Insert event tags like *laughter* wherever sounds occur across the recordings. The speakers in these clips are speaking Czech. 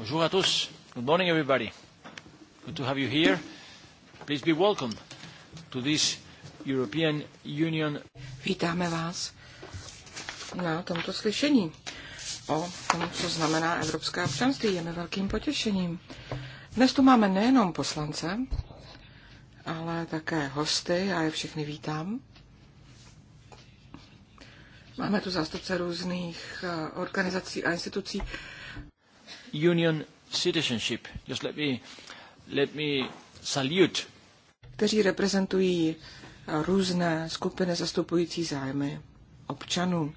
Bonjour à tous. Good morning, everybody. Good to have you here. Please be welcome to this European Union. Vítáme vás na tomto slyšení o tom, co znamená evropské občanství. Je mi velkým potěšením. Dnes tu máme nejenom poslance, ale také hosty. Já je všechny vítám. Máme tu zástupce různých eh, organizací a institucí, union citizenship. Just let me, let me salute. Kteří reprezentují různé skupiny zastupující zájmy občanů.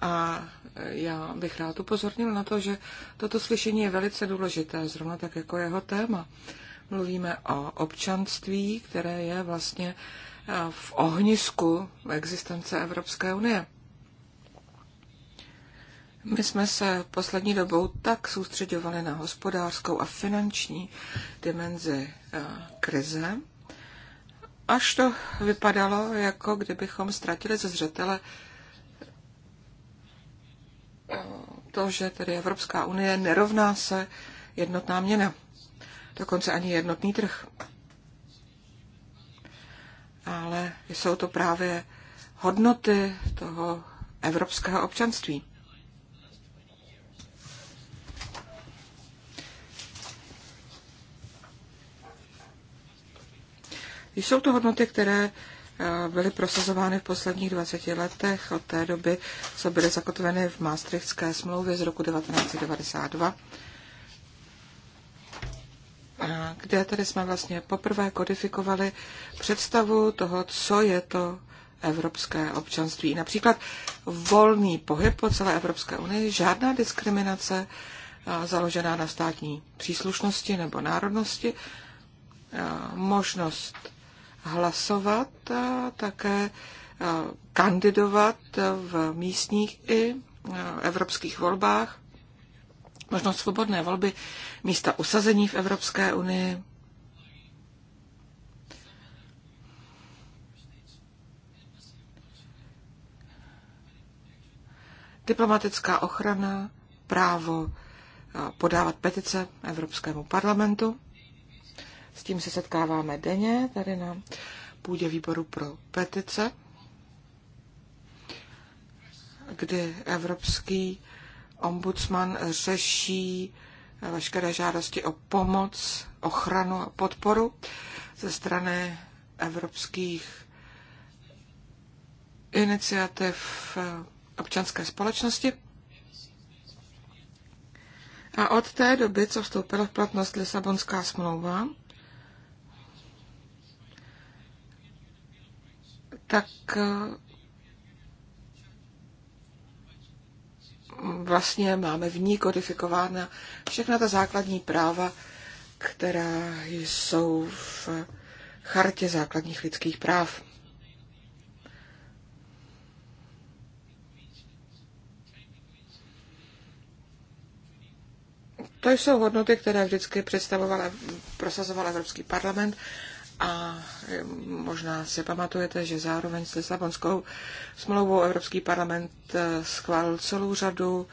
A já bych rád upozornil na to, že toto slyšení je velice důležité, zrovna tak jako jeho téma. Mluvíme o občanství, které je vlastně v ohnisku existence Evropské unie. My jsme se poslední dobou tak soustředovali na hospodářskou a finanční dimenzi eh, krize, až to vypadalo, jako kdybychom ztratili ze zřetele eh, to, že tedy Evropská unie nerovná se jednotná měna, dokonce ani jednotný trh. Ale jsou to právě hodnoty toho evropského občanství. Jsou to hodnoty, které eh, byly prosazovány v posledních 20 letech od té doby, co byly zakotveny v Maastrichtské smlouvě z roku 1992, kde tedy jsme vlastně poprvé kodifikovali představu toho, co je to evropské občanství. Například volný pohyb po celé Evropské unii, žádná diskriminace eh, založená na státní příslušnosti nebo národnosti, eh, možnost hlasovat, také kandidovat v místních i evropských volbách, možnost svobodné volby místa usazení v Evropské unii. Diplomatická ochrana, právo podávat petice Evropskému parlamentu. S tím se setkáváme denně tady na půdě výboru pro petice, kdy Evropský ombudsman řeší veškeré žádosti o pomoc, ochranu a podporu ze strany evropských iniciativ občanské společnosti. A od té doby, co vstoupila v platnost Lisabonská smlouva, tak eh, vlastně máme v ní kodifikována všechna ta základní práva, která jsou v chartě základních lidských práv. To jsou hodnoty, které vždycky představoval, prosazoval Evropský parlament a e, možná si pamatujete, že zároveň s Lisabonskou smlouvou Evropský parlament e, schválil celou řadu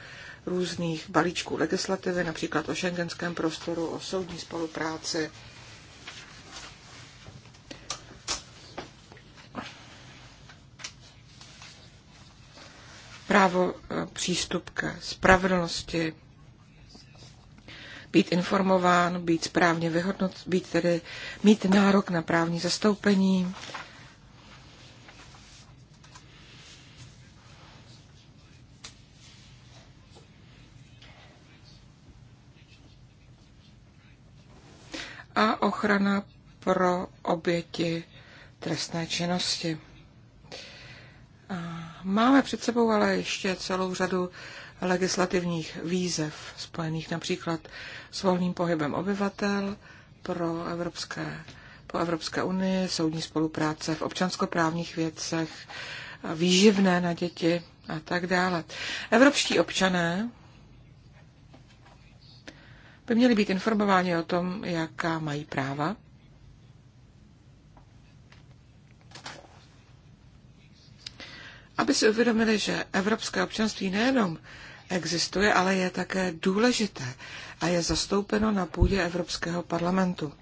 různých balíčků legislativy, například o šengenském prostoru, o soudní spolupráci. Právo e, přístup ke spravedlnosti, být informován, být správně vyhodnot, být tedy mít nárok na právní zastoupení. A ochrana pro oběti trestné činnosti. Máme před sebou ale ještě celou řadu legislativních výzev spojených například s volným pohybem obyvatel pro evropské, po Evropské unii, soudní spolupráce v občanskoprávních věcech, výživné na děti a tak dále. Evropští občané by měli být informováni o tom, jaká mají práva. Aby si uvědomili, že evropské občanství nejenom existuje, ale je také důležité a je zastoupeno na půdě Evropského parlamentu.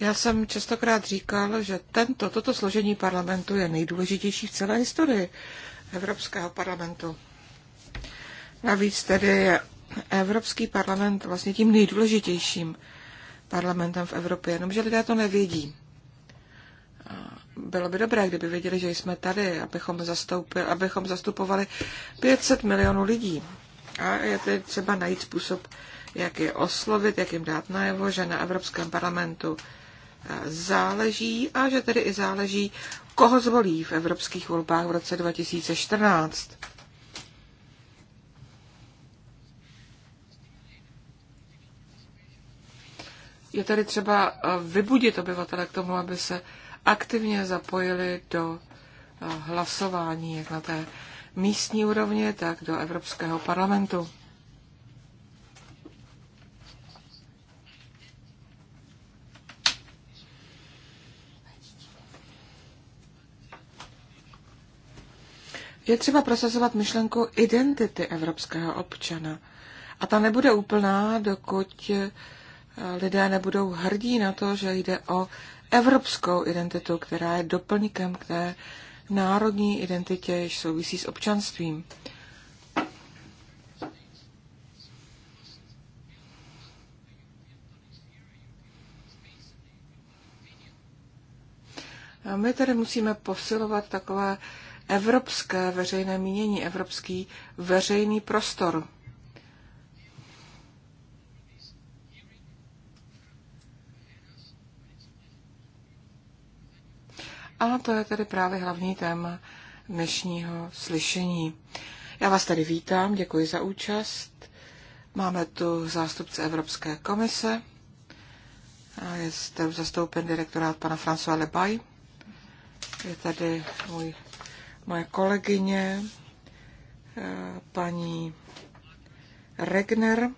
Já jsem častokrát říkal, že tento, toto složení parlamentu je nejdůležitější v celé historii Evropského parlamentu. Navíc tedy je Evropský parlament vlastně tím nejdůležitějším parlamentem v Evropě, jenomže lidé to nevědí bylo by dobré, kdyby věděli, že jsme tady, abychom, zastoupili, abychom zastupovali 500 milionů lidí. A je tedy třeba najít způsob, jak je oslovit, jak jim dát najevo, že na Evropském parlamentu eh, záleží a že tedy i záleží, koho zvolí v evropských volbách v roce 2014. je tady třeba eh, vybudit obyvatele k tomu, aby se aktivně zapojili do eh, hlasování, jak na té místní úrovni, tak do Evropského parlamentu. Je třeba prosazovat myšlenku identity evropského občana. A ta nebude úplná, dokud eh, lidé nebudou hrdí na to, že jde o evropskou identitu, která je doplňkem k té národní identitě, jež souvisí s občanstvím. A my tedy musíme posilovat takové evropské veřejné mínění, evropský veřejný prostor. A to je tedy právě hlavní téma dnešního slyšení. Já vás tady vítám, děkuji za účast. Máme tu zástupce Evropské komise. A je zde zastoupen direktorát pana François Lebay. Je tady můj, moje kolegyně, eh, paní Regner.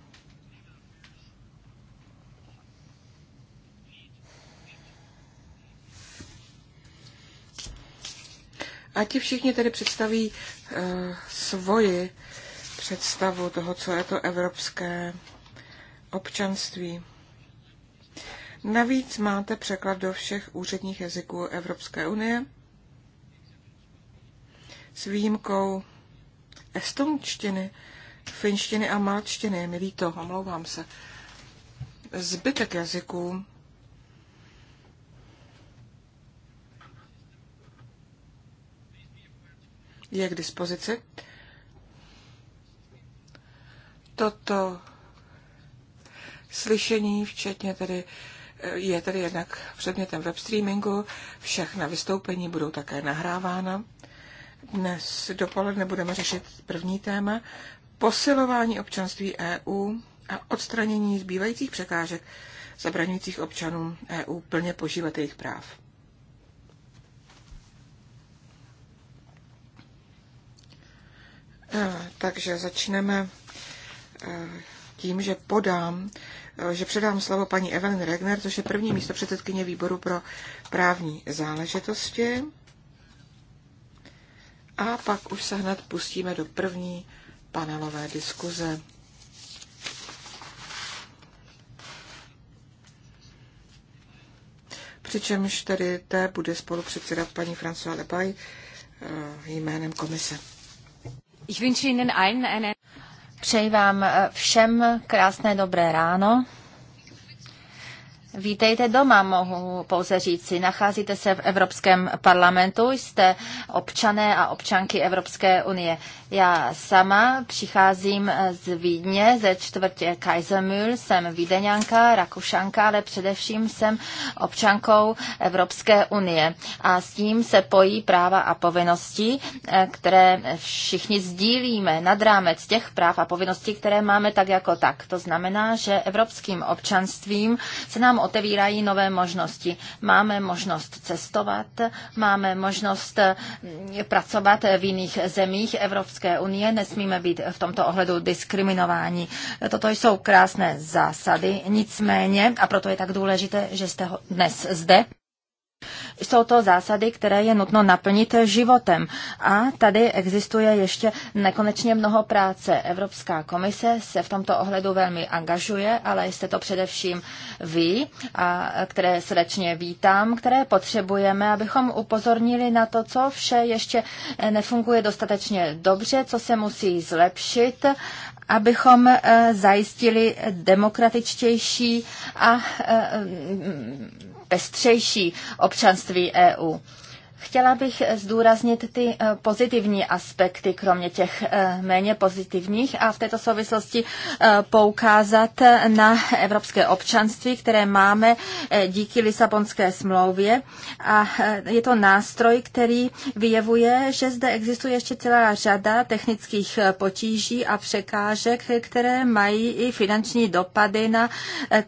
A ti všichni tedy představí e, svoji představu toho, co je to evropské občanství. Navíc máte překlad do všech úředních jazyků Evropské unie s výjimkou estončtiny, finštiny a malčtiny. milí to, omlouvám se. Zbytek jazyků je k dispozici. Toto slyšení, včetně tedy je tedy jednak předmětem webstreamingu, všechna vystoupení budou také nahrávána. Dnes dopoledne budeme řešit první téma, posilování občanství EU a odstranění zbývajících překážek zabraňujících občanům EU plně požívat jejich práv. Takže začneme e, tím, že podám, e, že předám slovo paní Evelyn Regner, což je první místo předsedkyně výboru pro právní záležitosti. A pak už se hned pustíme do první panelové diskuze. Přičemž tedy té bude spolu paní François Lepaj e, jménem komise. Přeji vám eh, všem krásné dobré ráno. Vítejte doma, mohu pouze říci. Nacházíte se v Evropském parlamentu, jste občané a občanky Evropské unie. Já sama přicházím z Vídně, ze čtvrtě Kaisermühl, jsem Vídeňanka, Rakušanka, ale především jsem občankou Evropské unie. A s tím se pojí práva a povinnosti, eh, které všichni sdílíme nad rámec těch práv a povinností, které máme tak jako tak. To znamená, že evropským občanstvím se nám otevírají nové možnosti. Máme možnost cestovat, máme možnost mm, pracovat v jiných zemích Evropské unie, nesmíme být v tomto ohledu diskriminováni. Toto jsou krásné zásady, nicméně, a proto je tak důležité, že jste dnes zde, jsou to zásady, které je nutno naplnit životem. A tady existuje ještě nekonečně mnoho práce. Evropská komise se v tomto ohledu velmi angažuje, ale jste to především vy, a které srdečně vítám, které potřebujeme, abychom upozornili na to, co vše ještě nefunguje dostatečně dobře, co se musí zlepšit abychom e, zajistili demokratičtější a e, pestřejší občanství EU. Chtěla bych zdůraznit ty eh, pozitivní aspekty, kromě těch eh, méně pozitivních a v této souvislosti eh, poukázat na evropské občanství, které máme díky Lisabonské smlouvě a je to nástroj, který vyjevuje, že zde existuje ještě celá řada technických potíží a překážek, které mají i finanční dopady na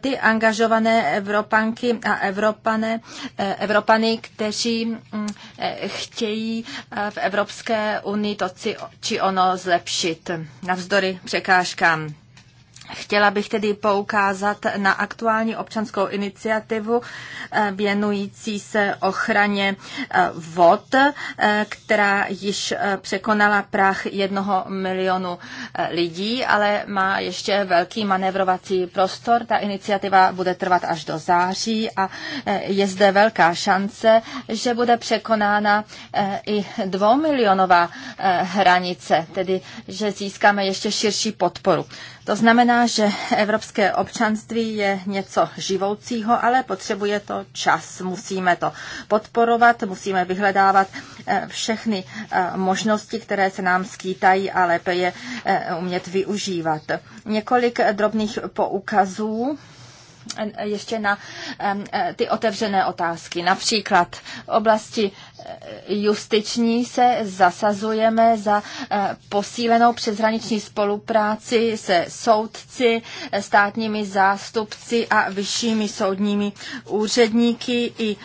ty angažované Evropanky a Evropané, Evropany, kteří mm, Eh, chtějí eh, v Evropské unii to či ono zlepšit navzdory překážkám. Chtěla bych tedy poukázat na aktuální občanskou iniciativu eh, věnující se ochraně eh, vod, eh, která již překonala prach jednoho milionu lidí, ale má ještě velký manevrovací prostor. Ta iniciativa bude trvat až do září a je zde velká šance, že bude překonána i dvoumilionová hranice, tedy že získáme ještě širší podporu. To znamená, že evropské občanství je něco živoucího, ale potřebuje to čas. Musíme to podporovat, musíme vyhledávat eh, všechny eh, možnosti, které se nám skýtají a lépe je eh, umět využívat. Několik drobných poukazů E, ještě na e, ty otevřené otázky. Například v oblasti e, justiční se zasazujeme za posílenou přeshraniční spolupráci se soudci, státními zástupci a vyššími soudními úředníky i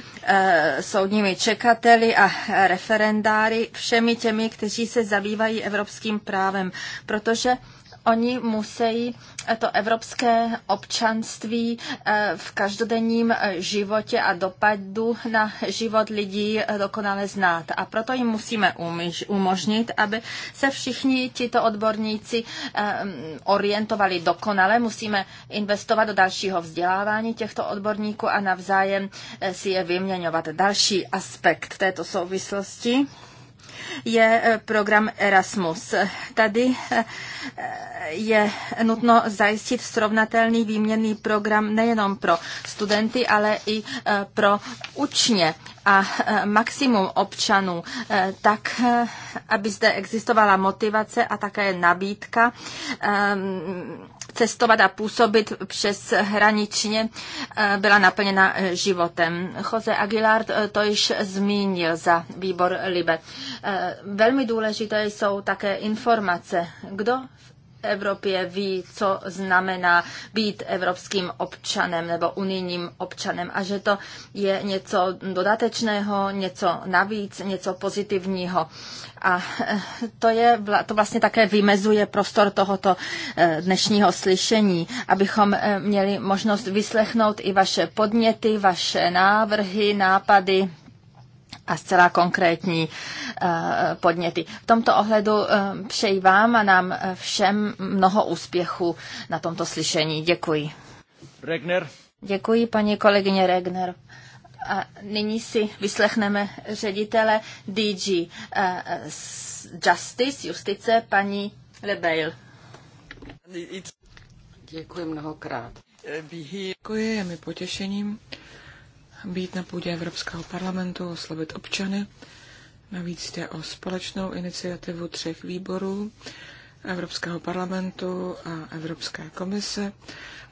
soudními čekateli a referendáry, všemi těmi, kteří se zabývají evropským právem, protože Oni musí to evropské občanství eh, v každodenním eh, životě a dopadu na život lidí eh, dokonale znát. A proto jim musíme umožnit, aby se všichni tito odborníci orientovali dokonale. Musíme investovat do dalšího vzdělávání těchto odborníků a navzájem si je vyměňovat. Další aspekt této souvislosti je eh, program Erasmus. Tady eh, je nutno zajistit srovnatelný výměný program nejenom pro studenty, ale i eh, pro učně a e, maximum občanů, e, tak e, aby zde existovala motivace a také nabídka cestovat a působit přes hraničně byla naplněna životem. Jose Aguilar to již zmínil za výbor Libe. Velmi důležité jsou také informace. Kdo v Evropě ví, co znamená být evropským občanem nebo unijním občanem a že to je něco dodatečného, něco navíc, něco pozitivního. A eh, to, je, to vlastně také vymezuje prostor tohoto eh, dnešního slyšení, abychom eh, měli možnost vyslechnout i vaše podněty, vaše návrhy, nápady a zcela konkrétní eh, podněty. V tomto ohledu eh, přeji vám a nám eh, všem mnoho úspěchu na tomto slyšení. Děkuji. Regner. Děkuji, paní kolegyně Regner. A nyní si vyslechneme ředitele DG Justice, justice, paní Lebeil. Děkuji mnohokrát. Děkuji, je mi potěšením být na půdě Evropského parlamentu, oslovit občany. Navíc jde o společnou iniciativu třech výborů Evropského parlamentu a Evropské komise.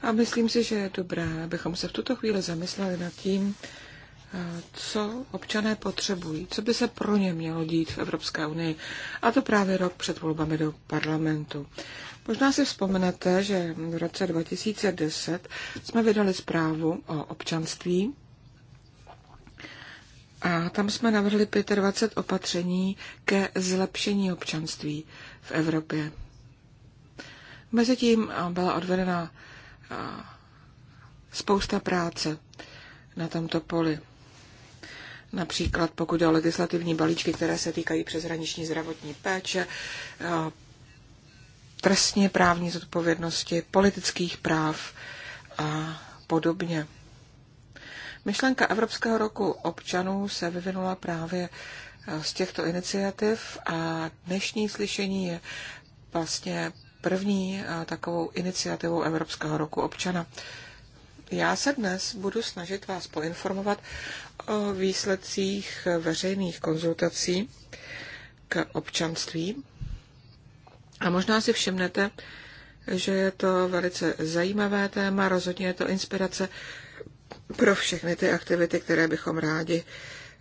A myslím si, že je dobré, abychom se v tuto chvíli zamysleli nad tím, co občané potřebují, co by se pro ně mělo dít v Evropské unii. A to právě rok před volbami do parlamentu. Možná si vzpomenete, že v roce 2010 jsme vydali zprávu o občanství a tam jsme navrhli 25 opatření ke zlepšení občanství v Evropě. Mezitím byla odvedena spousta práce na tomto poli. Například pokud jde o legislativní balíčky, které se týkají přeshraniční zdravotní péče, trestně právní zodpovědnosti, politických práv a podobně. Myšlenka Evropského roku občanů se vyvinula právě eh, z těchto iniciativ a dnešní slyšení je vlastně první eh, takovou iniciativou Evropského roku občana. Já se dnes budu snažit vás poinformovat o výsledcích veřejných konzultací k občanství. A možná si všimnete, že je to velice zajímavé téma, rozhodně je to inspirace pro všechny ty aktivity, které bychom rádi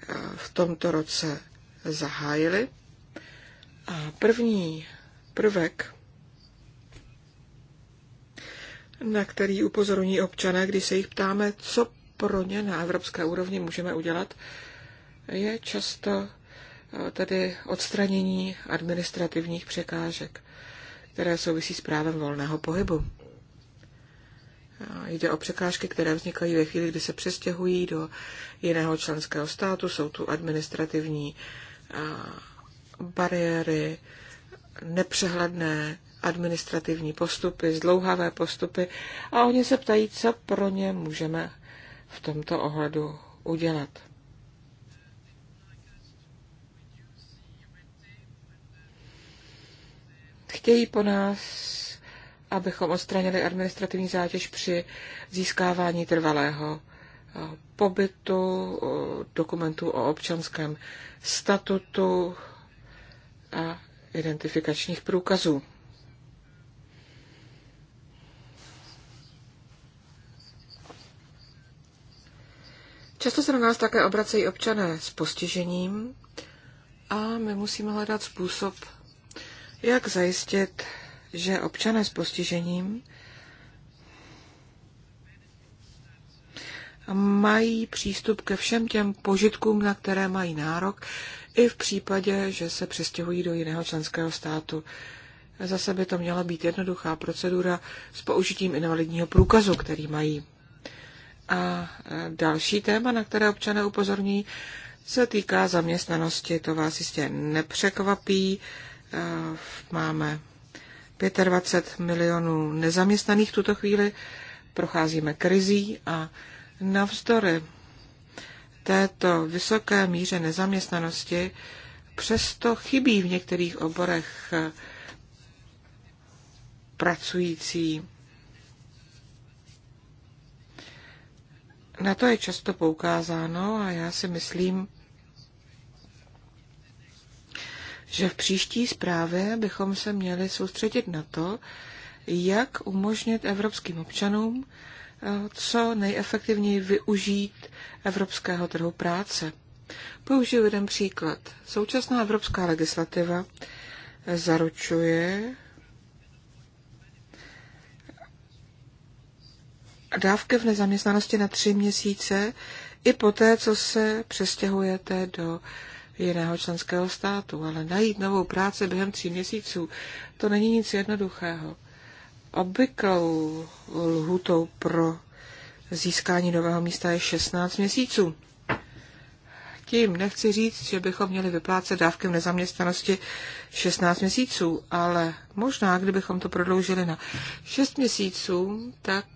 eh, v tomto roce zahájili. A první prvek, na který upozorní občané, když se jich ptáme, co pro ně na evropské úrovni můžeme udělat, je často eh, tedy odstranění administrativních překážek, které souvisí s právem volného pohybu. Jde o překážky, které vznikají ve chvíli, kdy se přestěhují do jiného členského státu. Jsou tu administrativní bariéry, nepřehledné administrativní postupy, zdlouhavé postupy a oni se ptají, co pro ně můžeme v tomto ohledu udělat. Chtějí po nás abychom odstranili administrativní zátěž při získávání trvalého eh, pobytu, eh, dokumentů o občanském statutu a identifikačních průkazů. Často se na nás také obracejí občané s postižením a my musíme hledat způsob, jak zajistit že občané s postižením mají přístup ke všem těm požitkům, na které mají nárok, i v případě, že se přestěhují do jiného členského státu. Zase by to měla být jednoduchá procedura s použitím invalidního průkazu, který mají. A e, další téma, na které občané upozorní, se týká zaměstnanosti. To vás jistě nepřekvapí. E, máme 25 milionů nezaměstnaných v tuto chvíli, procházíme krizí a navzdory této vysoké míře nezaměstnanosti přesto chybí v některých oborech pracující. Na to je často poukázáno a já si myslím, že v příští zprávě bychom se měli soustředit na to, jak umožnit evropským občanům eh, co nejefektivněji využít evropského trhu práce. Použiju jeden příklad. Současná evropská legislativa zaručuje dávky v nezaměstnanosti na tři měsíce i poté, co se přestěhujete do jiného členského státu, ale najít novou práci během tří měsíců, to není nic jednoduchého. Obvyklou lhutou pro získání nového místa je 16 měsíců. Tím nechci říct, že bychom měli vyplácet dávky v nezaměstnanosti 16 měsíců, ale možná, kdybychom to prodloužili na 6 měsíců, tak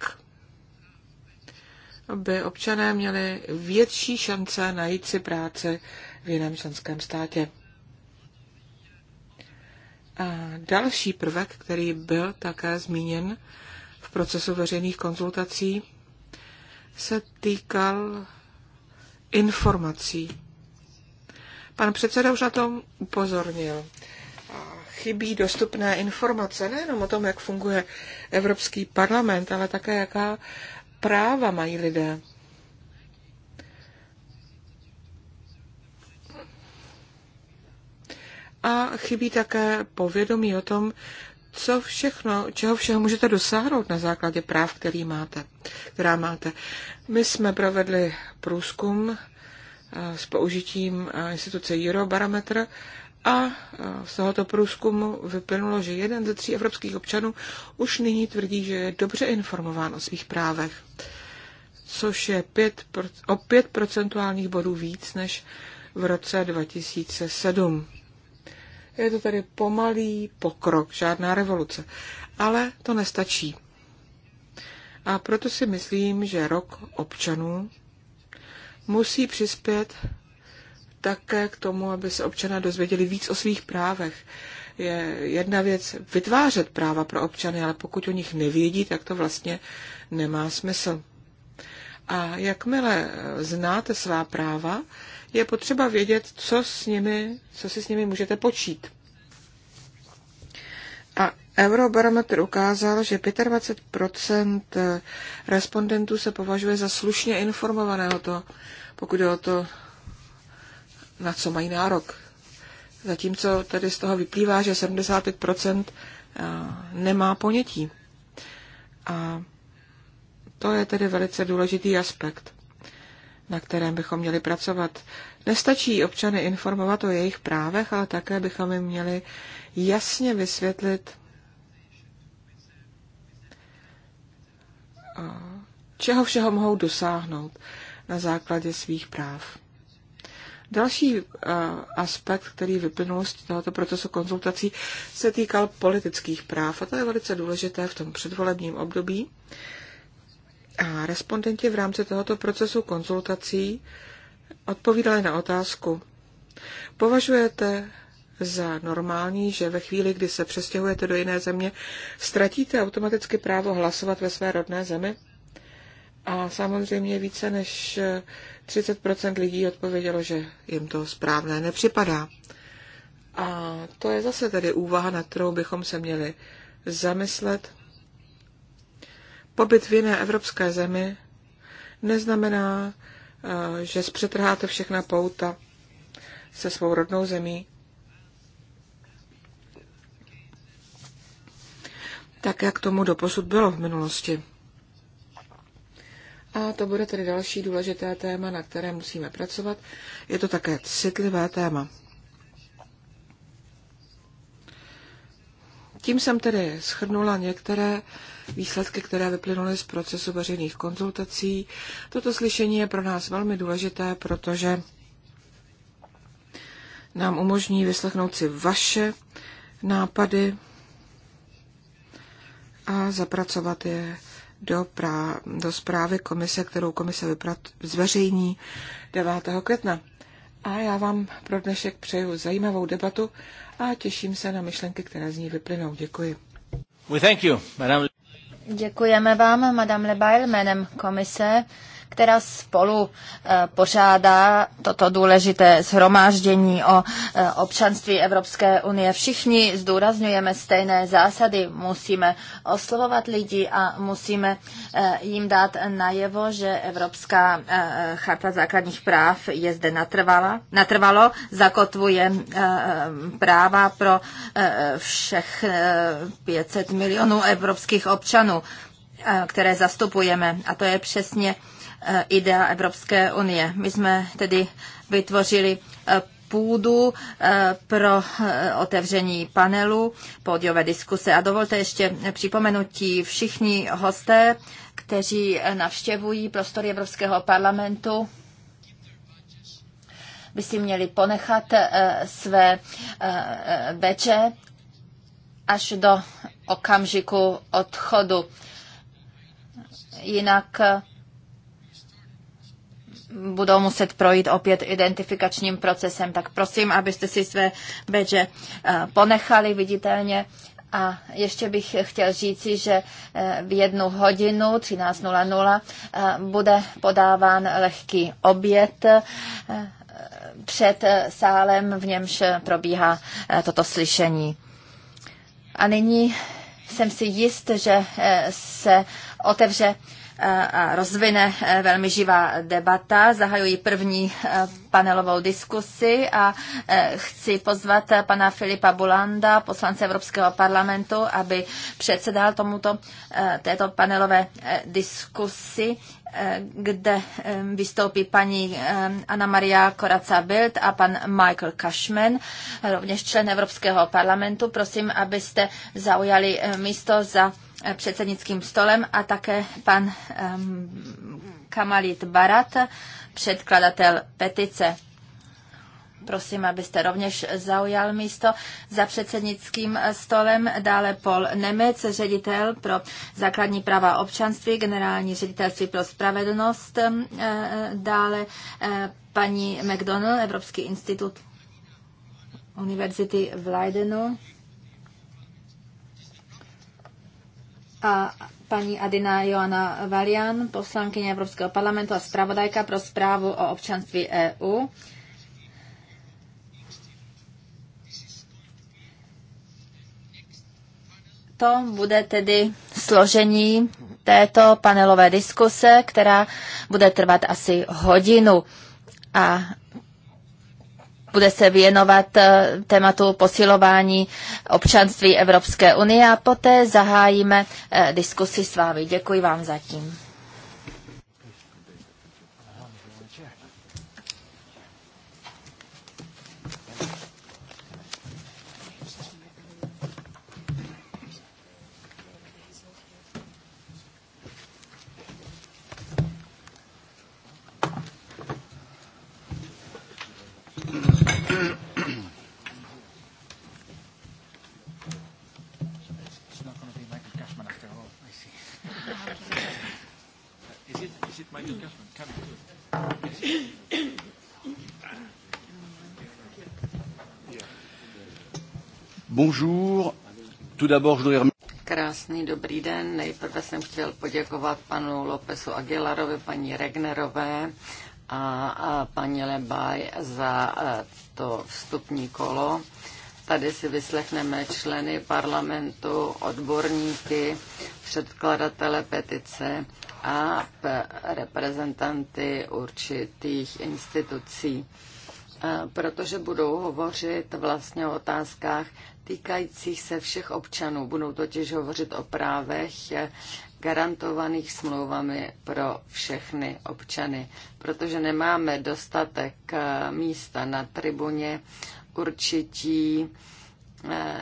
aby občané měli větší šance najít si práci v jiném členském státě. A další prvek, který byl také zmíněn v procesu veřejných konzultací, se týkal informací. Pan předseda už na tom upozornil. Chybí dostupné informace nejenom o tom, jak funguje Evropský parlament, ale také jaká práva mají lidé. a chybí také povědomí o tom, co všechno, čeho všeho můžete dosáhnout na základě práv, který máte, která máte. My jsme provedli průzkum eh, s použitím eh, instituce Eurobarometr a eh, z tohoto průzkumu vyplynulo, že jeden ze tří evropských občanů už nyní tvrdí, že je dobře informován o svých právech, což je pět, o pět procentuálních bodů víc než v roce 2007. Je to tedy pomalý pokrok, žádná revoluce. Ale to nestačí. A proto si myslím, že rok občanů musí přispět také k tomu, aby se občané dozvěděli víc o svých právech. Je jedna věc vytvářet práva pro občany, ale pokud o nich nevědí, tak to vlastně nemá smysl. A jakmile znáte svá práva, je potřeba vědět, co, s nimi, co si s nimi můžete počít. A Eurobarometr ukázal, že 25 respondentů se považuje za slušně informovaného, to, pokud je o to, na co mají nárok. Zatímco tady z toho vyplývá, že 75 eh, nemá ponětí. A to je tedy velice důležitý aspekt na kterém bychom měli pracovat. Nestačí občany informovat o jejich právech, ale také bychom jim měli jasně vysvětlit, čeho všeho mohou dosáhnout na základě svých práv. Další aspekt, který vyplynul z tohoto procesu konzultací, se týkal politických práv a to je velice důležité v tom předvolebním období, a respondenti v rámci tohoto procesu konzultací odpovídali na otázku, považujete za normální, že ve chvíli, kdy se přestěhujete do jiné země, ztratíte automaticky právo hlasovat ve své rodné zemi? A samozřejmě více než 30% lidí odpovědělo, že jim to správné nepřipadá. A to je zase tedy úvaha, nad kterou bychom se měli zamyslet pobyt v jiné evropské zemi neznamená, eh, že zpřetrháte všechna pouta se svou rodnou zemí. Tak, jak tomu doposud bylo v minulosti. A to bude tedy další důležité téma, na které musíme pracovat. Je to také citlivé téma. Tím jsem tedy schrnula některé výsledky, které vyplynuly z procesu veřejných konzultací. Toto slyšení je pro nás velmi důležité, protože nám umožní vyslechnout si vaše nápady a zapracovat je do, prá- do zprávy komise, kterou komise vyprat- zveřejní 9. května. A já vám pro dnešek přeju zajímavou debatu a těším se na myšlenky, které z ní vyplynou. Děkuji. We thank you, madame. Děkujeme vám, madame Lebail, jménem komise která spolu eh, pořádá toto důležité shromáždění o eh, občanství Evropské unie. Všichni zdůrazňujeme stejné zásady. Musíme oslovovat lidi a musíme eh, jim dát najevo, že Evropská charta základních práv je zde natrvala, natrvalo, zakotvuje práva pro všech 500 milionů evropských občanů, které zastupujeme. A to je přesně Eh, idea Evropské unie. My jsme tedy vytvořili eh, půdu eh, pro otevření panelu, pódiové diskuse. A dovolte ještě připomenutí všichni hosté, kteří navštěvují prostory Evropského parlamentu, by si měli ponechat své beče až do okamžiku odchodu. Jinak budou muset projít opět identifikačním procesem. Tak prosím, abyste si své badge eh, ponechali viditelně. A ještě bych chtěl říci, že eh, v jednu hodinu 13.00 eh, bude podáván lehký oběd před sálem, v němž probíhá toto slyšení. A nyní jsem si jist, že se otevře Eh, a rozvine eh, velmi živá debata. Zahajuji první eh, panelovou diskusi a chci pozvat pana Filipa Bulanda, poslance Evropského parlamentu, aby předsedal tomuto, této panelové diskusi kde vystoupí paní Anna Maria Koraca Bild a pan Michael Cashman, rovněž člen Evropského parlamentu. Prosím, abyste zaujali místo za předsednickým stolem a také pan um, Kamalit Barat, předkladatel petice. Prosím, abyste rovněž zaujal místo za předsednickým stolem. Dále pol Nemec, ředitel pro základní práva občanství, generální ředitelství pro spravedlnost. E, dále e, paní McDonald, Evropský institut univerzity v Leidenu. a paní Adina Joana Valian, poslankyně Evropského parlamentu a zpravodajka pro zprávu o občanství EU. To bude tedy složení této panelové diskuse, která bude trvat asi hodinu. A bude se věnovat eh, tématu posilování občanství Evropské unie a poté zahájíme eh, diskusi s vámi. Děkuji vám zatím. Bonjour. Tout d'abord, je voudrais Krásný dobrý den. Nejprve jsem chtěl poděkovat panu Lopesu Aguilarovi, paní Regnerové a, a paní Lebaj za e, to vstupní kolo. Tady si vyslechneme členy parlamentu, odborníky, předkladatele petice a reprezentanty určitých institucí, e, protože budou hovořit vlastně o otázkách týkajících se všech občanů. Budou totiž hovořit o právech garantovaných smlouvami pro všechny občany, protože nemáme dostatek e, místa na tribuně. Určití e,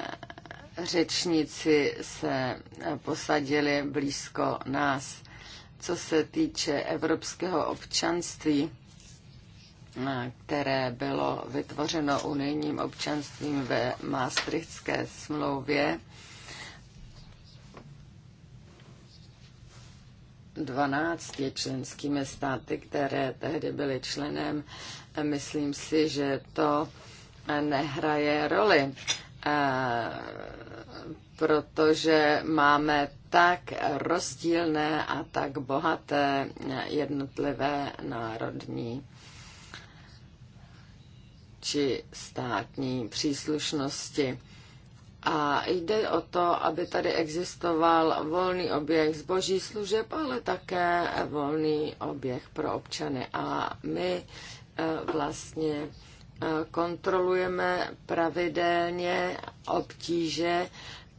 řečníci se posadili blízko nás co se týče evropského občanství, eh, které bylo vytvořeno unijním občanstvím ve Maastrichtské smlouvě 12 členskými státy, které tehdy byly členem. Eh, myslím si, že to eh, nehraje roli protože máme tak rozdílné a tak bohaté jednotlivé národní či státní příslušnosti. A jde o to, aby tady existoval volný oběh zboží služeb, ale také volný oběh pro občany. A my eh, vlastně eh, kontrolujeme pravidelně obtíže,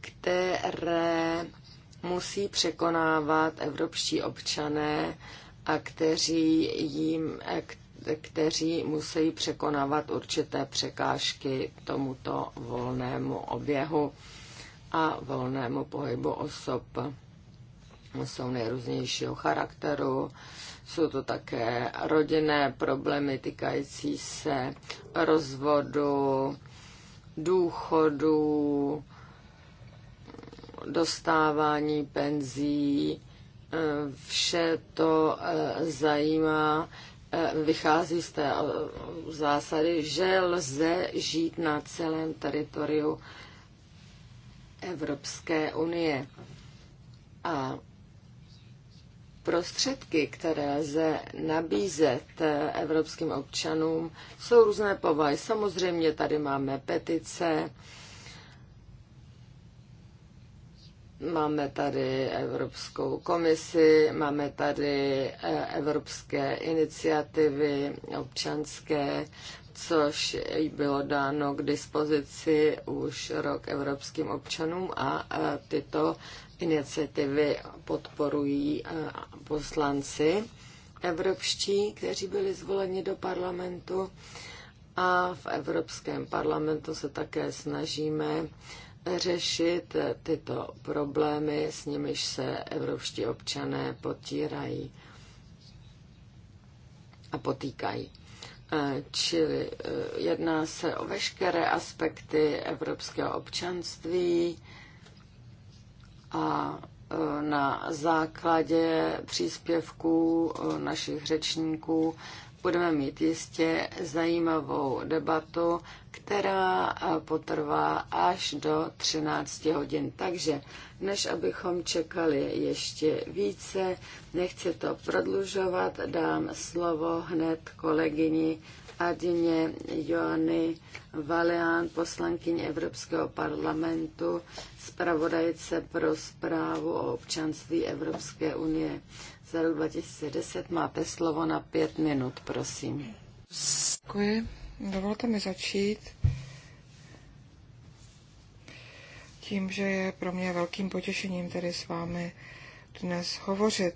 které musí překonávat evropští občané, a kteří jim, kteří musí překonávat určité překážky tomuto volnému oběhu a volnému pohybu osob. Jsou nejrůznějšího charakteru, jsou to také rodinné problémy týkající se rozvodu, důchodu, dostávání penzí, eh, vše to eh, zajímá, eh, vychází z té zásady, že lze žít na celém teritoriu Evropské unie. A prostředky, které lze nabízet evropským občanům, jsou různé povahy. Samozřejmě tady máme petice, Máme tady Evropskou komisi, máme tady eh, evropské iniciativy občanské, což bylo dáno k dispozici už rok evropským občanům a eh, tyto iniciativy podporují eh, poslanci evropští, kteří byli zvoleni do parlamentu. A v Evropském parlamentu se také snažíme řešit tyto problémy, s nimiž se evropští občané potírají a potýkají. Eh, čili eh, jedná se o veškeré aspekty evropského občanství a eh, na základě příspěvků našich řečníků budeme mít jistě zajímavou debatu, která eh, potrvá až do 13 hodin. Takže než abychom čekali ještě více, nechci to prodlužovat, dám slovo hned kolegyni Adině Joany Valeán, poslankyně Evropského parlamentu, zpravodajce pro zprávu o občanství Evropské unie za rok 2010. Máte slovo na pět minut, prosím. Děkuji. Dovolte mi začít tím, že je pro mě velkým potěšením tady s vámi dnes hovořit.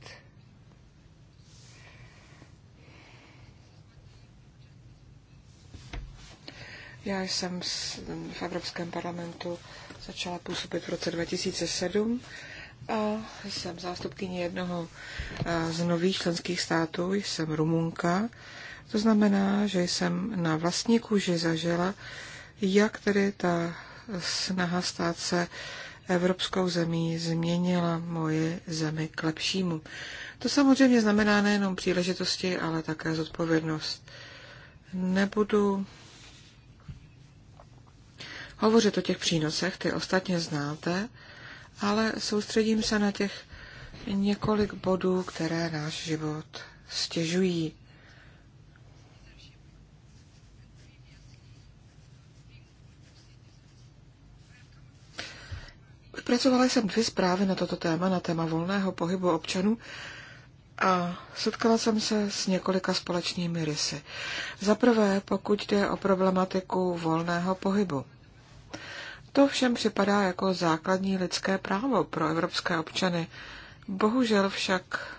Já jsem v Evropském parlamentu začala působit v roce 2007 jsem zástupkyně jednoho z nových členských států, jsem Rumunka. To znamená, že jsem na vlastní kůži zažila, jak tedy ta snaha stát se evropskou zemí změnila moje zemi k lepšímu. To samozřejmě znamená nejenom příležitosti, ale také zodpovědnost. Nebudu hovořit o těch přínosech, ty ostatně znáte, ale soustředím se na těch několik bodů, které náš život stěžují. Pracovala jsem dvě zprávy na toto téma, na téma volného pohybu občanů a setkala jsem se s několika společnými rysy. Za prvé, pokud jde o problematiku volného pohybu. To všem připadá jako základní lidské právo pro evropské občany. Bohužel však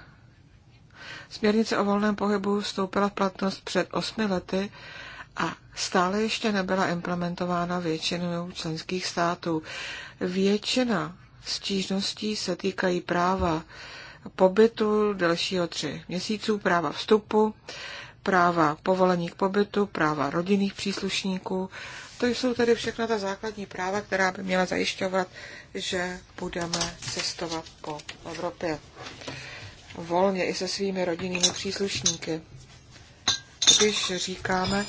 směrnice o volném pohybu vstoupila v platnost před osmi lety a stále ještě nebyla implementována většinou členských států. Většina stížností se týkají práva pobytu dalšího tři měsíců, práva vstupu, práva povolení k pobytu, práva rodinných příslušníků, to jsou tedy všechna ta základní práva, která by měla zajišťovat, že budeme cestovat po Evropě volně i se svými rodinnými příslušníky. Když říkáme...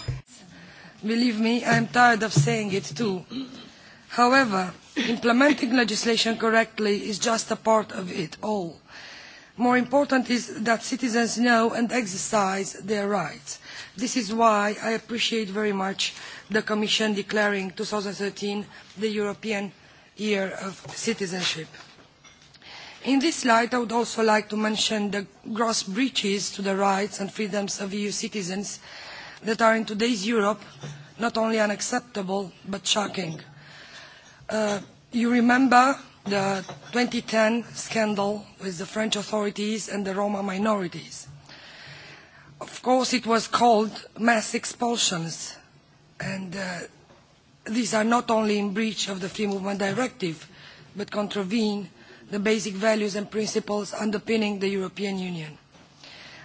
Believe me, I'm tired of saying it too. However, implementing legislation correctly is just a part of it all. More important is that citizens know and exercise their rights This is why I appreciate very much the Commission declaring 2013 the European Year of Citizenship. In this light, I would also like to mention the gross breaches to the rights and freedoms of EU citizens that are in today's Europe not only unacceptable but shocking. Uh, you remember the 2010 scandal with the French authorities and the Roma minorities of course it was called mass expulsions and uh, these are not only in breach of the free movement directive but contravene the basic values and principles underpinning the European Union.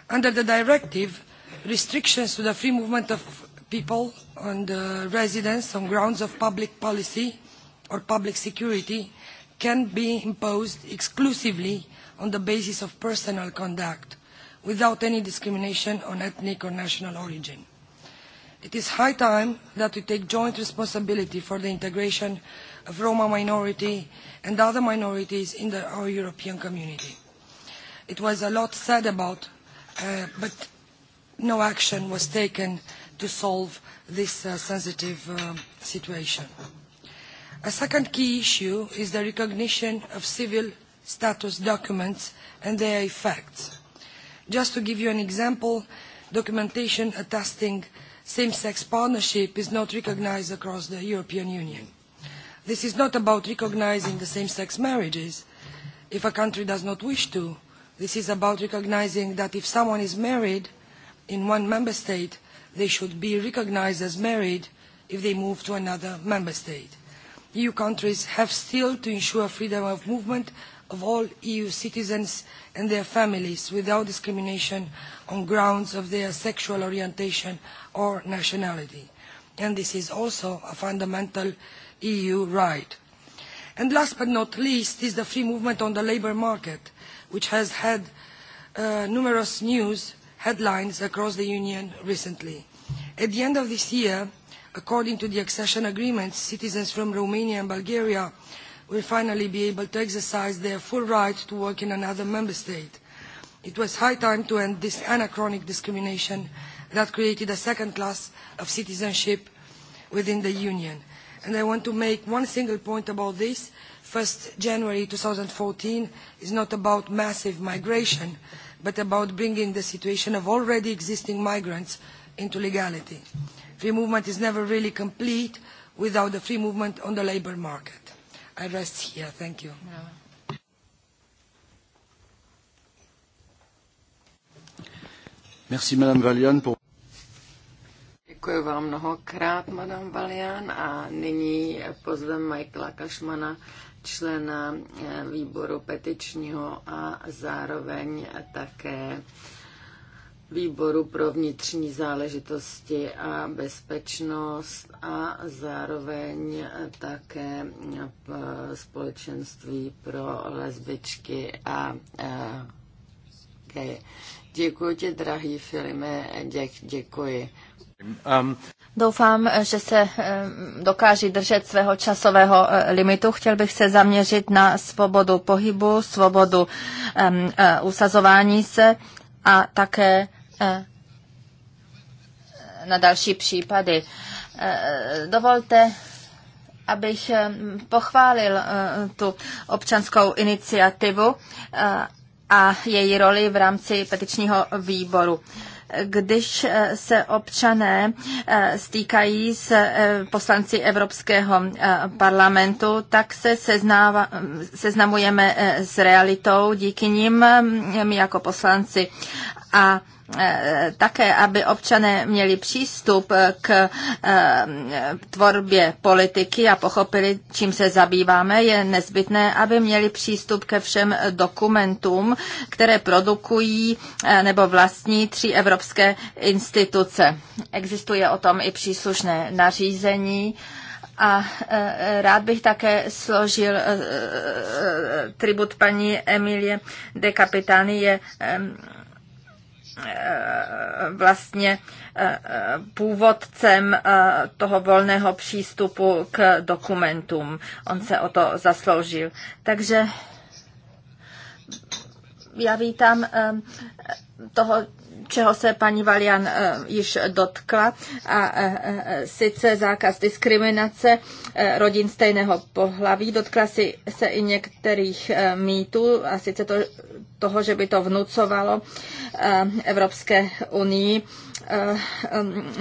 Under the directive, restrictions to the free movement of people and uh, residents on grounds of public policy or public security can be imposed exclusively on the basis of personal conduct without any discrimination on ethnic or national origin. It is high time that we take joint responsibility for the integration of Roma minority and other minorities in the, our European community. It was a lot said about, uh, but no action was taken to solve this uh, sensitive uh, situation. A second key issue is the recognition of civil status documents and their effects. Just to give you an example, documentation attesting same-sex partnership is not recognized across the European Union. This is not about recognizing the same-sex marriages. If a country does not wish to, this is about recognizing that if someone is married in one member state, they should be recognized as married if they move to another member state. EU countries have still to ensure freedom of movement of all EU citizens and their families without discrimination on grounds of their sexual orientation or nationality. And this is also a fundamental EU right. And last but not least is the free movement on the labour market, which has had uh, numerous news headlines across the Union recently. At the end of this year, according to the accession agreements, citizens from Romania and Bulgaria will finally be able to exercise their full right to work in another member state. It was high time to end this anachronic discrimination that created a second class of citizenship within the Union. And I want to make one single point about this. 1st January 2014 is not about massive migration, but about bringing the situation of already existing migrants into legality. Free movement is never really complete without the free movement on the labour market. I rest here. Thank you. Merci, Madame Valian, pour... Děkuji vám mnohokrát, Madame Valian, a nyní pozvem Michaela Kašmana, člena eh, výboru petičního a zároveň také výboru pro vnitřní záležitosti a bezpečnost a zároveň také společenství pro lesbičky a geje. Děkuji ti, drahý Filime, děk, děkuji. Um. Doufám, že se e, dokáží držet svého časového e, limitu. Chtěl bych se zaměřit na svobodu pohybu, svobodu um, usazování se a také eh, na další případy. Eh, dovolte, abych eh, pochválil tu občanskou iniciativu a její roli v rámci petičního výboru když eh, se občané eh, stýkají s eh, poslanci Evropského parlamentu, tak se seznáva, seznamujeme s realitou díky nim, hm, my jako poslanci a e, také, aby občané měli přístup k e, tvorbě politiky a pochopili, čím se zabýváme, je nezbytné, aby měli přístup ke všem dokumentům, které produkují e, nebo vlastní tři evropské instituce. Existuje o tom i příslušné nařízení. A rád bych také složil tribut paní Emilie de Capitani, je Eh, vlastně eh, původcem eh, toho volného přístupu k dokumentům. On se o to zasloužil. Takže já vítám toho čeho se paní Valian eh, již dotkla, a eh, eh, sice zákaz diskriminace rodin stejného pohlaví. Dotkla si se i některých mýtů, a sice to, toho, že by to vnucovalo Evropské unii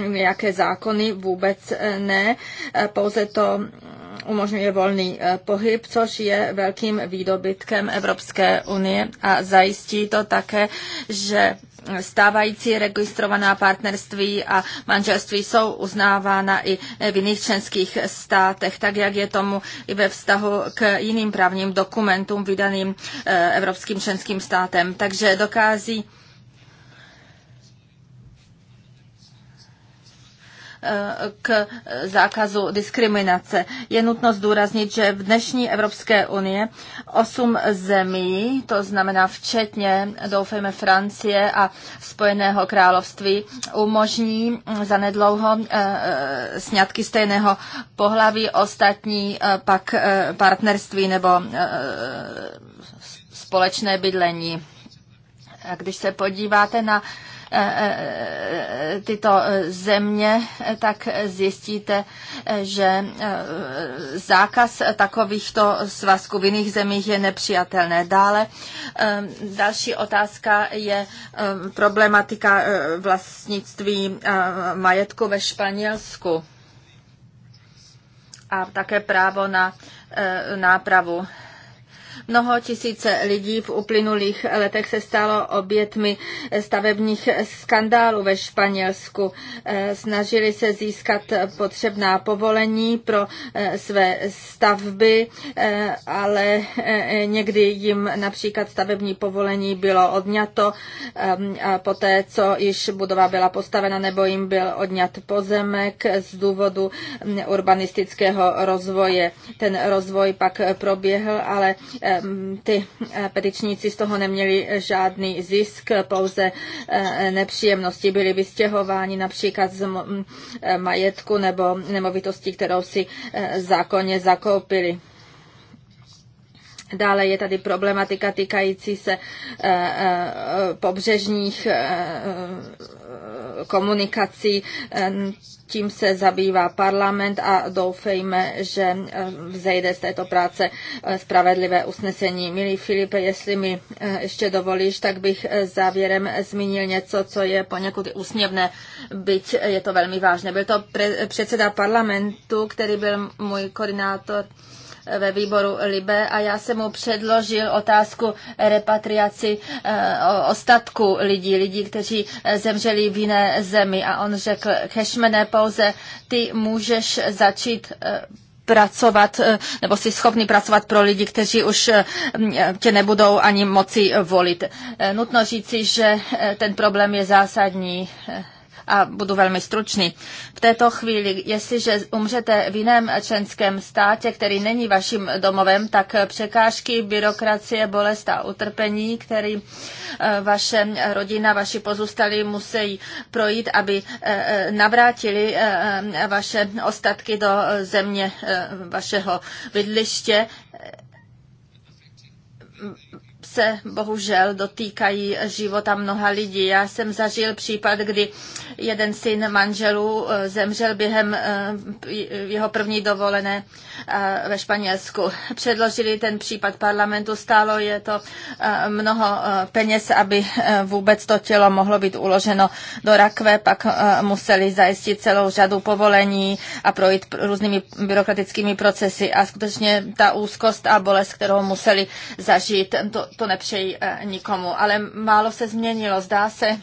mm, nějaké zákony, vůbec ne. Pouze to umožňuje volný pohyb, což je velkým výdobytkem Evropské unie a zajistí to také, že stávající registrovaná partnerství a manželství jsou uznávána i v jiných členských státech, tak jak je tomu i ve vztahu k jiným právním dokumentům vydaným eh, Evropským členským státem. Takže dokází k zákazu diskriminace. Je nutno zdůraznit, že v dnešní Evropské unie osm zemí, to znamená včetně, doufejme, Francie a Spojeného království, umožní zanedlouho eh, eh, sňatky stejného pohlaví, ostatní eh, pak partnerství nebo společné bydlení. A když se podíváte na Eh, eh, tyto země, tak zjistíte, eh, že zákaz takovýchto svazků v jiných zemích je nepřijatelné. Dále další otázka je problematika vlastnictví majetku ve Španělsku a také právo na nápravu. Mnoho tisíce lidí v uplynulých letech se stalo obětmi stavebních skandálů ve Španělsku. Eh, Snažili se získat potřebná povolení pro eh, své stavby, eh, ale někdy jim například stavební povolení bylo odňato poté, co již budova byla postavena nebo jim byl odňat pozemek z důvodu mm, urbanistického rozvoje. Ten rozvoj pak proběhl, ale Ehm, ty eh, petičníci z toho neměli žádný zisk, pouze eh, nepříjemnosti. Byli vystěhováni například z mm, eh, majetku nebo nemovitosti, kterou si zákonně zakoupili. Dále je tady problematika týkající se eh, eh, pobřežních eh, komunikací. Tím se zabývá parlament a doufejme, že vzejde z této práce spravedlivé usnesení. Milý Filipe, jestli mi ještě dovolíš, tak bych závěrem zmínil něco, co je poněkud úsměvné, byť je to velmi vážné. Byl to pre- předseda parlamentu, který byl můj koordinátor ve výboru Libe a já jsem mu předložil otázku repatriaci eh, ostatku lidí, lidí, kteří eh, zemřeli v jiné zemi a on řekl, Kešmene, pouze ty můžeš začít eh, pracovat, nebo jsi schopný pracovat pro lidi, kteří už tě nebudou ani moci volit. Nutno říci, že ten problém je zásadní a budu velmi stručný. V této chvíli, jestliže umřete v jiném členském státě, který není vaším domovem, tak překážky, byrokracie, bolest a utrpení, který eh, vaše rodina, vaši pozůstalí musí projít, aby eh, eh, navrátili vaše ostatky do země vašeho bydliště, se bohužel dotýkají života mnoha lidí. Já jsem zažil případ, kdy jeden syn manželů eh, zemřel během eh, jeho první dovolené eh, ve Španělsku. Předložili ten případ parlamentu, stálo je to mnoho peněz, aby vůbec to tělo mohlo být uloženo do rakve, pak museli zajistit celou řadu povolení a projít různými byrokratickými procesy a skutečně ta úzkost a bolest, kterou museli zažít, to, to to nepřeji eh, nikomu, ale málo se změnilo. Zdá se,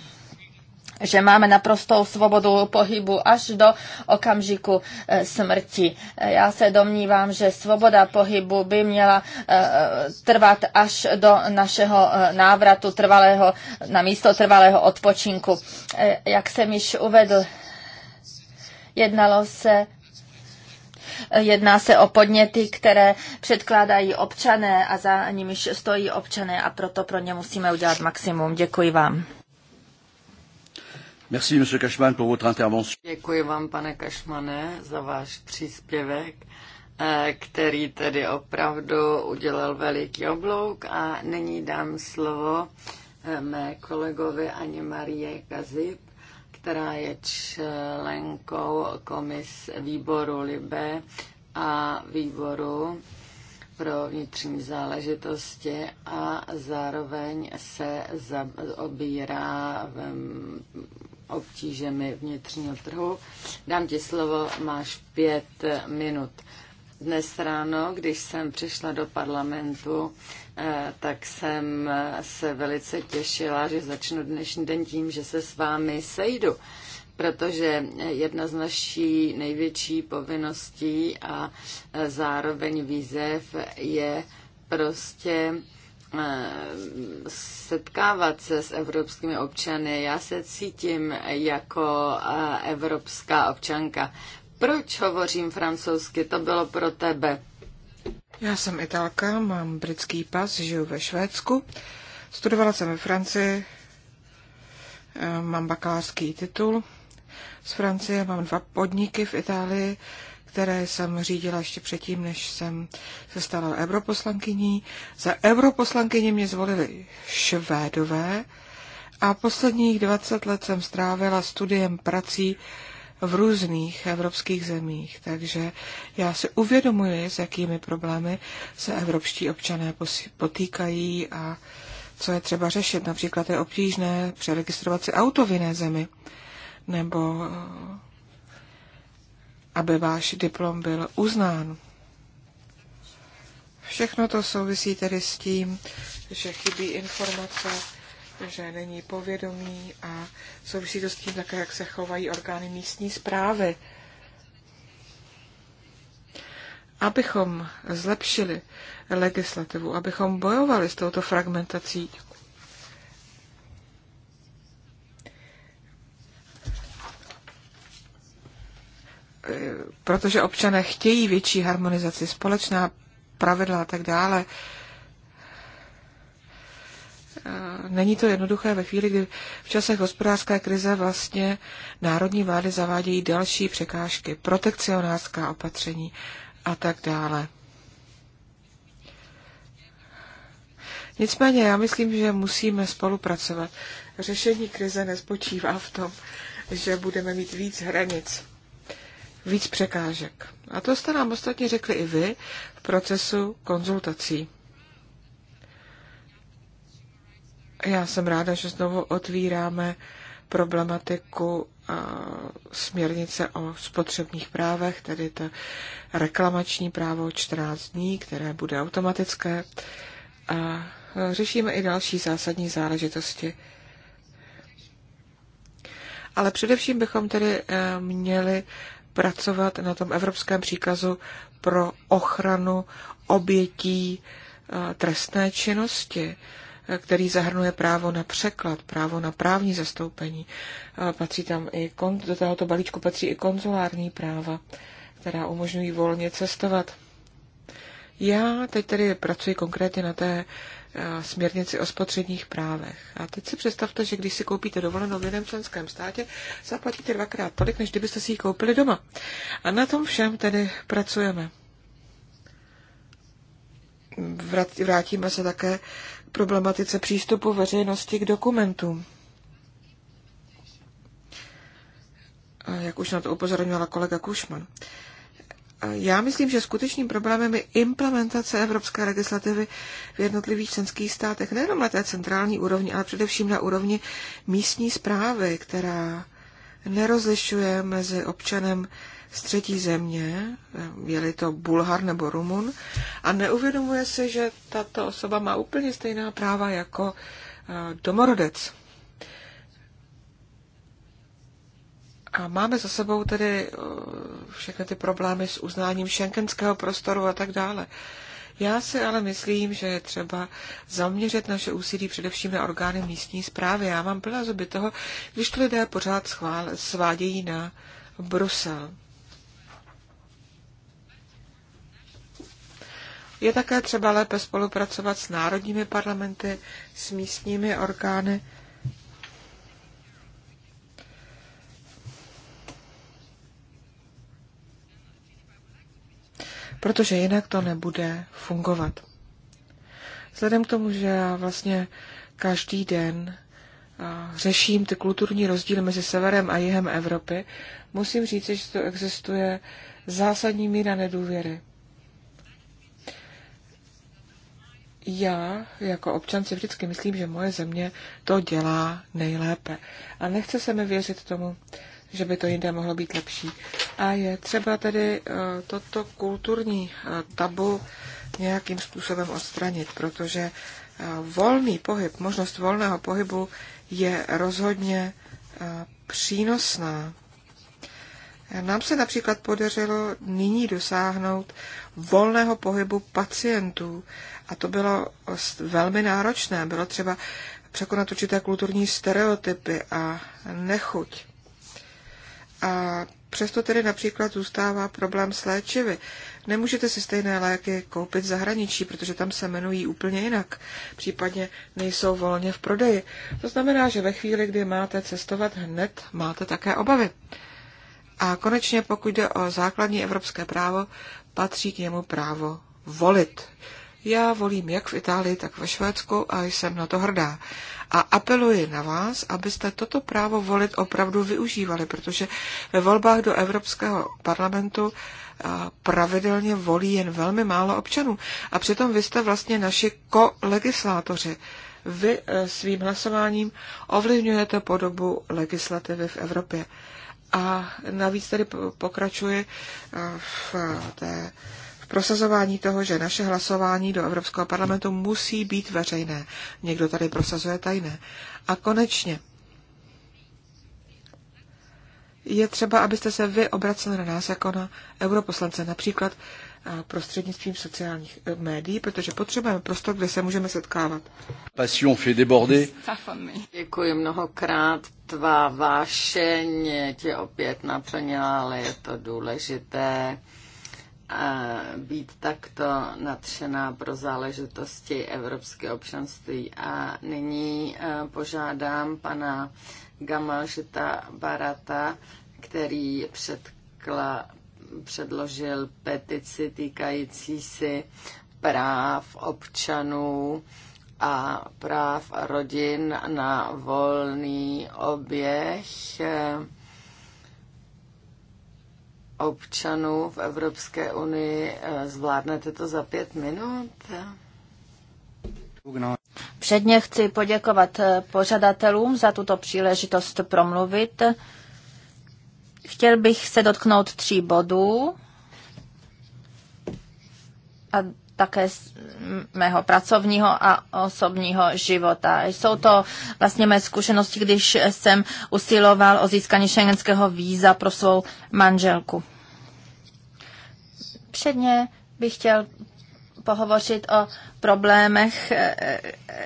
že máme naprostou svobodu pohybu až do okamžiku eh, smrti. Eh, já se domnívám, že svoboda pohybu by měla trvat až do našeho návratu trvalého, na místo trvalého odpočinku. Jak jsem již uvedl, jednalo se Jedná se o podněty, které předkládají občané a za nimiž stojí občané a proto pro ně musíme udělat maximum. Děkuji vám. Merci, monsieur Cashman, pour votre intervention. Děkuji vám, pane Kašmane, za váš příspěvek eh, který tedy opravdu udělal veliký oblouk a nyní dám slovo eh, mé kolegovi Ani Marie Kazip, která je členkou komis výboru Libe a výboru pro vnitřní záležitosti a zároveň se obírá obtížemi vnitřního trhu. Dám ti slovo, máš pět minut. Dnes ráno, když jsem přišla do parlamentu, Eh, tak jsem se velice těšila, že začnu dnešní den tím, že se s vámi sejdu, protože jedna z naší největší povinností a eh, zároveň výzev je prostě eh, setkávat se s evropskými občany. Já se cítím jako evropská občanka. Proč hovořím francouzsky? To bylo pro tebe já jsem Italka, mám britský pas, žiju ve Švédsku. Studovala jsem ve Francii, eh, mám bakalářský titul z Francie, mám dva podniky v Itálii, které jsem řídila ještě předtím, než jsem se stala europoslankyní. Za europoslankyni mě zvolili Švédové a posledních 20 let jsem strávila studiem prací v různých evropských zemích. Takže já si uvědomuji, s jakými problémy se evropští občané potýkají a co je třeba řešit. Například je obtížné přeregistrovat si auto v jiné zemi, nebo eh, aby váš diplom byl uznán. Všechno to souvisí tedy s tím, že chybí informace že není povědomí a souvisí to s tím také, jak se chovají orgány místní zprávy. Abychom zlepšili legislativu, abychom bojovali s touto fragmentací, protože občané chtějí větší harmonizaci, společná pravidla a tak dále, není to jednoduché ve chvíli, kdy v časech hospodářské krize vlastně národní vlády zavádějí další překážky, protekcionářská opatření a tak dále. Nicméně já myslím, že musíme spolupracovat. Řešení krize nespočívá v tom, že budeme mít víc hranic, víc překážek. A to jste nám ostatně řekli i vy v procesu konzultací. Já jsem ráda, že znovu otvíráme problematiku eh, směrnice o spotřebních právech, tedy to reklamační právo 14 dní, které bude automatické. A řešíme i další zásadní záležitosti. Ale především bychom tedy eh, měli pracovat na tom evropském příkazu pro ochranu obětí eh, trestné činnosti který zahrnuje právo na překlad, právo na právní zastoupení. Patří tam i, do tohoto balíčku patří i konzulární práva, která umožňují volně cestovat. Já teď tedy pracuji konkrétně na té eh, směrnici o spotřebních právech. A teď si představte, že když si koupíte dovolenou v jiném členském státě, zaplatíte dvakrát tolik, než kdybyste si ji koupili doma. A na tom všem tedy pracujeme. Vrátíme se také problematice přístupu veřejnosti k dokumentům. Jak už na to upozorňovala kolega Kušman. Já myslím, že skutečným problémem je implementace evropské legislativy v jednotlivých členských státech, nejenom na té centrální úrovni, ale především na úrovni místní zprávy, která nerozlišuje mezi občanem z třetí země, je-li to Bulhar nebo Rumun, a neuvědomuje si, že tato osoba má úplně stejná práva jako eh, domorodec. A máme za sebou tedy eh, všechny ty problémy s uznáním šenkenského prostoru a tak dále. Já si ale myslím, že je třeba zaměřit naše úsilí především na orgány místní zprávy. Já mám plná zuby toho, když to lidé pořád schvál, svádějí na Brusel. Je také třeba lépe spolupracovat s národními parlamenty, s místními orgány. Protože jinak to nebude fungovat. Vzhledem k tomu, že já vlastně každý den řeším ty kulturní rozdíly mezi severem a jihem Evropy, musím říct, že to existuje zásadní míra nedůvěry. já jako občan si vždycky myslím, že moje země to dělá nejlépe. A nechce se mi věřit tomu, že by to jinde mohlo být lepší. A je třeba tedy eh, toto kulturní eh, tabu nějakým způsobem odstranit, protože eh, volný pohyb, možnost volného pohybu je rozhodně přínosná. Nám se například podařilo nyní dosáhnout volného pohybu pacientů. A to bylo velmi náročné. Bylo třeba překonat určité kulturní stereotypy a nechuť. A přesto tedy například zůstává problém s léčivy. Nemůžete si stejné léky koupit v zahraničí, protože tam se jmenují úplně jinak, případně nejsou volně v prodeji. To znamená, že ve chvíli, kdy máte cestovat hned, máte také obavy. A konečně, pokud jde o základní evropské právo, patří k němu právo volit. Já volím jak v Itálii, tak ve Švédsku a jsem na to hrdá. A apeluji na vás, abyste toto právo volit opravdu využívali, protože ve volbách do Evropského parlamentu eh, pravidelně volí jen velmi málo občanů. A přitom vy jste vlastně naši kolegislátoři. Vy eh, svým hlasováním ovlivňujete podobu legislativy v Evropě. A navíc tedy pokračuje eh, v, té, v prosazování toho, že naše hlasování do Evropského parlamentu musí být veřejné. Někdo tady prosazuje tajné. A konečně je třeba, abyste se vy obraceli na nás jako na europoslance. Například prostřednictvím sociálních eh, médií, protože potřebujeme prostor, kde se můžeme setkávat. Passion fait déborder. Děkuji mnohokrát. Tvá vášeň tě opět naplnila, ale je to důležité eh, být takto natřená pro záležitosti evropské občanství. A nyní eh, požádám pana Gamalžita Barata, který předkládá předložil petici týkající si práv občanů a práv rodin na volný oběh eh, občanů v Evropské unii. Eh, zvládnete to za pět minut? Předně chci poděkovat eh, pořadatelům za tuto příležitost promluvit. Chtěl bych se dotknout tří bodů a také z mého pracovního a osobního života. Jsou to vlastně mé zkušenosti, když jsem usiloval o získání šengenského víza pro svou manželku. Předně bych chtěl pohovořit o problémech, eh, eh,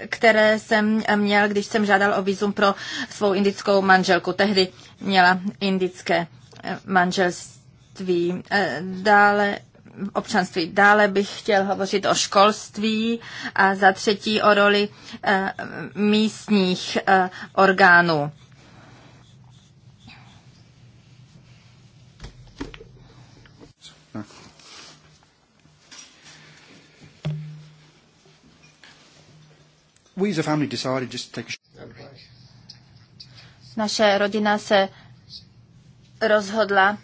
které jsem měl, když jsem žádal o vízum pro svou indickou manželku. Tehdy měla indické eh, manželství. Dále občanství. Dále bych chtěl hovořit o školství a za třetí o roli místních orgánů. We as a family decided just to take a Naše rodina se rozhodla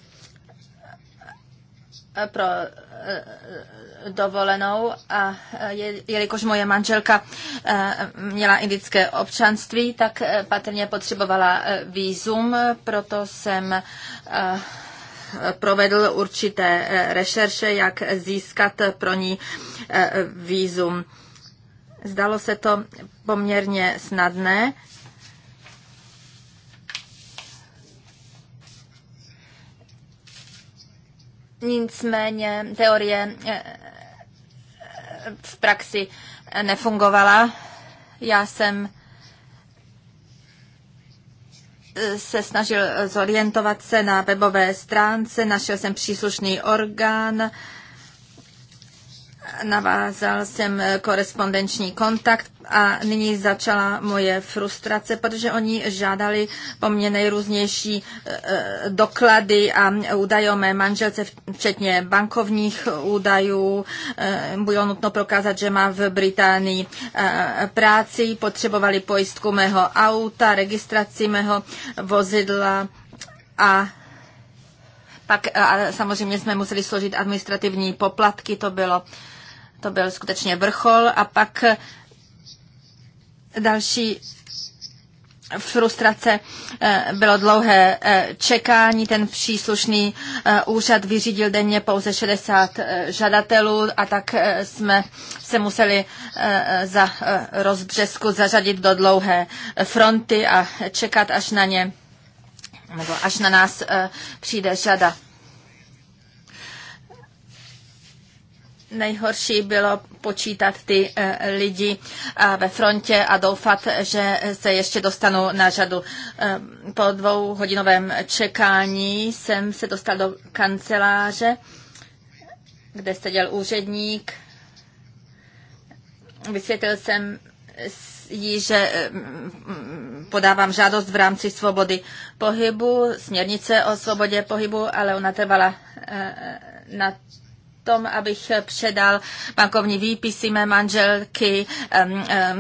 eh, pro eh, eh, dovolenou a jelikož moje manželka měla indické občanství, tak patrně potřebovala výzum, proto jsem provedl určité rešerše, jak získat pro ní výzum Zdalo se to poměrně snadné. Nicméně teorie eh, eh, v praxi nefungovala. Já jsem eh, se snažil zorientovat se na webové stránce, našel jsem příslušný orgán, navázal jsem korespondenční kontakt a nyní začala moje frustrace, protože oni žádali po mně nejrůznější e, e, doklady a údaje o mé manželce, včetně bankovních údajů. E, bylo nutno prokázat, že má v Británii práci, potřebovali pojistku mého auta, registraci mého vozidla a pak a samozřejmě jsme museli složit administrativní poplatky, to bylo to byl skutečně vrchol a pak další frustrace eh, bylo dlouhé eh, čekání. Ten příslušný eh, úřad vyřídil denně pouze 60 žadatelů a tak jsme se museli za rozbřesku zařadit do dlouhé fronty a čekat až na ně nebo až na nás přijde žada. nejhorší bylo počítat ty eh, lidi eh, ve frontě a doufat, že se ještě dostanou na řadu. Eh, po dvouhodinovém čekání jsem se dostal do kanceláře, kde seděl úředník. Vysvětlil jsem jí, že podávám žádost v rámci svobody pohybu, směrnice o svobodě pohybu, ale ona trvala na tom, abych předal bankovní výpisy mé manželky,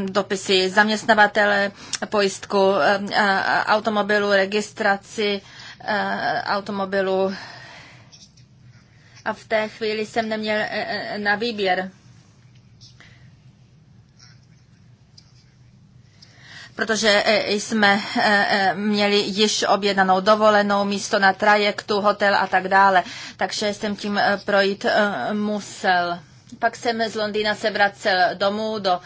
dopisy zaměstnavatele, pojistku automobilu, registraci e, automobilu. A v té chvíli jsem neměl e, e, na výběr. protože e, jsme e, e, měli již objednanou dovolenou, místo na trajektu, hotel a tak dále. Takže jsem tím projít musel. Pak jsem z Londýna se vracel domů do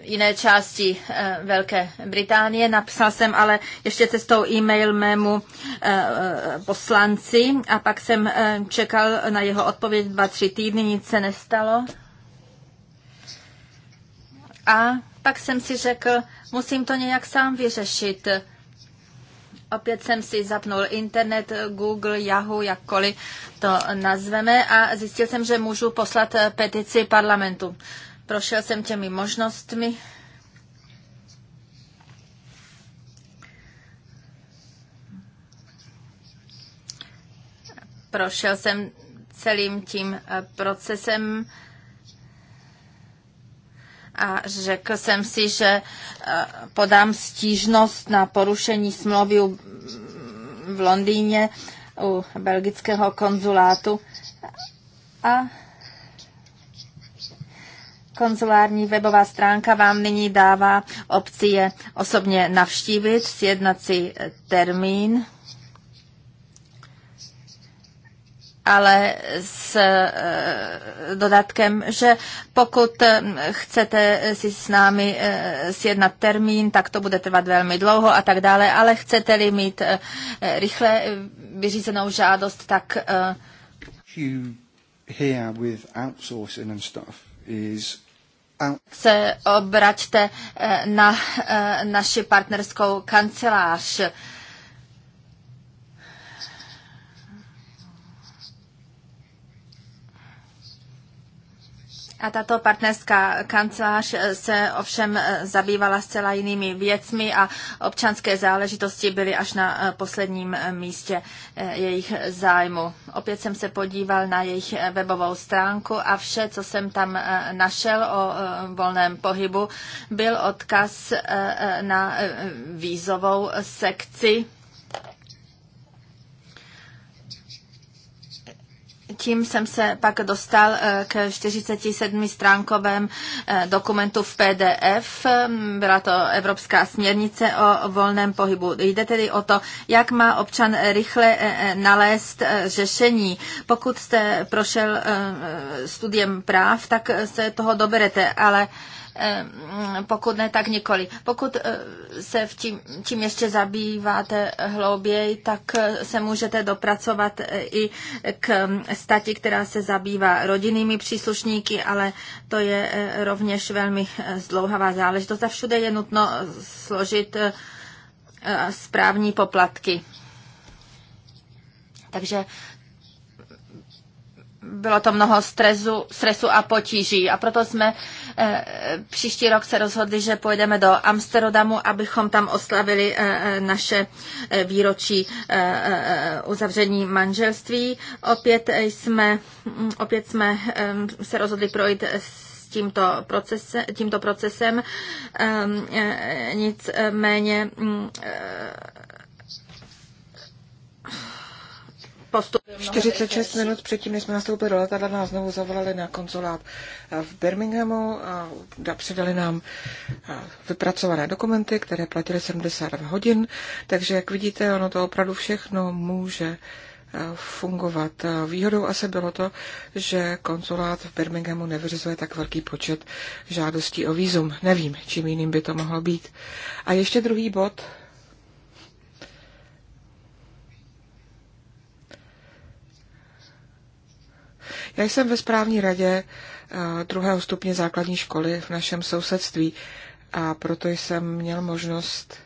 jiné části Velké Británie. Napsal jsem ale ještě cestou e-mail mému poslanci a pak jsem čekal na jeho odpověď dva, tři týdny, nic se nestalo. A pak jsem si řekl, musím to nějak sám vyřešit. Opět jsem si zapnul internet, Google, Yahoo, jakkoliv to nazveme a zjistil jsem, že můžu poslat petici parlamentu. Prošel jsem těmi možnostmi. Prošel jsem celým tím procesem a řekl jsem si, že eh, podám stížnost na porušení smlouvy v Londýně u belgického konzulátu a konzulární webová stránka vám nyní dává opci je osobně navštívit, sjednat si termín ale s eh, dodatkem, že pokud eh, chcete si s námi eh, sjednat termín, tak to bude trvat velmi dlouho a tak dále, ale chcete-li mít rychle vyřízenou žádost, tak se obraťte na naši partnerskou kancelář A tato partnerská kancelář se ovšem eh, zabývala zcela jinými věcmi a občanské záležitosti byly až na eh, posledním eh, místě jejich zájmu. Opět jsem se podíval na jejich webovou stránku a vše, co jsem tam našel o volném pohybu, byl odkaz na vízovou sekci tím jsem se pak dostal eh, k 47 stránkovém eh, dokumentu v PDF. Byla to Evropská směrnice o volném pohybu. Jde tedy o to, jak má občan rychle eh, nalézt řešení. Pokud jste prošel studiem práv, tak se toho doberete, ale Eh, pokud ne, tak nikoli. Pokud eh, se v tím, tím ještě zabýváte hlouběji, tak eh, se můžete dopracovat i k mm, stati, která se zabývá rodinnými příslušníky, ale to je rovněž velmi zdlouhavá záležitost a všude je nutno složit správní poplatky. Takže bylo to mnoho stresu, stresu a potíží a proto jsme Eh, příští rok se rozhodli, že pojedeme do Amsterdamu, abychom tam oslavili eh, eh, naše výročí uzavření manželství. Opět jsme, hm, opět jsme ehm, se rozhodli projít tímto, procese, tímto procesem. Ehm, Nicméně hm, postup. 46 minut předtím, než jsme nastoupili do letadla, nás znovu zavolali na konzulát v Birminghamu a předali nám vypracované dokumenty, které platily 70 hodin. Takže, jak vidíte, ono to opravdu všechno může fungovat. Výhodou asi bylo to, že konzulát v Birminghamu nevyřizuje tak velký počet žádostí o výzum. Nevím, čím jiným by to mohlo být. A ještě druhý bod, Jsem ve správní radě eh, druhého stupně základní školy v našem sousedství a proto jsem měl možnost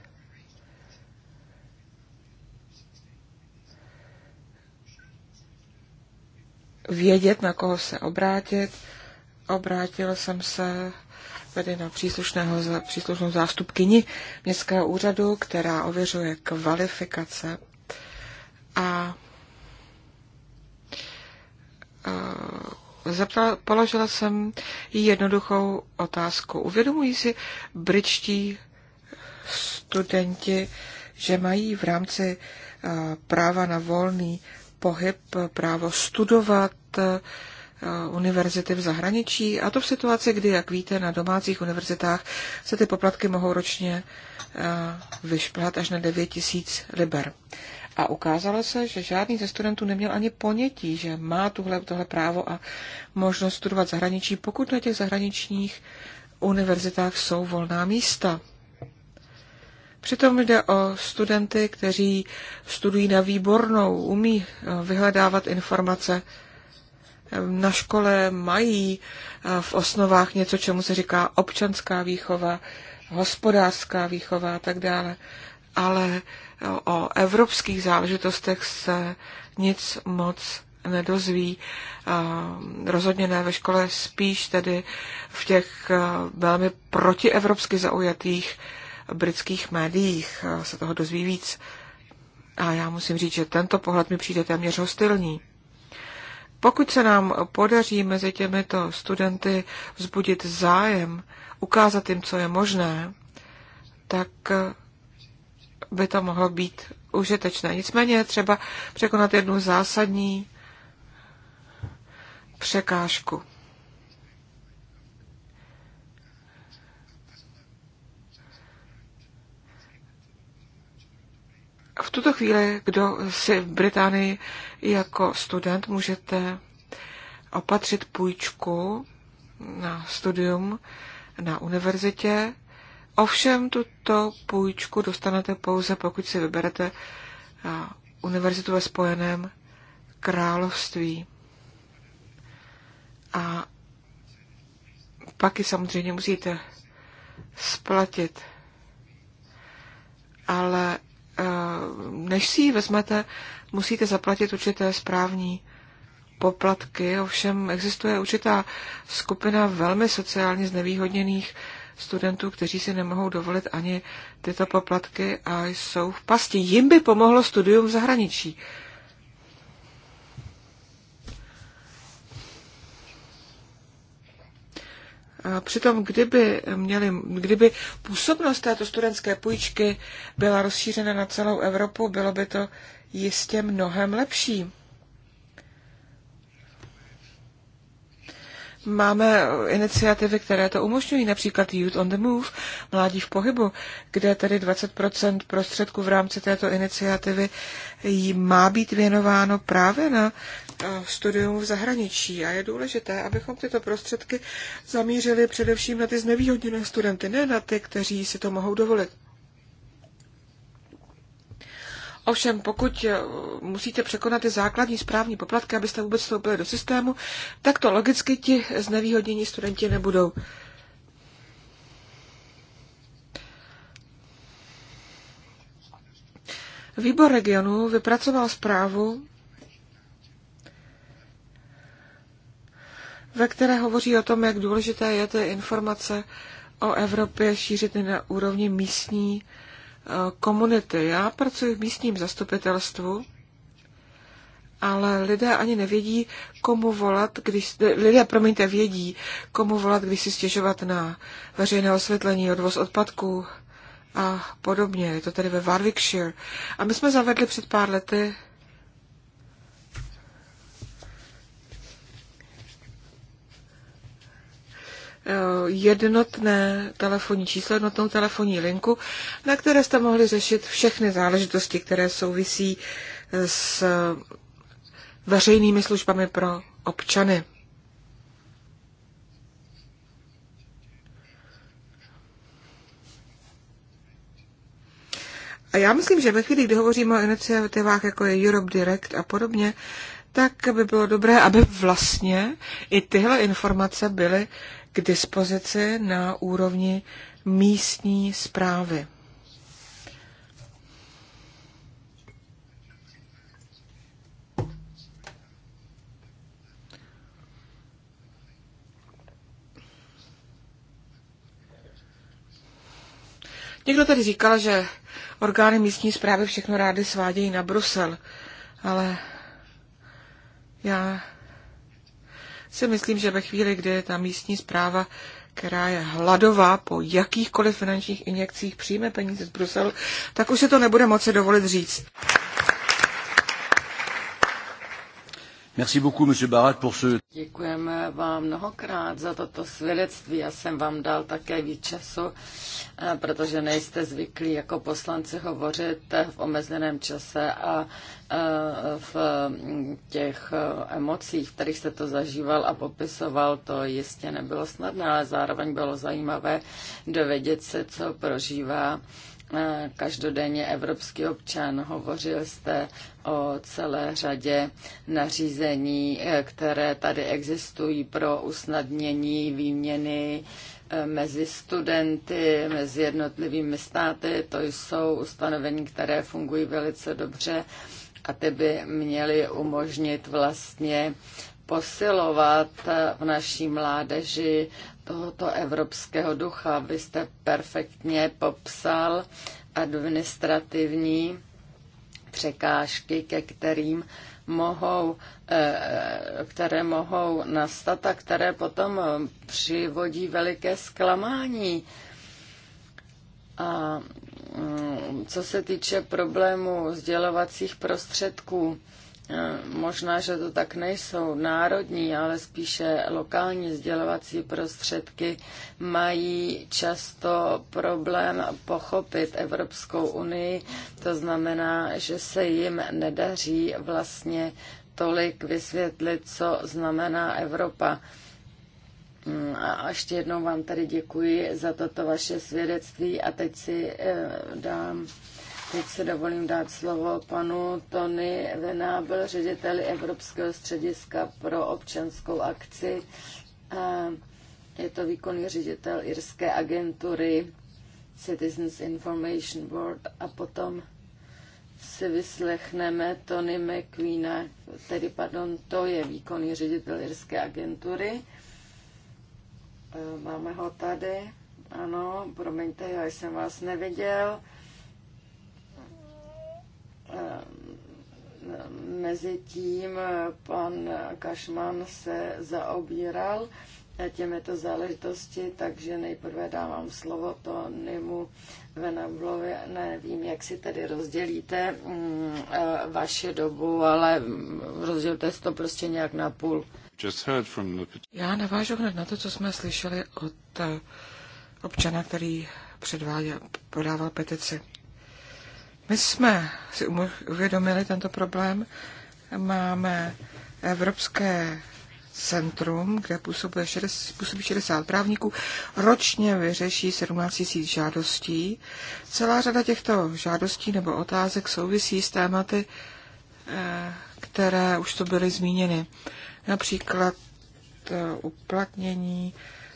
vědět, na koho se obrátit. Obrátil jsem se tedy na příslušného, příslušnou zástupkyni městského úřadu, která ověřuje kvalifikace. A Eh, zeptala, položila jsem jí jednoduchou otázku. Uvědomují si britští studenti, že mají v rámci eh, práva na volný pohyb právo studovat eh, univerzity v zahraničí, a to v situaci, kdy, jak víte, na domácích univerzitách se ty poplatky mohou ročně vyšplhat až na 9 tisíc liber. A ukázalo se, že žádný ze studentů neměl ani ponětí, že má tuhle, tohle právo a možnost studovat zahraničí, pokud na těch zahraničních univerzitách jsou volná místa. Přitom jde o studenty, kteří studují na výbornou, umí eh, vyhledávat informace. Eh, na škole mají eh, v osnovách něco, čemu se říká občanská výchova, hospodářská výchova a tak dále ale o evropských záležitostech se nic moc nedozví. Rozhodně ne ve škole, spíš tedy v těch velmi protievropsky zaujatých britských médiích se toho dozví víc. A já musím říct, že tento pohled mi přijde téměř hostilní. Pokud se nám podaří mezi těmito studenty vzbudit zájem, ukázat jim, co je možné, tak by to mohlo být užitečné. Nicméně je třeba překonat jednu zásadní překážku. V tuto chvíli, kdo si v Británii jako student můžete opatřit půjčku na studium na univerzitě, Ovšem tuto půjčku dostanete pouze, pokud si vyberete eh, univerzitu ve Spojeném království. A pak ji samozřejmě musíte splatit. Ale eh, než si ji vezmete, musíte zaplatit určité správní poplatky. Ovšem existuje určitá skupina velmi sociálně znevýhodněných studentů, kteří si nemohou dovolit ani tyto poplatky a jsou v pasti. Jim by pomohlo studium v zahraničí. A přitom, kdyby, měli, kdyby působnost této studentské půjčky byla rozšířena na celou Evropu, bylo by to jistě mnohem lepší. máme iniciativy, které to umožňují, například Youth on the Move, Mládí v pohybu, kde tedy 20% prostředků v rámci této iniciativy jí má být věnováno právě na eh, studium v zahraničí. A je důležité, abychom tyto prostředky zamířili především na ty znevýhodněné studenty, ne na ty, kteří si to mohou dovolit. Ovšem, pokud eh, musíte překonat ty základní správní poplatky, abyste vůbec vstoupili do systému, tak to logicky ti znevýhodnění studenti nebudou. Výbor regionu vypracoval zprávu, ve které hovoří o tom, jak důležité je ty informace o Evropě šířit na úrovni místní komunity. Já pracuji v místním zastupitelstvu, ale lidé ani nevědí, komu volat, když, lidé, promiňte, vědí, komu volat, když si stěžovat na veřejné osvětlení, odvoz odpadků a podobně. Je to tedy ve Warwickshire. A my jsme zavedli před pár lety Eh, jednotné telefonní číslo, jednotnou telefonní linku, na které jste mohli řešit všechny záležitosti, které souvisí s veřejnými službami pro občany. A já myslím, že ve chvíli, kdy hovoříme o iniciativách jako je Europe Direct a podobně, tak by bylo dobré, aby vlastně i tyhle informace byly k dispozici na úrovni místní zprávy. Někdo tady říkal, že orgány místní zprávy všechno rády svádějí na Brusel, ale já si myslím, že ve chvíli, kdy je ta místní zpráva, která je hladová po jakýchkoliv finančních injekcích, přijme peníze z Bruselu, tak už se to nebude moci dovolit říct. Děkujeme vám mnohokrát za toto svědectví. Já jsem vám dal také víc času, eh, protože nejste zvyklí jako poslanci hovořit eh, v omezeném čase a eh, v mm, těch emocích, v kterých jste to zažíval a popisoval, to jistě nebylo snadné, ale zároveň bylo zajímavé dovědět se, co prožívá Eh, každodenně evropský občan. Hovořil jste o celé řadě nařízení, eh, které tady existují pro usnadnění výměny eh, mezi studenty, mezi jednotlivými státy. To jsou ustanovení, které fungují velice dobře a ty by měly umožnit vlastně posilovat v naší mládeži tohoto evropského ducha. Vy jste perfektně popsal administrativní překážky, ke kterým mohou, eh, které mohou nastat a které potom přivodí veliké zklamání. A mm, co se týče problému sdělovacích prostředků, možná, že to tak nejsou národní, ale spíše lokální sdělovací prostředky, mají často problém pochopit Evropskou unii. To znamená, že se jim nedaří vlastně tolik vysvětlit, co znamená Evropa. Mm, a ještě jednou vám tady děkuji za toto vaše svědectví a teď si eh, dám Teď se dovolím dát slovo panu Tony Venábel, řediteli Evropského střediska pro občanskou akci. Je to výkonný ředitel irské agentury Citizens Information Board a potom si vyslechneme Tony McQueena, tedy pardon, to je výkonný ředitel irské agentury. Máme ho tady. Ano, promiňte, já jsem vás neviděl. Mezitím pan Kašman se zaobíral těmito záležitosti, takže nejprve dávám slovo to Nimu Venablovi. Nevím, jak si tedy rozdělíte mm, vaše dobu, ale rozdělte to prostě nějak na půl. Já navážu hned na to, co jsme slyšeli od eh, občana, který předváděl, podával petici. My jsme si uvědomili tento problém. Máme Evropské centrum, kde působí 60, působí 60 právníků, ročně vyřeší 17 000 žádostí. Celá řada těchto žádostí nebo otázek souvisí s tématy, eh, které už to byly zmíněny. Například eh, uplatnění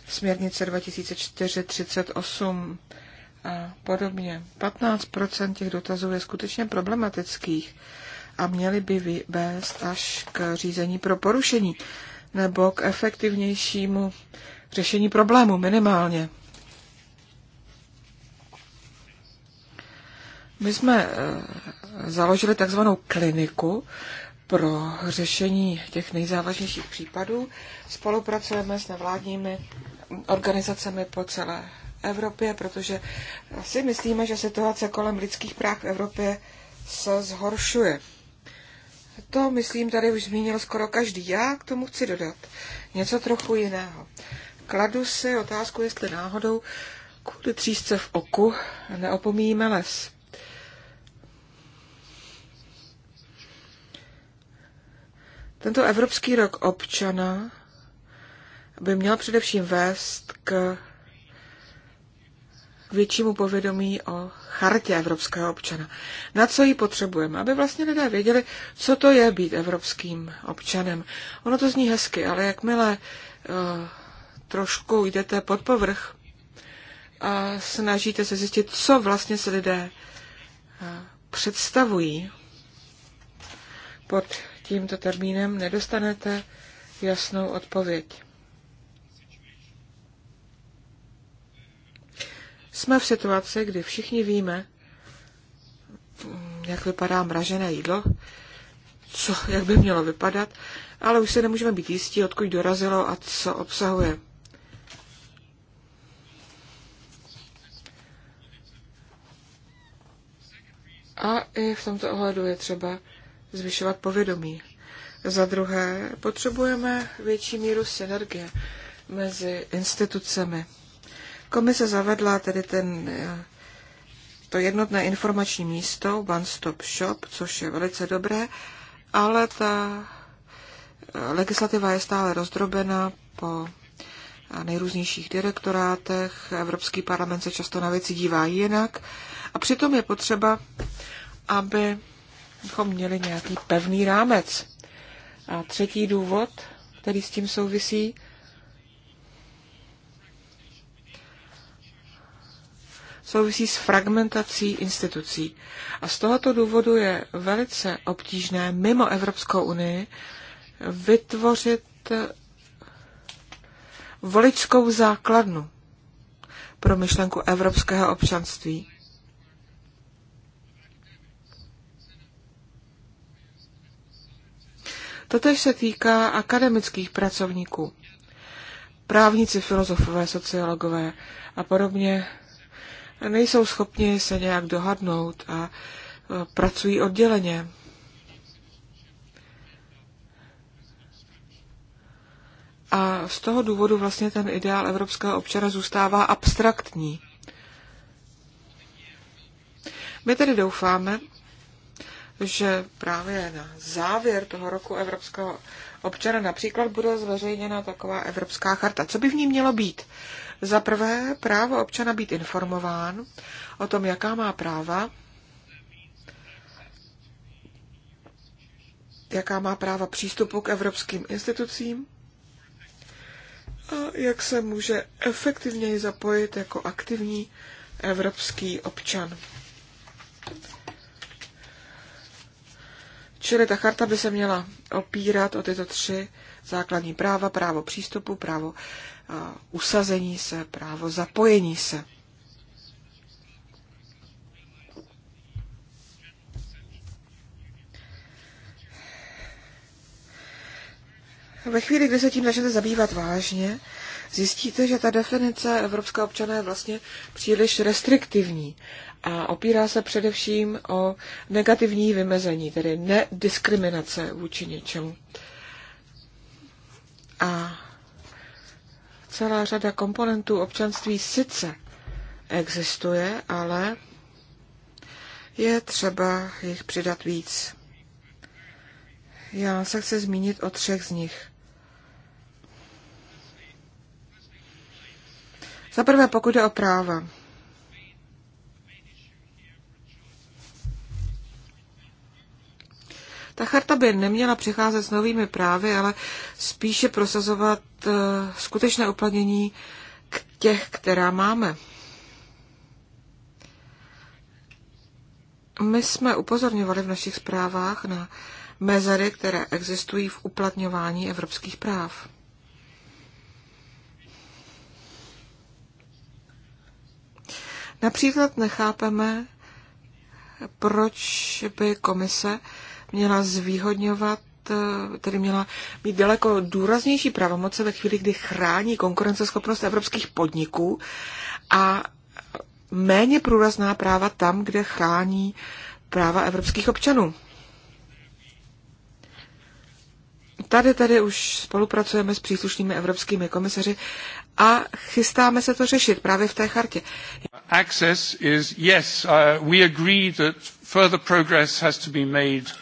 směrnice 2004-38 a podobně. 15% těch dotazů je skutečně problematických a měly by vést až k řízení pro porušení nebo k efektivnějšímu řešení problému minimálně. My jsme e, založili takzvanou kliniku pro řešení těch nejzávažnějších případů. Spolupracujeme s nevládními organizacemi po celé Evropě, protože si myslíme, že situace kolem lidských práv v Evropě se zhoršuje. To, myslím, tady už zmínil skoro každý. Já k tomu chci dodat něco trochu jiného. Kladu si otázku, jestli náhodou kvůli třísce v oku neopomíjíme les. Tento Evropský rok občana by měl především vést k k většímu povědomí o chartě evropského občana. Na co ji potřebujeme? Aby vlastně lidé věděli, co to je být evropským občanem. Ono to zní hezky, ale jakmile uh, trošku jdete pod povrch a snažíte se zjistit, co vlastně se lidé uh, představují pod tímto termínem, nedostanete jasnou odpověď. jsme v situaci, kdy všichni víme, mm, jak vypadá mražené jídlo, co, jak by mělo vypadat, ale už se nemůžeme být jistí, odkud dorazilo a co obsahuje. A i v tomto ohledu je třeba zvyšovat povědomí. Za druhé, potřebujeme větší míru synergie mezi institucemi. Komise zavedla tedy ten, eh, to jednotné informační místo, One Stop Shop, což je velice dobré, ale ta eh, legislativa je stále rozdrobena po eh, nejrůznějších direktorátech. Evropský parlament se často na věci dívá jinak. A přitom je potřeba, abychom měli nějaký pevný rámec. A třetí důvod, který s tím souvisí, souvisí s fragmentací institucí. A z tohoto důvodu je velice obtížné mimo Evropskou unii vytvořit eh, voličskou základnu pro myšlenku evropského občanství. Totež se týká akademických pracovníků. Právníci, filozofové, sociologové a podobně nejsou schopni se nějak dohadnout a pracují odděleně. A z toho důvodu vlastně ten ideál evropského občana zůstává abstraktní. My tedy doufáme, že právě na závěr toho roku evropského občana například bude zveřejněna taková evropská charta. Co by v ní mělo být? Za prvé, právo občana být informován o tom, jaká má práva, jaká má práva přístupu k evropským institucím a jak se může efektivněji zapojit jako aktivní evropský občan. Čili ta charta by se měla opírat o tyto tři základní práva, právo přístupu, právo usazení se, právo zapojení se. Ve chvíli, kdy se tím začnete zabývat vážně, zjistíte, že ta definice evropského občana je vlastně příliš restriktivní a opírá se především o negativní vymezení, tedy nediskriminace vůči něčemu. A Celá řada komponentů občanství sice existuje, ale je třeba jich přidat víc. Já se chci zmínit o třech z nich. Za prvé, pokud je o práva. Ta charta by neměla přicházet s novými právy, ale spíše prosazovat eh, skutečné uplatnění k těch, která máme. My jsme upozorňovali v našich zprávách na mezery, které existují v uplatňování evropských práv. Například nechápeme, proč by komise měla zvýhodňovat eh, tedy měla mít daleko důraznější pravomoce ve chvíli, kdy chrání konkurenceschopnost evropských podniků a méně průrazná práva tam, kde chrání práva evropských občanů. Tady tady už spolupracujeme s příslušnými evropskými komisaři a chystáme se to řešit právě v té chartě. Access is yes, uh, we agree that further progress has to be made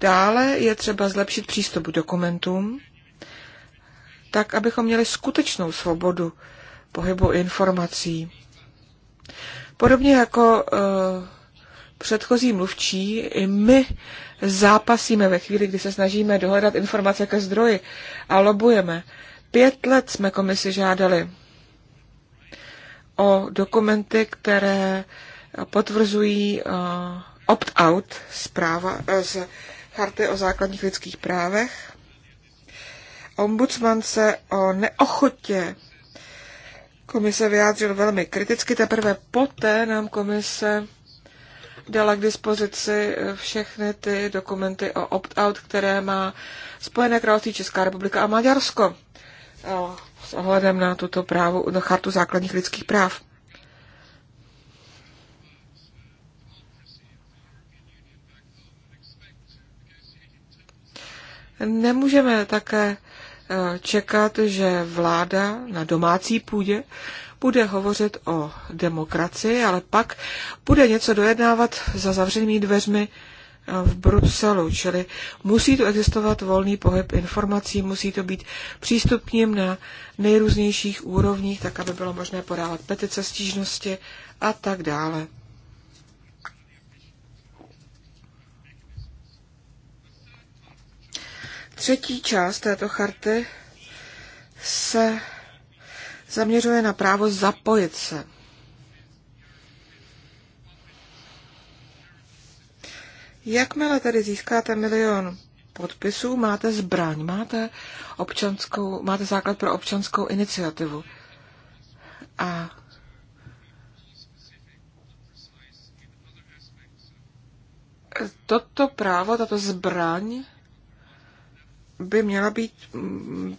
Dále je třeba zlepšit přístup k dokumentům, tak abychom měli skutečnou svobodu pohybu informací. Podobně jako uh, předchozí mluvčí, i my zápasíme ve chvíli, kdy se snažíme dohledat informace ke zdroji a lobujeme. Pět let jsme komisi žádali o dokumenty, které potvrzují uh, opt-out zpráva eh, z Charty o základních lidských právech. Ombudsman se o neochotě komise vyjádřil velmi kriticky. Teprve poté nám komise dala k dispozici eh, všechny ty dokumenty o opt-out, které má Spojené království Česká republika a Maďarsko eh, s ohledem na tuto právu, na chartu základních lidských práv. Nemůžeme také eh, čekat, že vláda na domácí půdě bude hovořit o demokracii, ale pak bude něco dojednávat za zavřenými dveřmi eh, v Bruselu, čili musí tu existovat volný pohyb informací, musí to být přístupním na nejrůznějších úrovních, tak aby bylo možné podávat petice, stížnosti a tak dále. Třetí část této charty se zaměřuje na právo zapojit se. Jakmile tedy získáte milion podpisů, máte zbraň, máte, občanskou, máte základ pro občanskou iniciativu. A toto právo, tato zbraň by měla být mm,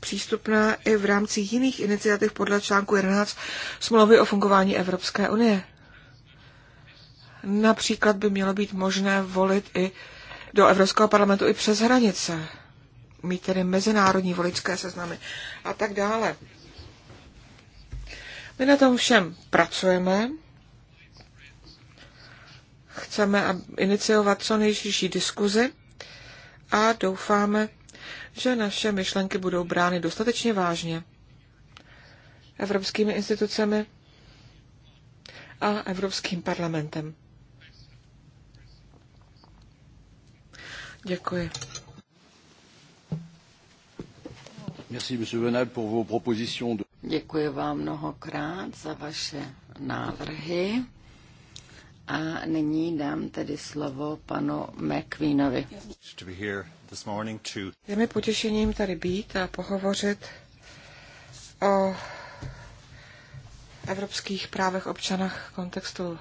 přístupná i v rámci jiných iniciativ podle článku 11 smlouvy o fungování Evropské unie. Například by mělo být možné volit i do Evropského parlamentu i přes hranice, mít tedy mezinárodní voličské seznamy a tak dále. My na tom všem pracujeme. Chceme iniciovat co nejširší diskuzi a doufáme, že naše myšlenky budou brány dostatečně vážně evropskými institucemi a Evropským parlamentem. Děkuji. Děkuji vám mnohokrát za vaše návrhy. A nyní dám tedy slovo panu McQueenovi. Je mi potěšením tady být a pohovořit o evropských právech občanách v kontextu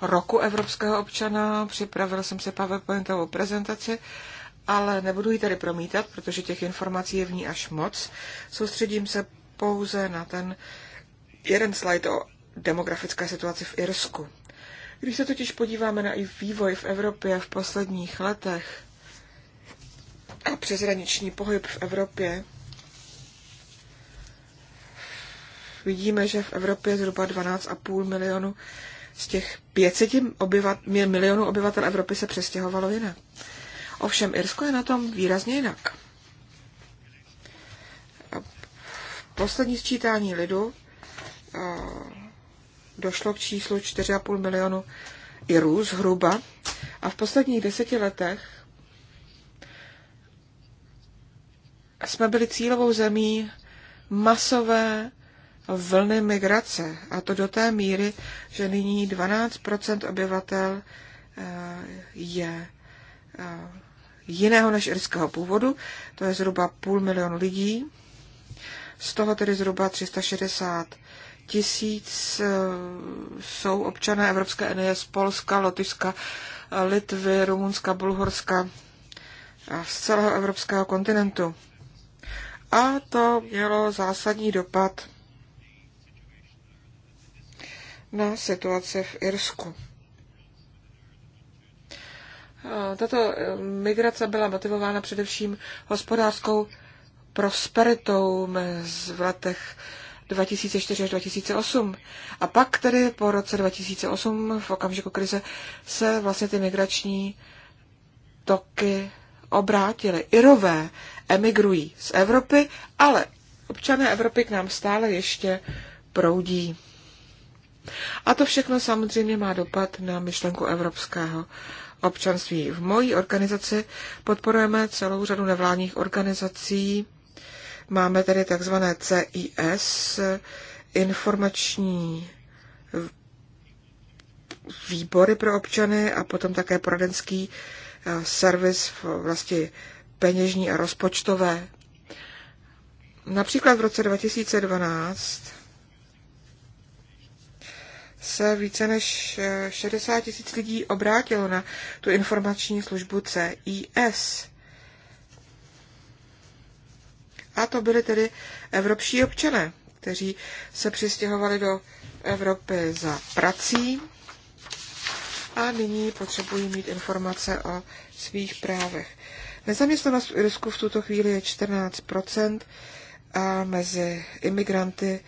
roku evropského občana. Připravil jsem si PowerPointovou prezentaci, ale nebudu ji tady promítat, protože těch informací je v ní až moc. Soustředím se pouze na ten jeden slide o demografické situaci v Irsku. Když se totiž podíváme na i vývoj v Evropě v posledních letech a přeshraniční pohyb v Evropě, vidíme, že v Evropě zhruba 12,5 milionu z těch 500 obyvat, milionů obyvatel Evropy se přestěhovalo jinak. Ovšem Irsko je na tom výrazně jinak. Poslední sčítání lidu došlo k číslu 4,5 milionu Irů zhruba a v posledních deseti letech jsme byli cílovou zemí masové vlny migrace a to do té míry, že nyní 12 obyvatel eh, je eh, jiného než irského původu, to je zhruba půl milionu lidí, z toho tedy zhruba 360 tisíc eh, jsou občané Evropské unie z Polska, Lotyšska, Litvy, Rumunska, Bulhorska a z celého evropského kontinentu. A to mělo zásadní dopad na situaci v Irsku. Eh, tato eh, migrace byla motivována především hospodářskou prosperitou v letech 2004 až 2008. A pak tedy po roce 2008 v okamžiku krize se vlastně ty migrační toky obrátily. Irové emigrují z Evropy, ale občané Evropy k nám stále ještě proudí. A to všechno samozřejmě má dopad na myšlenku evropského občanství. V mojí organizaci podporujeme celou řadu nevládních organizací, Máme tedy takzvané CIS, informační výbory pro občany a potom také poradenský eh, servis v oblasti peněžní a rozpočtové. Například v roce 2012 se více než 60 eh, tisíc lidí obrátilo na tu informační službu CIS. A to byli tedy evropští občané, kteří se přistěhovali do Evropy za prací a nyní potřebují mít informace o svých právech. Nezaměstnanost v Irsku v tuto chvíli je 14 a mezi imigranty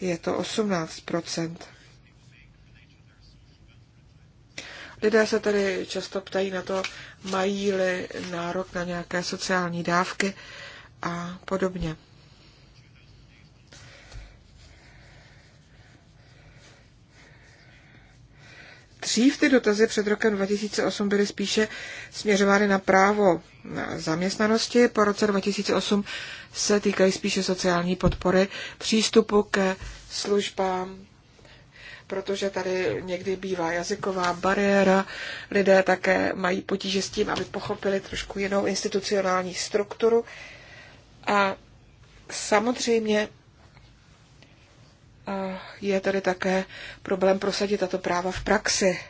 je to 18 Lidé se tady často ptají na to, mají-li nárok na nějaké sociální dávky a podobně. Dřív ty dotazy před rokem 2008 byly spíše směřovány na právo na zaměstnanosti, po roce 2008 se týkají spíše sociální podpory, přístupu ke službám, protože tady někdy bývá jazyková bariéra, lidé také mají potíže s tím, aby pochopili trošku jinou institucionální strukturu a samozřejmě je tady také problém prosadit tato práva v praxi.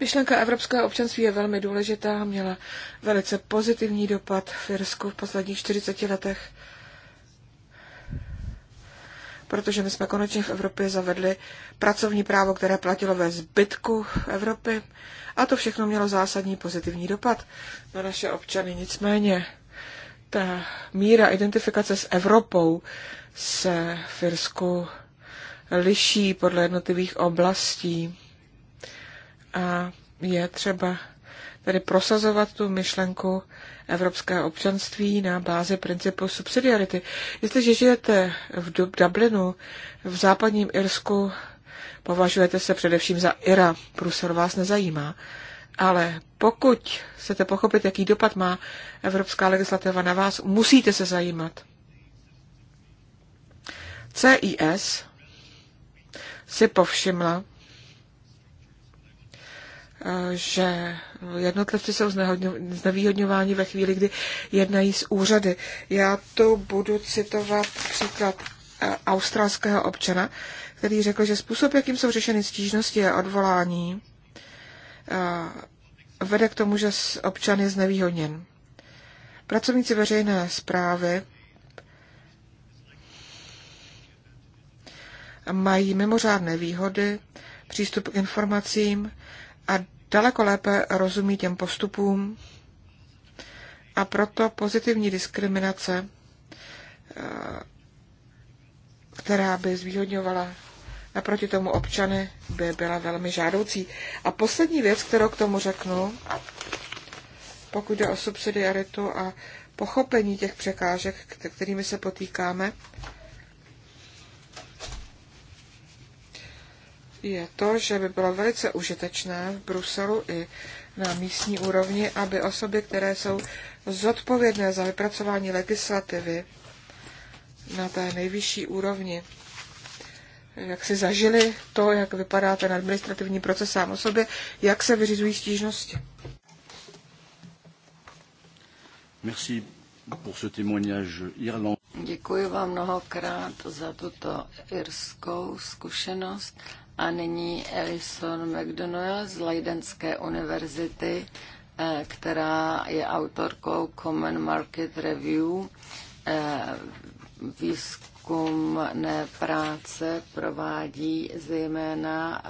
Myšlenka evropského občanství je velmi důležitá, měla velice pozitivní dopad v Irsku v posledních 40 letech protože my jsme konečně v Evropě zavedli pracovní právo, které platilo ve zbytku Evropy a to všechno mělo zásadní pozitivní dopad na naše občany. Nicméně ta míra identifikace s Evropou se v Irsku liší podle jednotlivých oblastí a je třeba tedy prosazovat tu myšlenku evropského občanství na bázi principu subsidiarity. Jestliže žijete v Dublinu, v západním Irsku, považujete se především za Ira, Brusel vás nezajímá. Ale pokud chcete pochopit, jaký dopad má evropská legislativa na vás, musíte se zajímat. CIS si povšimla, že jednotlivci jsou znevýhodňováni ve chvíli, kdy jednají s úřady. Já tu budu citovat příklad eh, australského občana, který řekl, že způsob, jakým jsou řešeny stížnosti a odvolání, eh, vede k tomu, že občan je znevýhodněn. Pracovníci veřejné zprávy mají mimořádné výhody, přístup k informacím, a daleko lépe rozumí těm postupům a proto pozitivní diskriminace, eh, která by zvýhodňovala naproti tomu občany, by byla velmi žádoucí. A poslední věc, kterou k tomu řeknu, pokud jde o subsidiaritu a pochopení těch překážek, kterými se potýkáme, je to, že by bylo velice užitečné v Bruselu i na místní úrovni, aby osoby, které jsou zodpovědné za vypracování legislativy na té nejvyšší úrovni, jak si zažili to, jak vypadá ten administrativní proces sám o sobě, jak se vyřizují stížnosti. Merci pour ce témoignage irlandais. Děkuji vám mnohokrát za tuto irskou zkušenost a nyní Alison McDonnell z Leidenské univerzity, eh, která je autorkou Common Market Review, eh, výzkumné práce provádí zejména eh,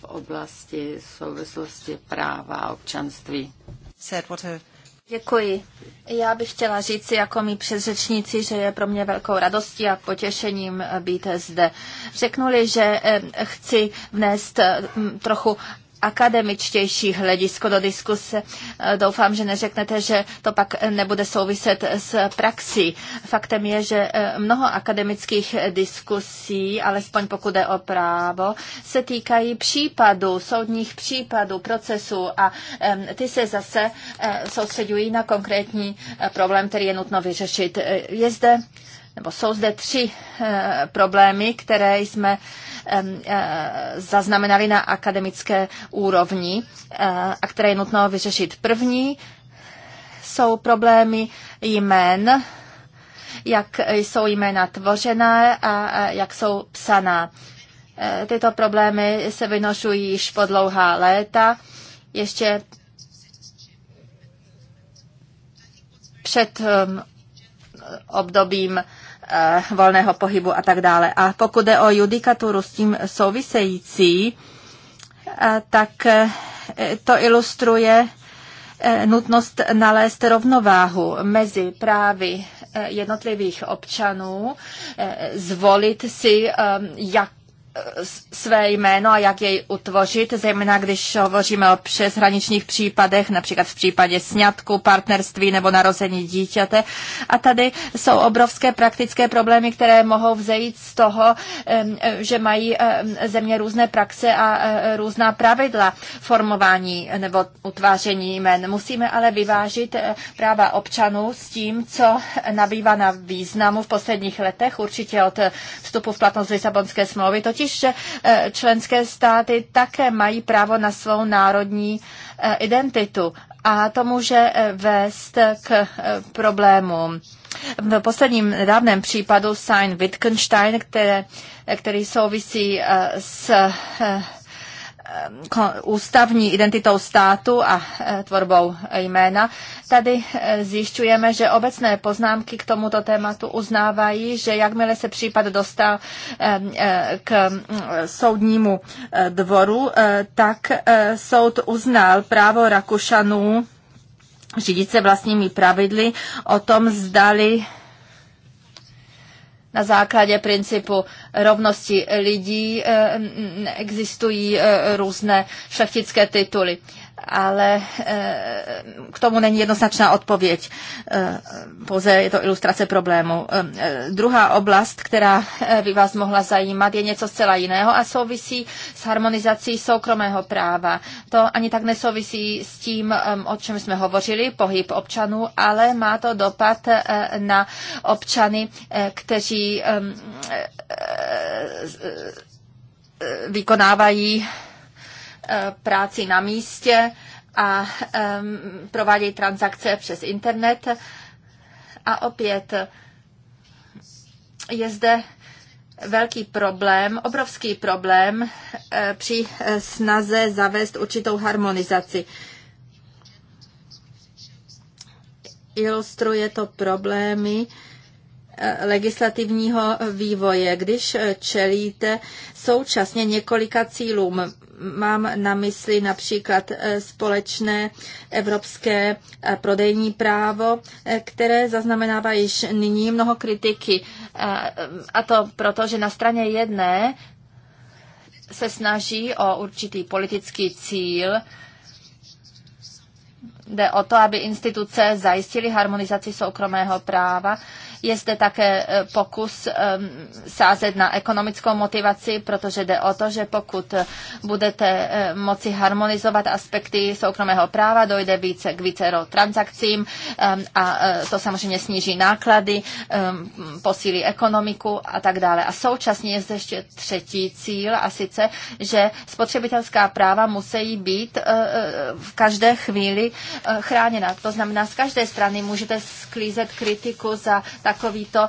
v oblasti souvislosti práva a občanství. Said what a Děkuji. Já bych chtěla říci jako mý předřečníci, že je pro mě velkou radostí a potěšením být zde. Řeknuli, že eh, chci vnést eh, trochu akademičtější hledisko do diskuse. E, doufám, že neřeknete, že to pak nebude souviset s praxí. Faktem je, že e, mnoho akademických diskusí, alespoň pokud jde o právo, se týkají případů, soudních případů, procesů a ty se zase e, soustředují na konkrétní problém, který je nutno vyřešit. Je zde nebo jsou zde tři e, problémy, které jsme e, e, zaznamenali na akademické úrovni e, a které je nutno vyřešit. První jsou problémy jmén, jak jsou jména tvořená a jak jsou psaná. E, tyto problémy se vynošují již po dlouhá léta. Ještě před obdobím Eh, volného pohybu a tak dále. A pokud jde o judikaturu s tím související, eh, tak eh, to ilustruje nutnost nalézt rovnováhu mezi právy jednotlivých občanů, zvolit si, jak své jméno a jak jej utvořit, zejména když hovoříme o přeshraničních případech, například v případě sňatku, partnerství nebo narození dítěte. A tady jsou obrovské praktické problémy, které mohou vzejít z toho, že mají země různé praxe a e, různá pravidla formování nebo utváření jmen. Musíme ale vyvážit e, práva občanů s tím, co nabývá na významu v posledních letech, určitě od vstupu v platnost Lisabonské smlouvy, totiž totiž eh, členské státy také mají právo na svou národní eh, identitu a to může eh, vést k problémům. V posledním dávném případu Sign Wittgenstein, které, který souvisí s ústavní identitou státu a e, tvorbou jména. Tady e, zjišťujeme, že obecné poznámky k tomuto tématu uznávají, že jakmile se případ dostal e, k soudnímu dvoru, tak soud uznal právo Rakušanů řídit se vlastními pravidly o tom, zdali na základě principu rovnosti lidí eh, existují eh, různé šlechtické tituly ale eh, k tomu není jednoznačná odpověď. Eh, pouze je to ilustrace problému. Eh, druhá oblast, která by vás mohla zajímat, je něco zcela jiného a souvisí s harmonizací soukromého práva. To ani tak nesouvisí s tím, o čem jsme hovořili, pohyb občanů, ale má to dopad na občany, kteří vykonávají Eh, práci na místě a provádějí transakce přes internet. A opět je zde velký problém, obrovský problém eh, při snaze zavést určitou harmonizaci. Ilustruje to problémy eh, legislativního vývoje, když čelíte současně několika cílům Mám na mysli například eh, společné evropské eh, prodejní právo, eh, které zaznamenává již nyní mnoho kritiky. A to proto, že na straně jedné se snaží o určitý politický cíl, Jde o to, aby instituce zajistily harmonizaci soukromého práva je zde také e, pokus e, sázet na ekonomickou motivaci, protože jde o to, že pokud budete e, moci harmonizovat aspekty soukromého práva, dojde více k vícero transakcím a to samozřejmě sníží náklady, posílí ekonomiku a tak dále. A současně je zde ještě třetí cíl a sice, že spotřebitelská práva musí být v každé chvíli chráněna. To znamená, z každé strany můžete sklízet kritiku za takovýto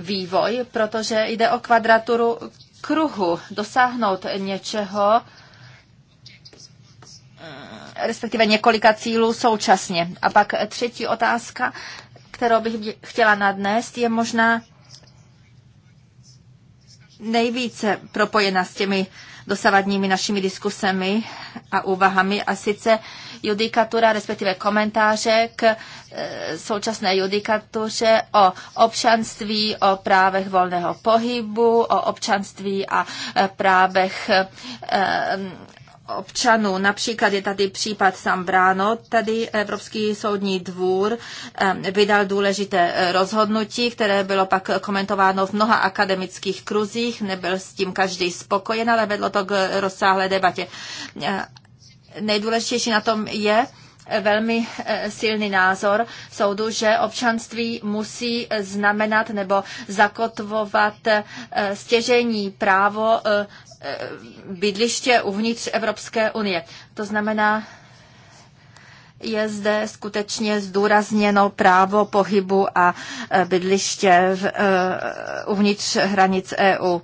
vývoj, protože jde o kvadraturu kruhu, dosáhnout něčeho, eh, respektive několika cílů současně. A pak třetí otázka, kterou bych chtěla nadnést, je možná nejvíce propojena s těmi dosavadními našimi diskusemi a úvahami a sice judikatura, respektive komentáře k e, současné judikatuře o občanství, o právech volného pohybu, o občanství a e, právech e, občanů. Například je tady případ Sambrano, tady Evropský soudní dvůr vydal důležité rozhodnutí, které bylo pak komentováno v mnoha akademických kruzích, nebyl s tím každý spokojen, ale vedlo to k rozsáhlé debatě nejdůležitější na tom je, eh, velmi eh, silný názor soudu, že občanství musí znamenat nebo zakotvovat eh, stěžení právo bydliště uvnitř Evropské unie. To znamená, je zde skutečně zdůrazněno právo pohybu a bydliště v, uvnitř hranic EU.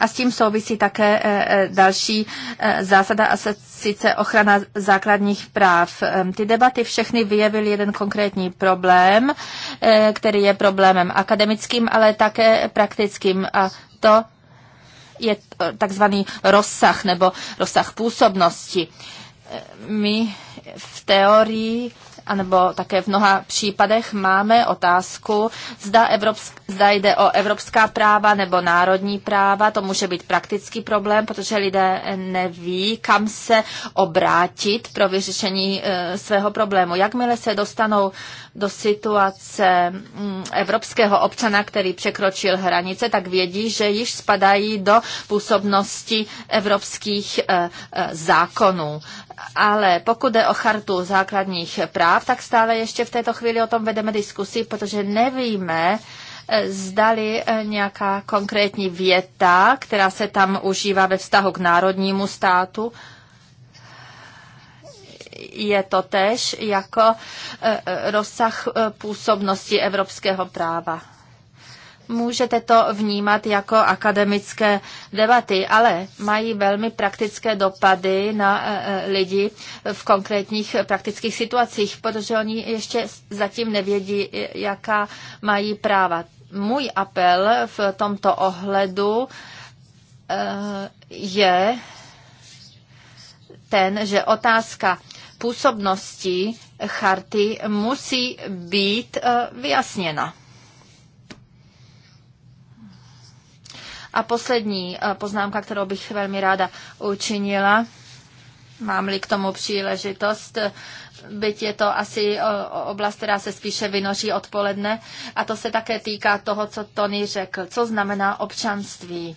A s tím souvisí také eh, eh, další eh, zásada a sice ochrana základních práv. Ehm, ty debaty všechny vyjevily jeden konkrétní problém, který je problémem akademickým, ale také praktickým. A to je takzvaný rozsah nebo rozsah působnosti. My v teorii anebo také v mnoha případech máme otázku, zda, evropsk, zda jde o evropská práva nebo národní práva. To může být praktický problém, protože lidé neví, kam se obrátit pro vyřešení e, svého problému. Jakmile se dostanou do situace mm, evropského občana, který překročil hranice, tak vědí, že již spadají do působnosti evropských e, e, zákonů. Ale pokud jde o chartu základních práv, tak stále ještě v této chvíli o tom vedeme diskusi, protože nevíme, eh, zdali eh, nějaká konkrétní věta, která se tam užívá ve vztahu k národnímu státu, je to tež jako eh, rozsah působnosti evropského práva můžete to vnímat jako akademické debaty, ale mají velmi praktické dopady na e, e, lidi v konkrétních praktických situacích, protože oni ještě zatím nevědí, e, jaká mají práva. Můj apel v tomto ohledu je ten, že otázka působnosti charty musí být vyjasněna. A poslední eh, poznámka, kterou bych velmi ráda učinila, mám-li k tomu příležitost, byť je to asi oblast, která se spíše vynoří odpoledne. A to se také týká toho, co Tony řekl. Co znamená občanství?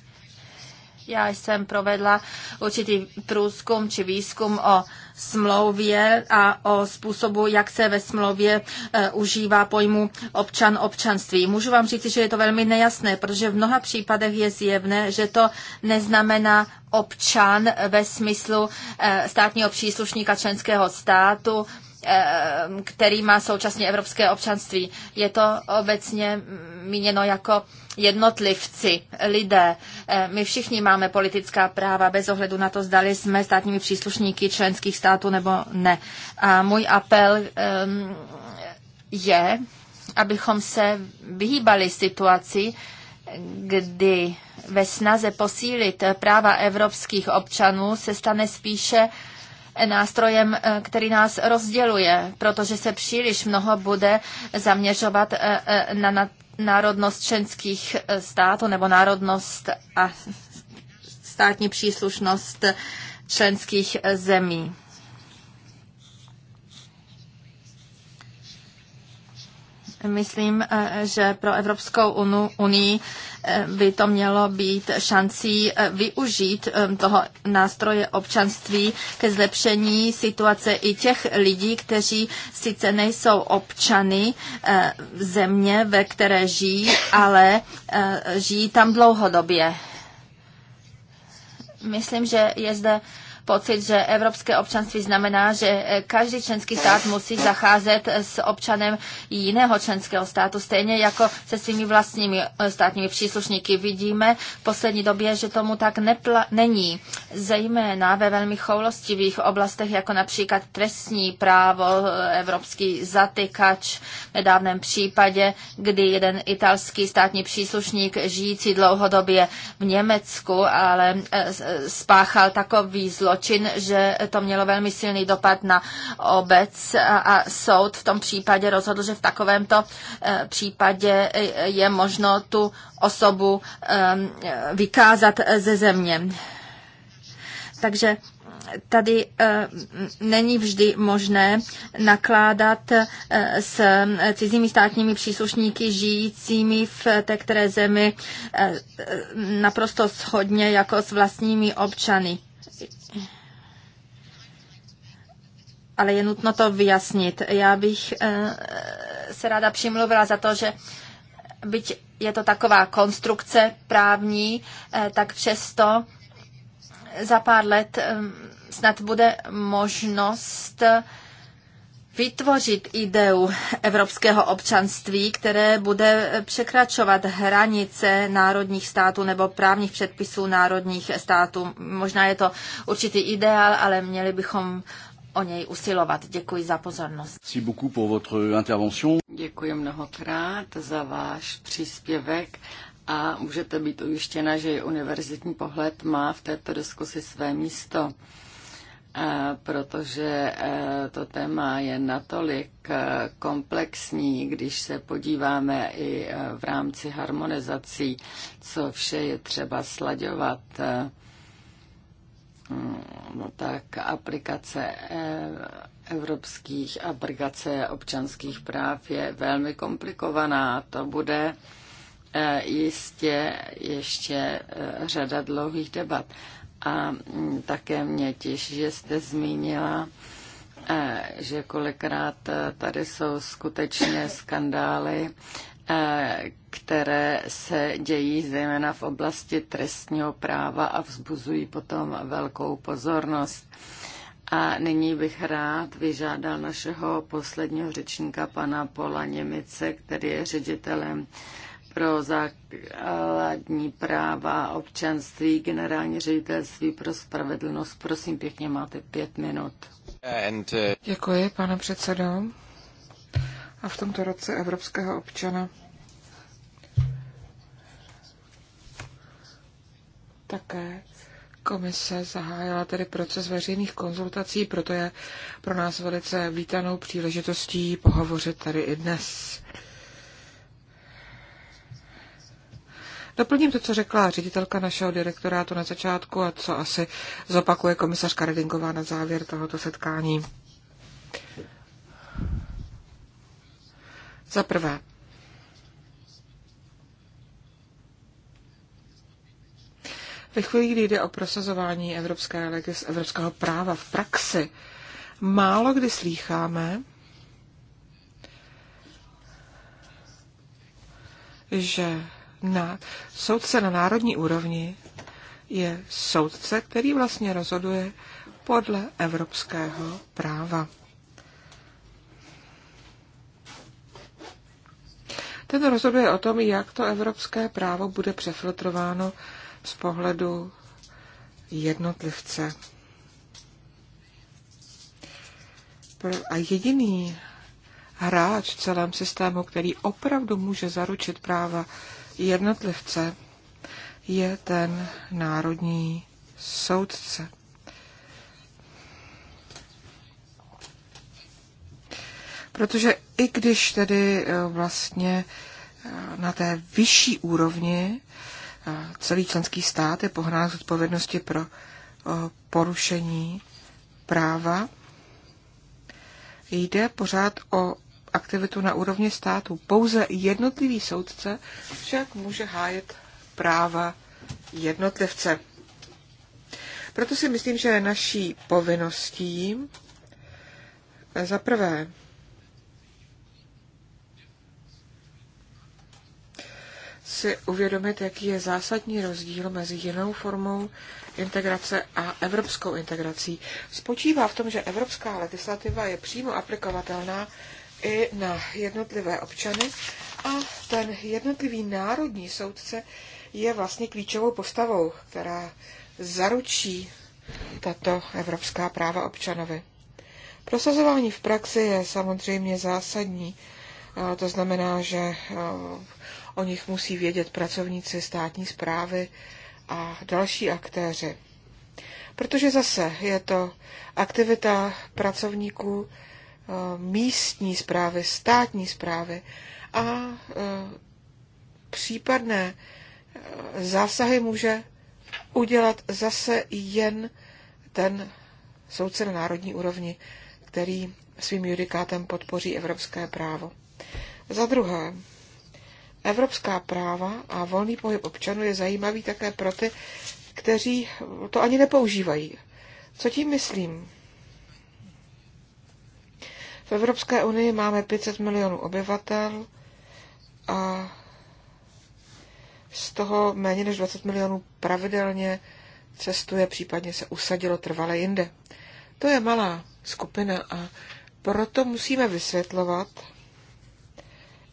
Já jsem provedla určitý průzkum či výzkum o smlouvě a o způsobu, jak se ve smlouvě e, užívá pojmu občan občanství. Můžu vám říct, že je to velmi nejasné, protože v mnoha případech je zjevné, že to neznamená občan ve smyslu e, státního příslušníka členského státu, Eh, který má současně evropské občanství. Je to obecně míněno jako jednotlivci, lidé. Eh, my všichni máme politická práva bez ohledu na to, zdali jsme státními příslušníky členských států nebo ne. A můj apel ehm, je, abychom se vyhýbali situaci, kdy ve snaze posílit práva evropských občanů se stane spíše nástrojem, eh, který nás rozděluje, protože se příliš mnoho bude zaměřovat eh, eh, na národnost členských států nebo národnost a státní příslušnost členských zemí. Myslím, eh, že pro Evropskou unii eh, by to mělo být šancí eh, využít toho nástroje občanství ke zlepšení situace i těch lidí, kteří sice nejsou občany země, ve které žijí, ale žijí tam dlouhodobě. Myslím, že je zde pocit, že evropské občanství znamená, že každý členský stát musí zacházet s občanem jiného členského státu, stejně jako se svými vlastními eh, státními příslušníky. Vidíme v poslední době, že tomu tak nepla- není, zejména ve velmi choulostivých oblastech, jako například trestní právo, eh, evropský zatykač, v nedávném případě, kdy jeden italský státní příslušník žijící dlouhodobě v Německu, ale eh, spáchal takový zločin, zločin, že to mělo velmi silný dopad na obec a soud v tom případě rozhodl, že v takovémto eh, případě eh, je možno tu osobu ehm, vykázat eh, ze země. Takže tady není vždy možné nakládat s cizími státními příslušníky žijícími v té které zemi naprosto shodně jako s vlastními občany. ale je nutno to vyjasnit. Já bych eh, se ráda přimluvila za to, že byť je to taková konstrukce právní, eh, tak přesto za pár let eh, snad bude možnost vytvořit ideu evropského občanství, které bude překračovat hranice národních států nebo právních předpisů národních států. Možná je to určitý ideál, ale měli bychom o něj usilovat. Děkuji za pozornost. Děkuji mnohokrát za váš příspěvek a můžete být ujištěna, že univerzitní pohled má v této diskusi své místo, eh, protože eh, to téma je natolik eh, komplexní, když se podíváme i v rámci harmonizací, co vše je třeba slaďovat No tak aplikace eh, evropských, aplikace občanských práv je velmi komplikovaná. To bude eh, jistě ještě eh, řada dlouhých debat. A mm, také mě těší, že jste zmínila, že kolikrát tady jsou skutečně skandály které se dějí zejména v oblasti trestního práva a vzbuzují potom velkou pozornost. A nyní bych rád vyžádal našeho posledního řečníka, pana Pola Němice, který je ředitelem pro základní práva občanství, generální ředitelství pro spravedlnost. Prosím pěkně, máte pět minut. Uh, Děkuji, pane předsedo a v tomto roce evropského občana. Také komise zahájila tedy proces veřejných konzultací, proto je pro nás velice vítanou příležitostí pohovořit tady i dnes. Doplním to, co řekla ředitelka našeho direktorátu na začátku a co asi zopakuje komisařka Redingová na závěr tohoto setkání. Za prvé, ve chvíli, kdy jde o prosazování evropské legis, evropského práva v praxi, málo kdy slýcháme, že na, soudce na národní úrovni je soudce, který vlastně rozhoduje podle evropského práva. Ten rozhoduje o tom, jak to evropské právo bude přefiltrováno z pohledu jednotlivce. A jediný hráč v celém systému, který opravdu může zaručit práva jednotlivce, je ten národní soudce. protože i když tedy eh, vlastně eh, na té vyšší úrovni eh, celý členský stát je pohnán z odpovědnosti pro porušení práva, jde pořád o aktivitu na úrovni státu. Pouze jednotlivý soudce však může hájet práva jednotlivce. Proto si myslím, že je naší povinností za prvé si uvědomit, jaký je zásadní rozdíl mezi jinou formou integrace a evropskou integrací. Spočívá v tom, že evropská legislativa je přímo aplikovatelná i na jednotlivé občany a ten jednotlivý národní soudce je vlastně klíčovou postavou, která zaručí tato evropská práva občanovi. Prosazování v praxi je samozřejmě zásadní. To znamená, že o nich musí vědět pracovníci státní zprávy a další aktéři. Protože zase je to aktivita pracovníků eh, místní zprávy, státní zprávy a eh, případné eh, zásahy může udělat zase jen ten soudce na národní úrovni, který svým judikátem podpoří evropské právo. Za druhé, Evropská práva a volný pohyb občanů je zajímavý také pro ty, kteří to ani nepoužívají. Co tím myslím? V Evropské unii máme 500 milionů obyvatel a z toho méně než 20 milionů pravidelně cestuje, případně se usadilo trvale jinde. To je malá skupina a proto musíme vysvětlovat,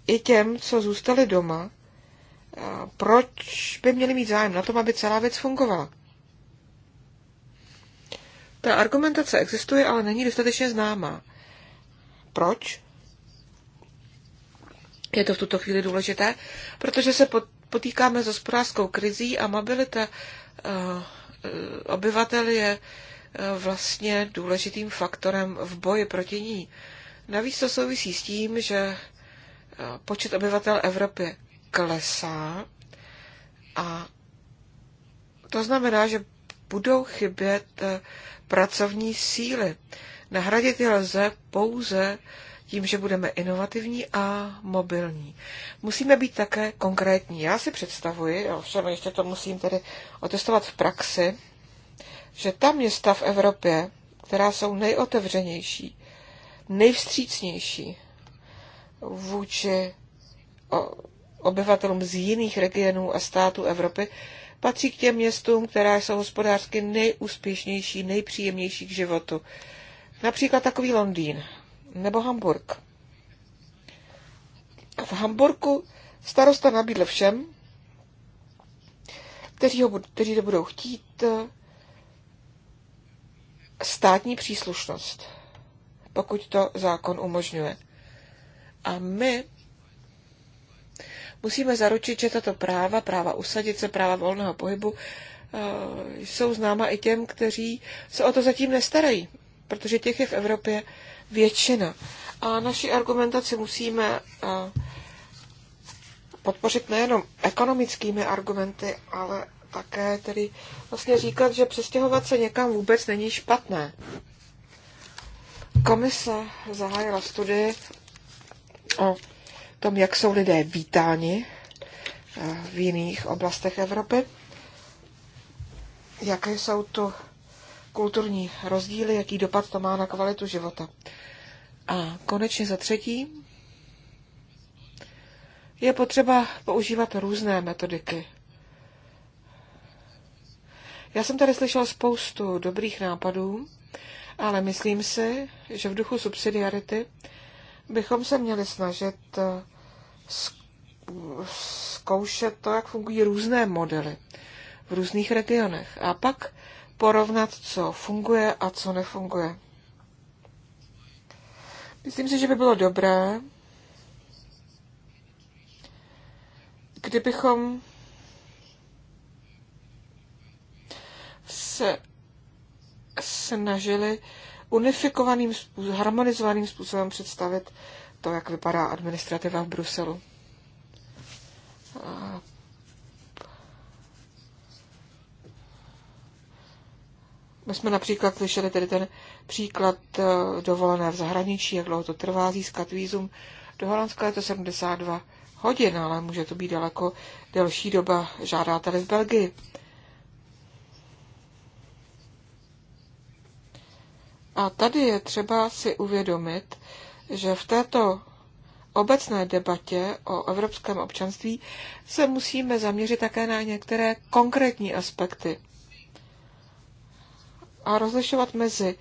i těm, co zůstali doma, proč by měli mít zájem na tom, aby celá věc fungovala. Ta argumentace existuje, ale není dostatečně známá. Proč? Je to v tuto chvíli důležité, protože se potýkáme s hospodářskou krizí a mobilita eh, eh, obyvatel je eh, vlastně důležitým faktorem v boji proti ní. Navíc to souvisí s tím, že počet obyvatel Evropy klesá a to znamená, že budou chybět eh, pracovní síly. Nahradit je lze pouze tím, že budeme inovativní a mobilní. Musíme být také konkrétní. Já si představuji, ovšem ještě to musím tedy otestovat v praxi, že ta města v Evropě, která jsou nejotevřenější, nejvstřícnější, vůči obyvatelům z jiných regionů a států Evropy, patří k těm městům, která jsou hospodářsky nejúspěšnější, nejpříjemnější k životu. Například takový Londýn nebo Hamburg. V Hamburgu starosta nabídl všem, kteří, ho, kteří to budou chtít, státní příslušnost, pokud to zákon umožňuje. A my musíme zaručit, že tato práva, práva usadit se, práva volného pohybu, eh, jsou známa i těm, kteří se o to zatím nestarají, protože těch je v Evropě většina. A naši argumentaci musíme eh, podpořit nejenom ekonomickými argumenty, ale také tedy vlastně říkat, že přestěhovat se někam vůbec není špatné. Komise zahájila studii o tom, jak jsou lidé vítáni eh, v jiných oblastech Evropy, jaké jsou tu kulturní rozdíly, jaký dopad to má na kvalitu života. A konečně za třetí, je potřeba používat různé metodiky. Já jsem tady slyšel spoustu dobrých nápadů, ale myslím si, že v duchu subsidiarity bychom se měli snažit eh, zkoušet to, jak fungují různé modely v různých regionech a pak porovnat, co funguje a co nefunguje. Myslím si, že by bylo dobré, kdybychom se snažili unifikovaným, harmonizovaným způsobem představit to, jak vypadá administrativa v Bruselu. My jsme například slyšeli tedy ten příklad eh, dovolené v zahraničí, jak dlouho to trvá získat výzum. Do Holandska je to 72 hodin, ale může to být daleko delší doba, žádáte-li v Belgii. A tady je třeba si uvědomit, že v této obecné debatě o evropském občanství se musíme zaměřit také na některé konkrétní aspekty a rozlišovat mezi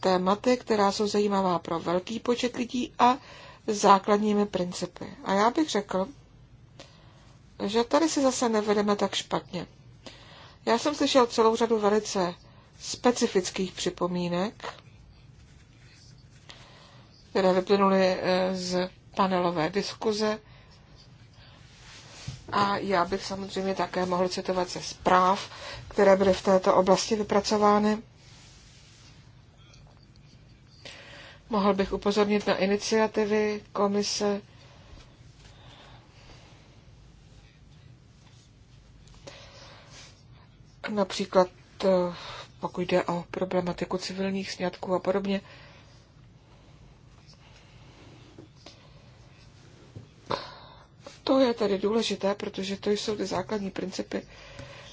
tématy, která jsou zajímavá pro velký počet lidí a základními principy. A já bych řekl, že tady si zase nevedeme tak špatně. Já jsem slyšel celou řadu velice specifických připomínek, které vyplynuly eh, z panelové diskuze. A já bych samozřejmě také mohl citovat ze zpráv, které byly v této oblasti vypracovány. Mohl bych upozornit na iniciativy komise například eh, pokud jde o problematiku civilních sňatků a podobně. To je tedy důležité, protože to jsou ty základní principy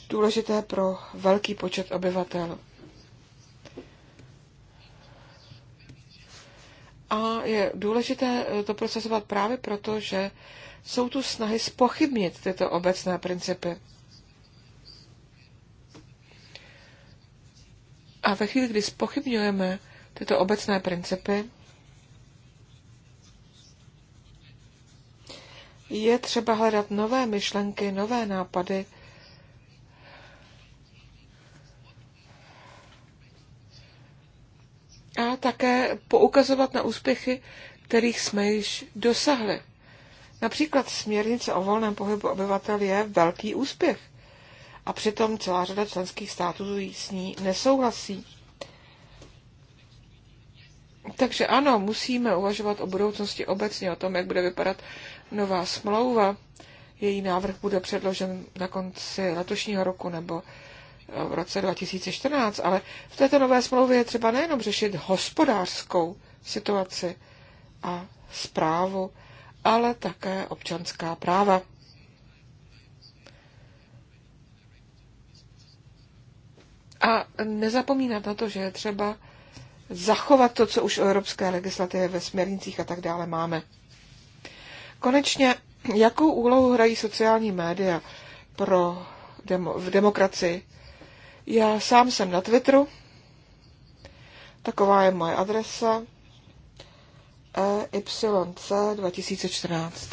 důležité pro velký počet obyvatel. A je důležité eh, to procesovat právě proto, že jsou tu snahy spochybnit tyto obecné principy. A ve chvíli, kdy spochybňujeme tyto obecné principy, Je třeba hledat nové myšlenky, nové nápady. A také poukazovat na úspěchy, kterých jsme již dosahli. Například směrnice o volném pohybu obyvatel je velký úspěch. A přitom celá řada členských států s ní nesouhlasí. Takže ano, musíme uvažovat o budoucnosti obecně, o tom, jak bude vypadat nová smlouva. Její návrh bude předložen na konci letošního roku nebo eh, v roce 2014, ale v této nové smlouvě je třeba nejenom řešit hospodářskou situaci a zprávu, ale také občanská práva. A nezapomínat na to, že je třeba zachovat to, co už o evropské legislativě ve směrnicích a tak dále máme. Konečně, jakou úlohu hrají sociální média pro demo, v demokracii? Já sám jsem na Twitteru, taková je moje adresa EYC 2014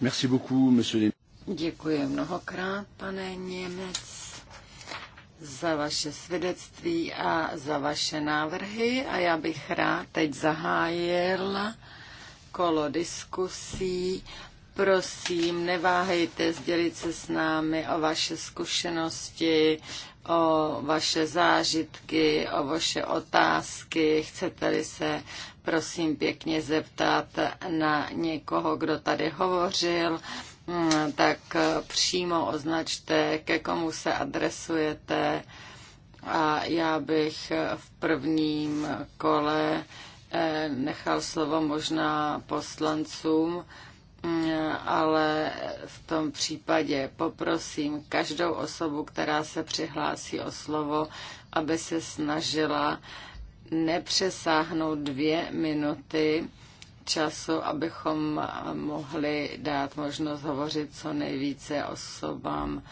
Merci beaucoup, monsieur Děkuji mnohokrát, pane Němec za vaše svědectví a za vaše návrhy a já bych rád teď zahájil kolo diskusí. Prosím, neváhejte sdělit se s námi o vaše zkušenosti, o vaše zážitky, o vaše otázky. Chcete-li se, prosím, pěkně zeptat na někoho, kdo tady hovořil. Hmm, tak eh, přímo označte, ke komu se adresujete a já bych eh, v prvním kole eh, nechal slovo možná poslancům, hmm, ale v tom případě poprosím každou osobu, která se přihlásí o slovo, aby se snažila nepřesáhnout dvě minuty času, abychom mohli dát možnost hovořit co nejvíce osobám.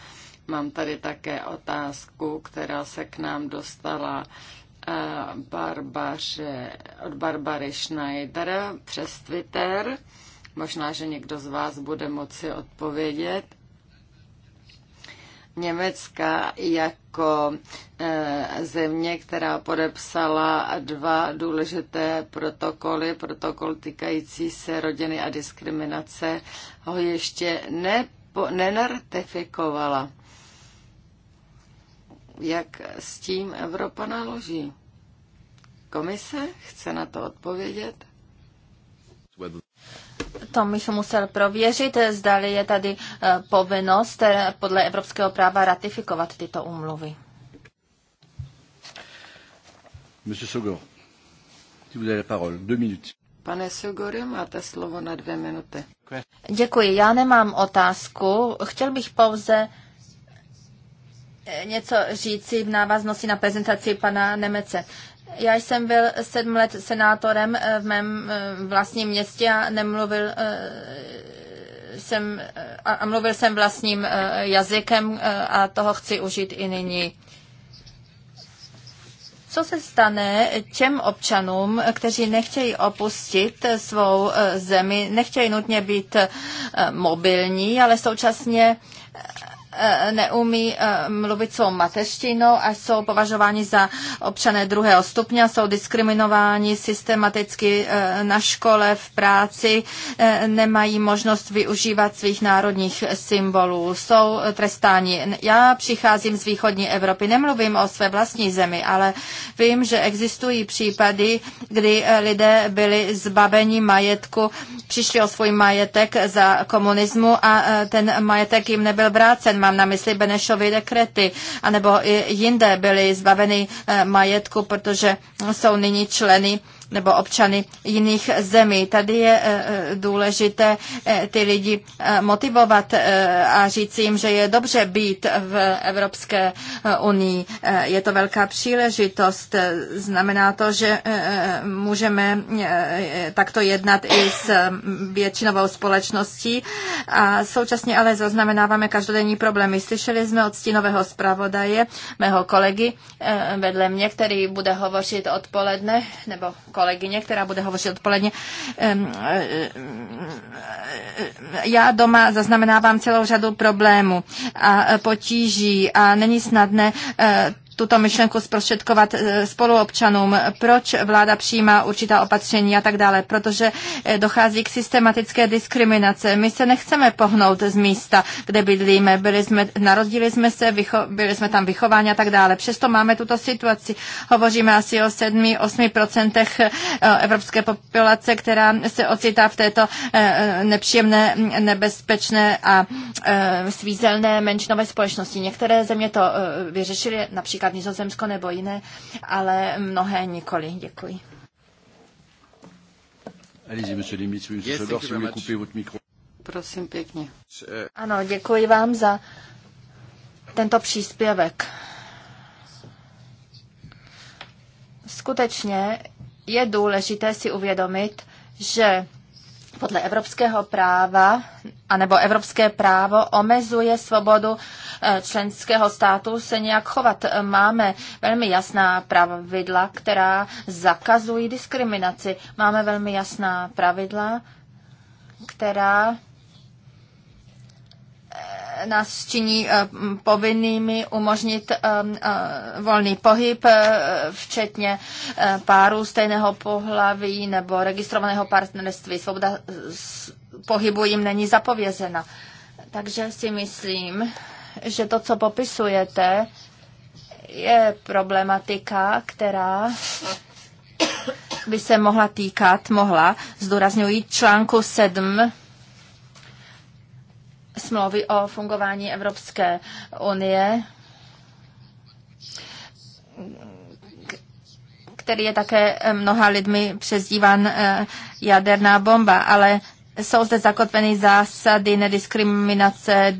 Mám tady také otázku, která se k nám dostala eh, Barbaře, od Barbary Schneider přes Twitter. Možná, že někdo z vás bude moci odpovědět. Německa jako e, země, která podepsala dva důležité protokoly, protokol týkající se rodiny a diskriminace, ho ještě nepo, nenartifikovala. Jak s tím Evropa naloží? Komise chce na to odpovědět? to bych musel prověřit, zdali je tady eh, povinnost eh, podle evropského práva ratifikovat tyto umluvy. Monsieur Sogor, si vous avez la parole, deux minutes. Pane Sogore, máte slovo na dvě minuty. Děkuji, já nemám otázku. Chtěl bych pouze eh, něco říci v návaznosti na prezentaci pana Nemece. Já jsem byl sedm let senátorem eh, v mém eh, vlastním městě a nemluvil eh, jsem, a mluvil jsem vlastním jazykem a toho chci užít i nyní. Co se stane těm občanům, kteří nechtějí opustit svou zemi, nechtějí nutně být mobilní, ale současně Eh, neumí eh, mluvit svou mateřštinou a jsou považováni za občané druhého stupně, jsou diskriminováni systematicky eh, na škole, v práci, nemají možnost využívat svých národních symbolů, jsou trestáni. Já přicházím z východní Evropy, nemluvím o své vlastní zemi, ale vím, že existují případy, kdy lidé byli zbaveni majetku, přišli o svůj majetek za komunismu a ten majetek jim nebyl vrácen mám na mysli Benešovy dekrety, anebo i jinde byly zbaveny eh, majetku, protože jsou nyní členy nebo občany jiných zemí. Tady je eh, eh, důležité eh, ty lidi motivovat a říct jim, že je dobře být v Evropské unii. Je to velká příležitost. Znamená to, že můžeme takto jednat i s mm, většinovou společností a současně ale zaznamenáváme každodenní problémy. Slyšeli jsme od stínového zpravodaje, mého kolegy vedle mě, který bude hovořit odpoledne nebo kolegyně, která bude hovořit odpoledně. Já doma zaznamenávám celou řadu problémů a potíží a není snadné eh, tuto myšlenku zprostředkovat eh, spoluobčanům, proč vláda přijímá určitá opatření a tak dále, protože eh, dochází k systematické diskriminace. My se nechceme pohnout z místa, kde bydlíme, byli jsme, narodili jsme se, vycho, byli jsme tam vychováni a tak dále. Přesto máme tuto situaci. Hovoříme asi o 7-8% eh, evropské populace, která se ocitá v této nepříjemné, nebezpečné a svízelné menšinové společnosti. Některé země to vyřešily, například například Nizozemsko nebo jiné, ale mnohé nikoli. Děkuji. si Prosím pěkně. Ano, děkuji vám za tento příspěvek. Skutečně je důležité si uvědomit, že podle evropského práva anebo evropské právo omezuje svobodu eh, členského státu se nějak chovat. Máme velmi jasná pravidla, která zakazují diskriminaci. Máme velmi jasná pravidla, která nás činí eh, povinnými umožnit eh, eh, volný pohyb, včetně párů stejného pohlaví nebo registrovaného partnerství. Svoboda pohybu jim není zapovězena. Takže si myslím, že to, co popisujete, je problematika, která by se mohla týkat, mohla, zdůraznuju, článku 7 smlouvy o fungování Evropské unie, který je také eh, mnoha lidmi přezdívan eh, jaderná bomba, ale jsou zde zakotveny zásady nediskriminace,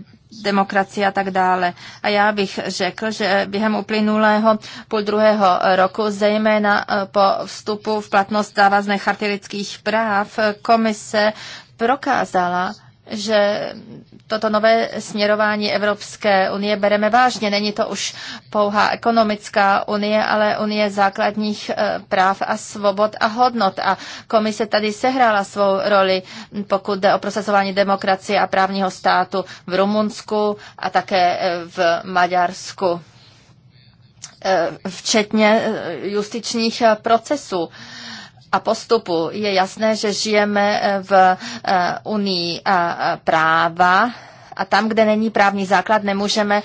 demokracie a tak dále. A já bych řekl, že během uplynulého půl druhého roku, zejména eh, po vstupu v platnost závazné charty lidských práv, komise prokázala, že toto nové směrování Evropské unie bereme vážně. Není to už pouhá ekonomická unie, ale unie základních e, práv a svobod a hodnot. A komise tady sehrála svou roli, pokud jde o prosazování demokracie a právního státu v Rumunsku a také e, v Maďarsku e, včetně justičních procesů a postupu. Je jasné, že žijeme eh, v eh, unii eh, práva, a tam, kde není právní základ, nemůžeme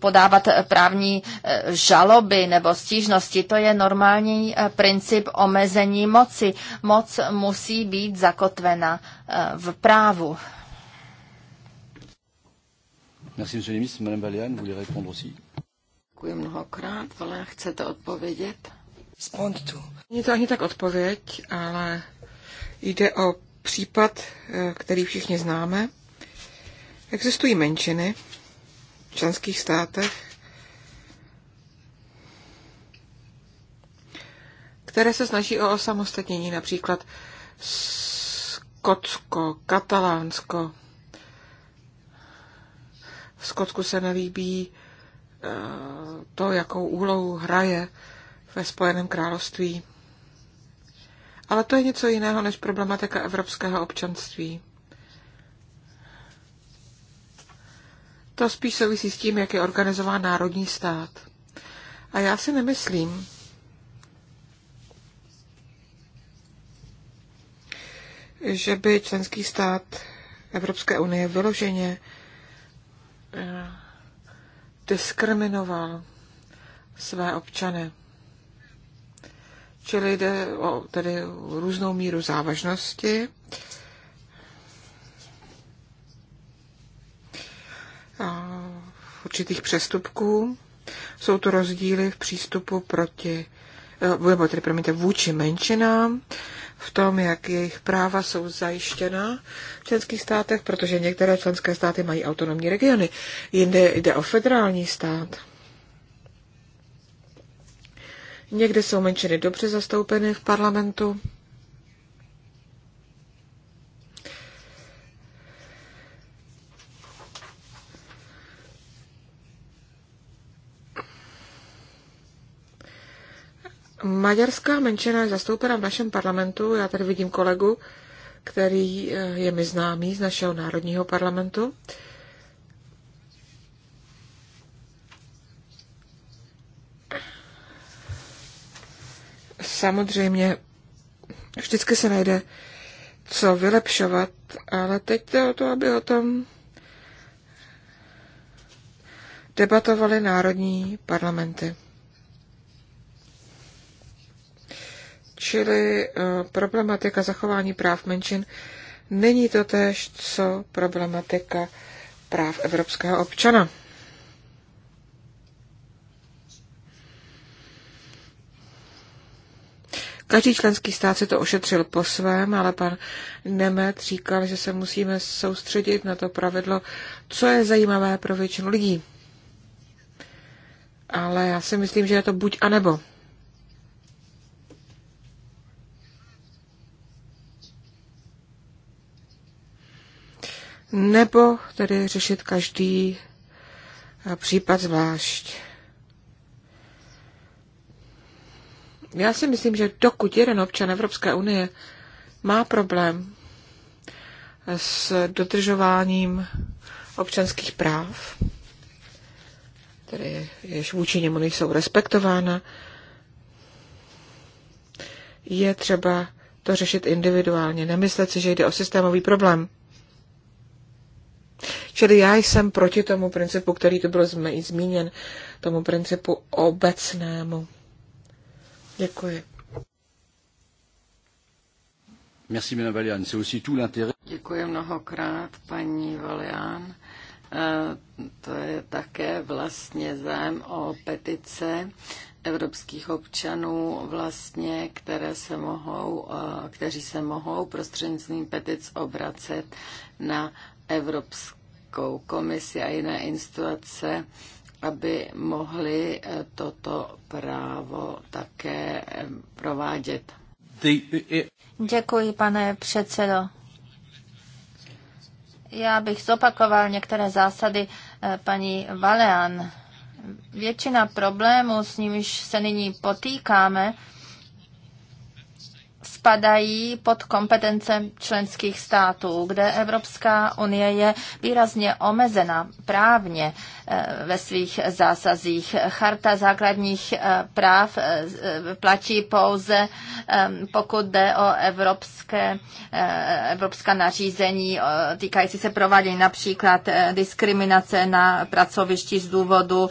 podávat právní žaloby nebo stížnosti. To je normální princip omezení moci. Moc musí být zakotvena v právu. Děkuji mnohokrát. ale chcete odpovědět? Není to ani tak odpověď, ale jde o případ, eh, který všichni známe. Existují menšiny v členských státech, které se snaží o osamostatnění, například Skotsko, Katalánsko. V Skotsku se nelíbí eh, to, jakou úlohu hraje ve Spojeném království. Ale to je něco jiného než problematika evropského občanství. To spíš souvisí s tím, jak je organizován národní stát. A já si nemyslím, že by členský stát Evropské unie vyloženě eh, diskriminoval své občany. Čili jde o tedy různou míru závažnosti. A určitých přestupků. Jsou to rozdíly v přístupu proti, eh, nebo tedy, promiňte, vůči menšinám, v tom, jak jejich práva jsou zajištěna v členských státech, protože některé členské státy mají autonomní regiony, jinde jde o federální stát. Někde jsou menšiny dobře zastoupeny v parlamentu. Maďarská menšina je zastoupena v našem parlamentu. Já tady vidím kolegu, který eh, je mi známý z našeho národního parlamentu. Uh, Samozřejmě vždycky se najde co vylepšovat, ale teď jde o to, aby o tom debatovaly národní parlamenty. Čili eh, problematika zachování práv menšin není to též, co problematika práv evropského občana. Každý členský stát se to ošetřil po svém, ale pan Nemet říkal, že se musíme soustředit na to pravidlo, co je zajímavé pro většinu lidí. Ale já si myslím, že je to buď a nebo. Nebo tedy řešit každý případ zvlášť. Já si myslím, že dokud jeden občan Evropské unie má problém s dodržováním občanských práv, které jež vůči němu nejsou respektována, je třeba to řešit individuálně, nemyslet si, že jde o systémový problém. Čili já jsem proti tomu principu, který tu byl zmíněn, tomu principu obecnému. Děkuji. Merci, Valian. aussi tout Děkuji mnohokrát, paní Valian. Eh, to je také vlastně zájem o petice evropských občanů vlastně, které se mohou, eh, kteří se mohou prostřednictvím petic obracet na Evropskou komisi a jiné instituce aby mohli eh, toto právo také eh, provádět. Děkuji, pane předsedo. Já bych zopakoval některé zásady eh, paní Valean. Většina problémů, s nimiž se nyní potýkáme, spadají pod kompetence členských států, kde Evropská unie je výrazně omezena právně eh, ve svých zásazích. Charta základních eh, práv eh, platí pouze, pokud jde o evropské, evropská nařízení týkající se provádění například diskriminace na pracovišti z důvodu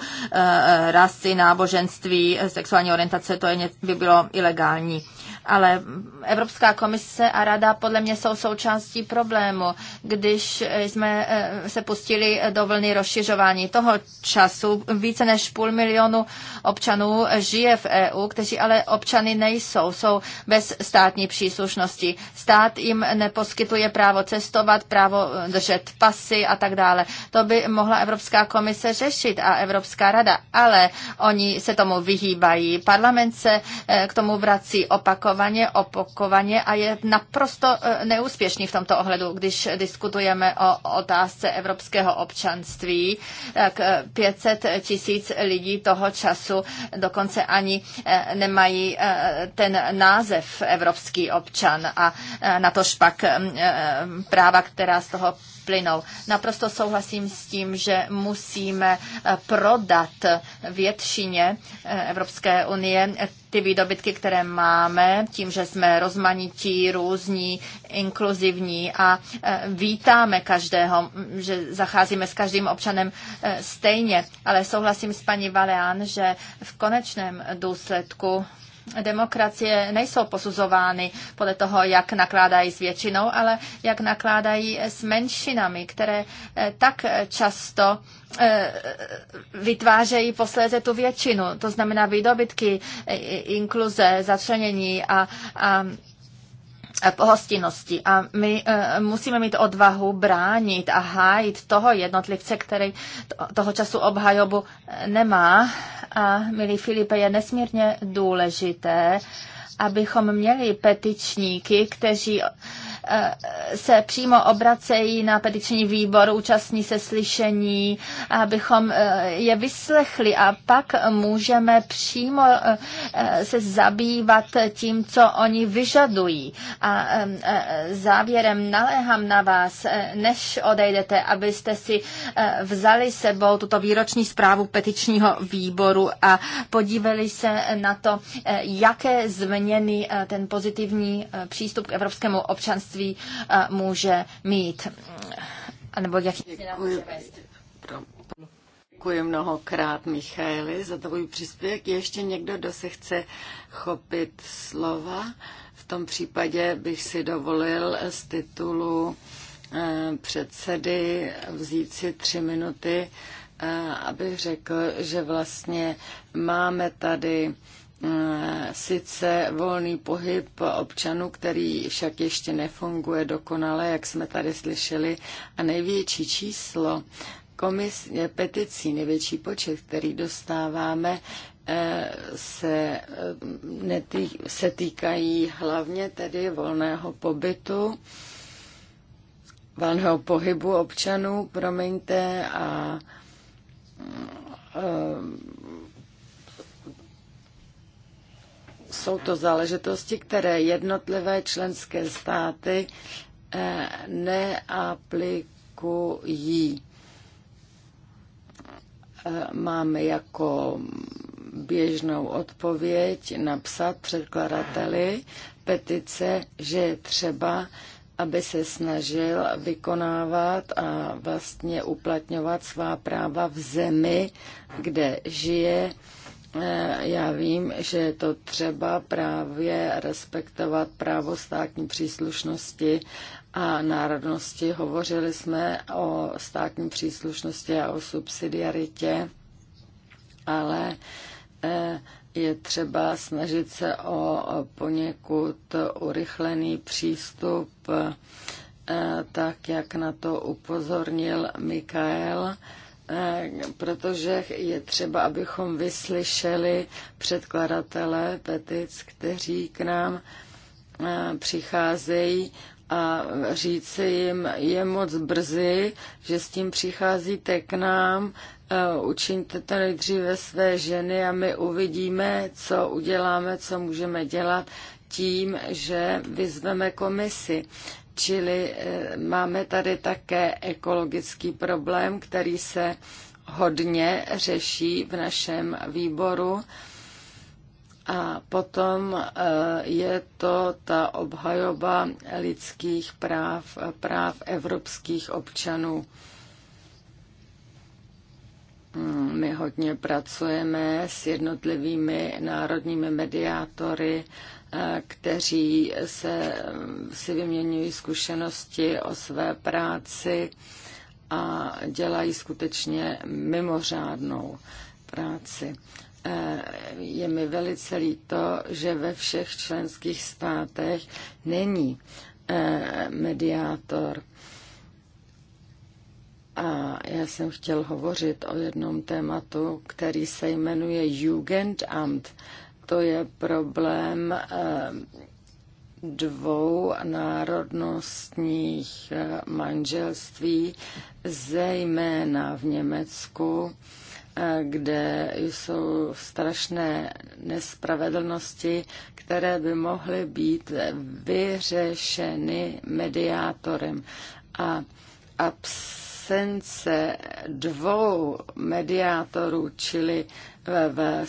rasy, náboženství, sexuální orientace, to je, by bylo ilegální ale Evropská komise a rada podle mě jsou součástí problému. Když jsme eh, se pustili do vlny rozšiřování toho času, více než půl milionu občanů žije v EU, kteří ale občany nejsou, jsou bez státní příslušnosti. Stát jim neposkytuje právo cestovat, právo eh, držet pasy a tak dále. To by mohla Evropská komise řešit a Evropská rada, ale oni se tomu vyhýbají. Parlament se eh, k tomu vrací opakovaně opakovaně, opakovaně a je naprosto e, neúspěšný v tomto ohledu, když diskutujeme o otázce evropského občanství. Tak 500 e, tisíc lidí toho času dokonce ani e, nemají ten název evropský občan a na to špak práva, která z toho plynou. Naprosto souhlasím s tím, že musíme eh, prodat většině eh, Evropské unie eh, ty výdobytky, které máme, tím, že jsme rozmanití, různí, inkluzivní a vítáme každého, že zacházíme s každým občanem stejně. Ale souhlasím s paní Valeán, že v konečném důsledku demokracie nejsou posuzovány podle toho, jak nakládají s většinou, ale jak nakládají s menšinami, které eh, tak často eh, vytvářejí posléze tu většinu. To znamená výdobytky, inkluze, začlenění a, a Eh, pohostinnosti. A my eh, musíme mít odvahu bránit a hájit toho jednotlivce, který toho času obhajobu eh, nemá. A, milý Filipe, je nesmírně důležité, abychom měli petičníky, kteří Eh, se přímo obracejí na petiční výbor, účastní se slyšení, abychom eh, je vyslechli a pak můžeme přímo eh, se zabývat tím, co oni vyžadují. A závěrem naléhám na vás, než odejdete, abyste si vzali sebou tuto výroční zprávu petičního výboru a podívali se na to, jaké změny ten pozitivní přístup k evropskému občanství předsednictví eh, může mít? A eh, nebo jaký děkuji, děkuji mnohokrát, Michaeli, za tvůj příspěvek. Ještě někdo, kdo se chce chopit slova? V tom případě bych si dovolil z titulu eh, předsedy vzít si tři minuty, abych řekl, že vlastně máme tady Eh, sice volný pohyb občanů, který však ještě nefunguje dokonale, jak jsme tady slyšeli, a největší číslo komis, eh, peticí, největší počet, který dostáváme, eh, se, netý, se týkají hlavně tedy volného pobytu, volného pohybu občanů, promiňte, a jsou to záležitosti, které jednotlivé členské státy eh, neaplikují. Eh, máme jako běžnou odpověď napsat předkladateli petice, že je třeba, aby se snažil vykonávat a vlastně uplatňovat svá práva v zemi, kde žije Eh, já vím, že je to třeba právě respektovat právo státní příslušnosti a národnosti. Hovořili jsme o státní příslušnosti a o subsidiaritě, ale eh, je třeba snažit se o poněkud urychlený přístup, eh, tak jak na to upozornil Mikael Eh, protože je třeba, abychom vyslyšeli předkladatele petic, kteří k nám eh, přicházejí a říci jim, je moc brzy, že s tím přicházíte k nám, eh, učiňte to nejdříve své ženy a my uvidíme, co uděláme, co můžeme dělat tím, že vyzveme komisi. Čili eh, máme tady také ekologický problém, který se hodně řeší v našem výboru. A potom eh, je to ta obhajoba lidských práv, práv evropských občanů. Hmm, my hodně pracujeme s jednotlivými národními mediátory kteří se, mm, si vyměňují zkušenosti o své práci a dělají skutečně mimořádnou práci. Je mi velice líto, že ve všech členských státech není mediátor. A já jsem chtěl hovořit o jednom tématu, který se jmenuje Jugendamt to je problém eh, dvou národnostních eh, manželství, zejména v Německu, eh, kde jsou strašné nespravedlnosti, které by mohly být vyřešeny mediátorem. A abs- absence dvou mediátorů, čili v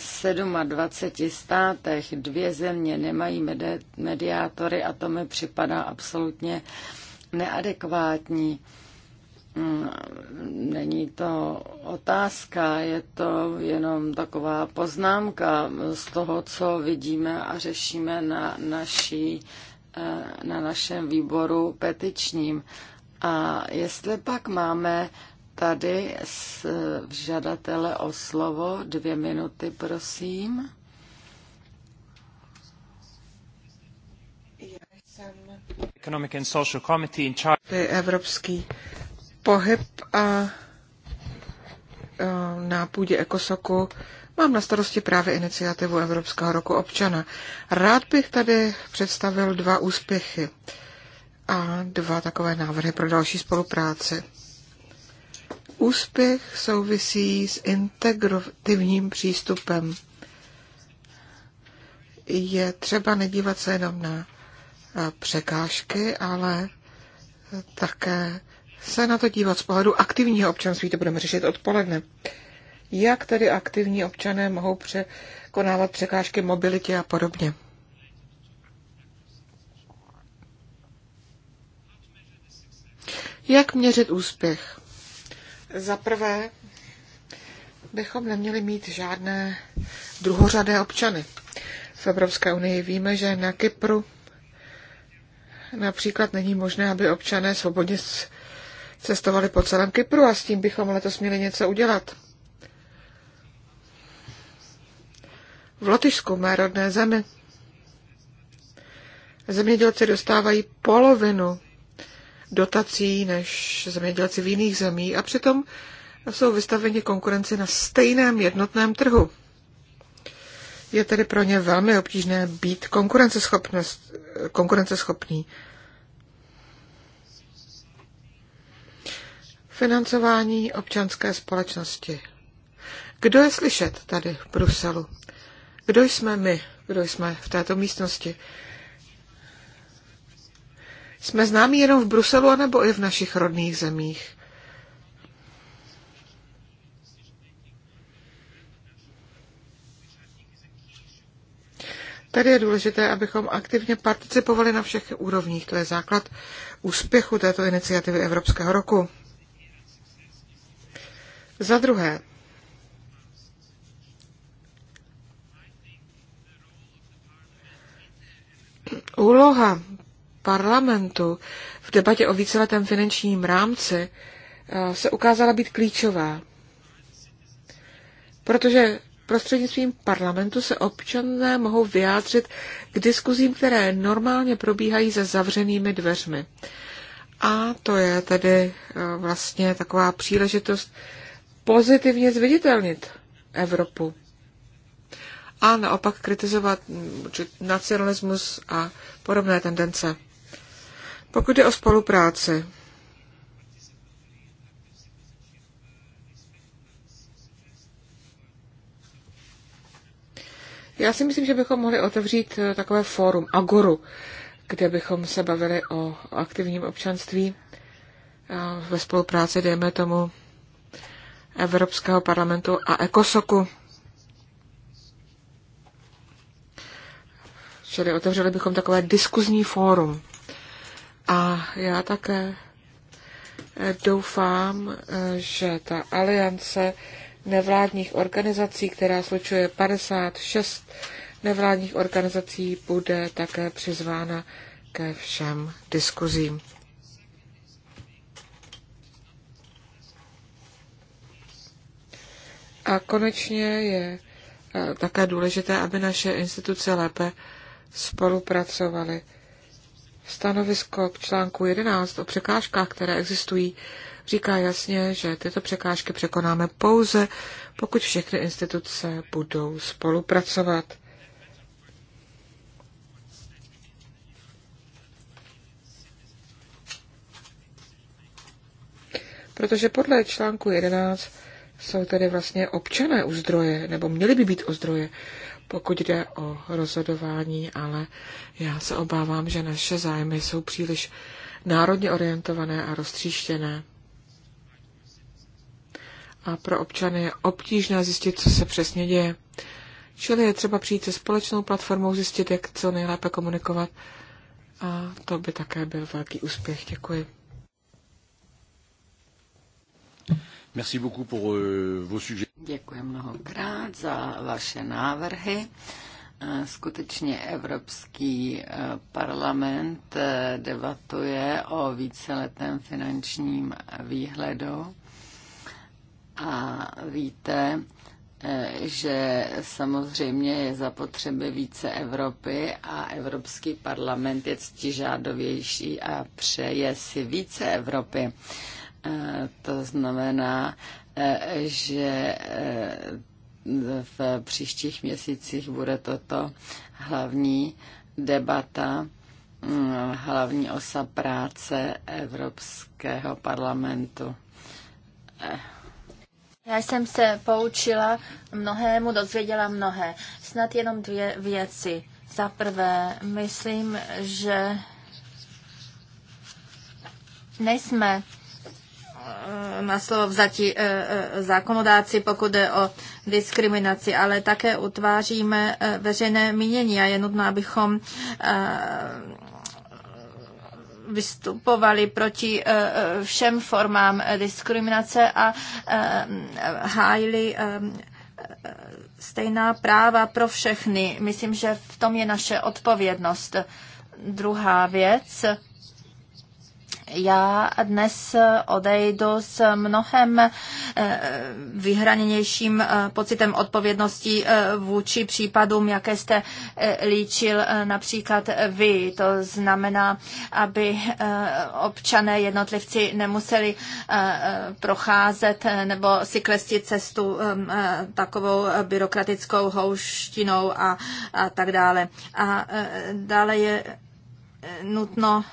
27 státech dvě země nemají mediátory a to mi připadá absolutně neadekvátní. Mm, není to otázka, je to jenom taková poznámka z toho, co vidíme a řešíme na, naší, eh, na našem výboru petičním. A jestli pak máme tady s žadatele o slovo dvě minuty, prosím. Economic and Social Committee in charge. Evropský pohyb a na půdě Ekosoku mám na starosti právě iniciativu Evropského roku občana. Rád bych tady představil dva úspěchy a dva takové návrhy pro další spolupráci. Úspěch souvisí s integrativním přístupem. Je třeba nedívat se jenom na eh, překážky, ale také se na to dívat z pohledu aktivního občanství, to budeme řešit odpoledne. Jak tedy aktivní občané mohou překonávat překážky mobilitě a podobně? Jak měřit úspěch? Za prvé, bychom neměli mít žádné druhořadé občany. V Evropské unii víme, že na Kypru například není možné, aby občané svobodně cestovali po celém Kypru a s tím bychom letos měli něco udělat. V Lotyšsku, mé rodné zemi, zemědělci dostávají polovinu dotací než zemědělci v jiných zemí a přitom jsou vystaveni konkurenci na stejném jednotném trhu. Je tedy pro ně velmi obtížné být konkurenceschopný. Financování občanské společnosti. Kdo je slyšet tady v Bruselu? Kdo jsme my? Kdo jsme v této místnosti? Jsme známí jenom v Bruselu anebo i v našich rodných zemích? Tady je důležité, abychom aktivně participovali na všech úrovních. To je základ úspěchu této iniciativy Evropského roku. Za druhé, úloha parlamentu v debatě o víceletém finančním rámci eh, se ukázala být klíčová. Protože prostřednictvím parlamentu se občané mohou vyjádřit k diskuzím, které normálně probíhají za zavřenými dveřmi. A to je tedy eh, vlastně taková příležitost pozitivně zviditelnit Evropu. A naopak kritizovat mm, nacionalismus a podobné tendence. Pokud je o spolupráci, Já si myslím, že bychom mohli otevřít eh, takové fórum, Agoru, kde bychom se bavili o aktivním občanství ve spolupráci, dejme tomu, Evropského parlamentu a ECOSOKu. Čili otevřeli bychom takové diskuzní fórum. A já také eh, doufám, eh, že ta aliance nevládních organizací, která slučuje 56 nevládních organizací, bude také přizvána ke všem diskuzím. A konečně je eh, také důležité, aby naše instituce lépe spolupracovaly. Stanovisko k článku 11 o překážkách, které existují, říká jasně, že tyto překážky překonáme pouze, pokud všechny instituce budou spolupracovat. Protože podle článku 11 jsou tedy vlastně občané u zdroje, nebo měli by být u zdroje pokud jde o rozhodování, ale já se obávám, že naše zájmy jsou příliš národně orientované a roztříštěné. A pro občany je obtížné zjistit, co se přesně děje. Čili je třeba přijít se společnou platformou, zjistit, jak co nejlépe komunikovat. A to by také byl velký úspěch. Děkuji. Merci beaucoup pour euh, vos sujets. Děkuji mnohokrát za vaše návrhy. Skutečně Evropský eh, parlament eh, debatuje o víceletém finančním výhledu a víte, eh, že samozřejmě je zapotřeby více Evropy a Evropský parlament je ctižádovější a přeje si více Evropy. To znamená, e, že e, v příštích měsících bude toto hlavní debata, mm, hlavní osa práce Evropského parlamentu. E. Já jsem se poučila mnohému, dozvěděla mnohé. Snad jenom dvě věci. Za prvé, myslím, že nejsme na eh, slovo vzati eh, eh, zákonodáci, pokud jde o diskriminaci, ale také utváříme veřejné mínění a je nutno, abychom vystupovali proti všem formám diskriminace a hájili stejná práva pro všechny. Myslím, že v tom je naše odpovědnost. Druhá věc, já dnes odejdu s mnohem eh, vyhraněnějším eh, pocitem odpovědnosti eh, vůči případům, jaké jste líčil například vy. To znamená, aby občané jednotlivci nemuseli procházet nebo si klestit cestu takovou byrokratickou houštinou a, a tak dále. A dále je nutno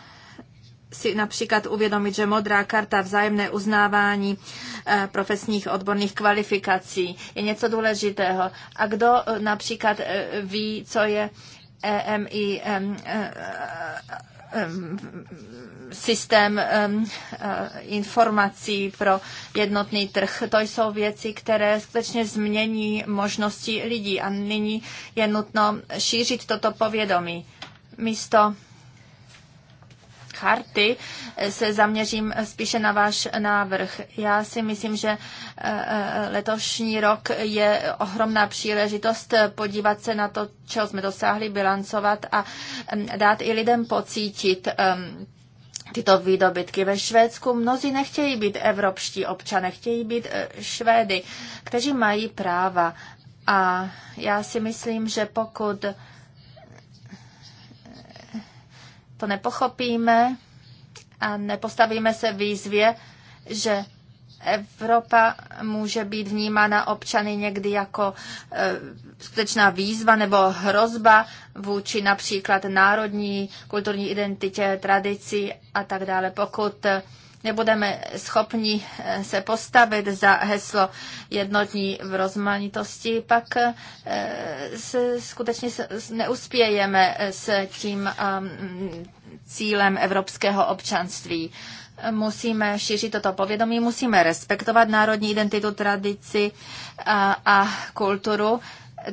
si například uvědomit, že modrá karta vzájemné uznávání eh, profesních odborných kvalifikací je něco důležitého. A kdo eh, například eh, ví, co je e EMI systém informací pro jednotný trh. To jsou věci, které skutečně změní možnosti lidí a nyní je nutno šířit toto povědomí. Místo charty eh, se zaměřím spíše na váš návrh. Já si myslím, že eh, eh, letošní rok je ohromná příležitost podívat se na to, čeho jsme dosáhli, bilancovat a dát i lidem pocítit tyto výdobytky. Ve Švédsku mnozí nechtějí být evropští občané, chtějí být Švédy, kteří mají práva. A já si myslím, že pokud to nepochopíme a nepostavíme se výzvě, že Evropa může být vnímána občany někdy jako e, skutečná výzva nebo hrozba vůči například národní kulturní identitě, tradici a tak dále. Pokud nebudeme schopni eh, se postavit za heslo jednotní v rozmanitosti, pak eh, se skutečně neuspějeme eh, s tím cílem evropského občanství musíme šířit toto povědomí, musíme respektovat národní identitu, tradici a, a kulturu.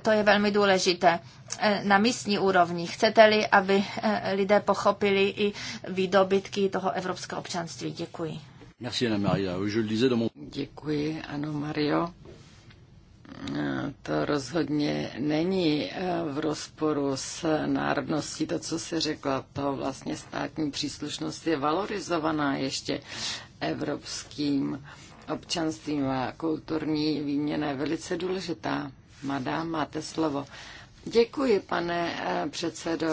To je velmi důležité. E, na místní úrovni. Chcete-li, aby e, lidé pochopili i výdobytky toho evropského občanství? Děkuji. Merci, Anna Maria. Je le dans mon... Děkuji, ano, Mario. E, to rozhodně není v rozporu s národností. To, co se řekla, to vlastně státní příslušnost je valorizovaná ještě evropským občanstvím a kulturní výměna je velice důležitá. Madám, máte slovo. Děkuji, pane eh, předsedo.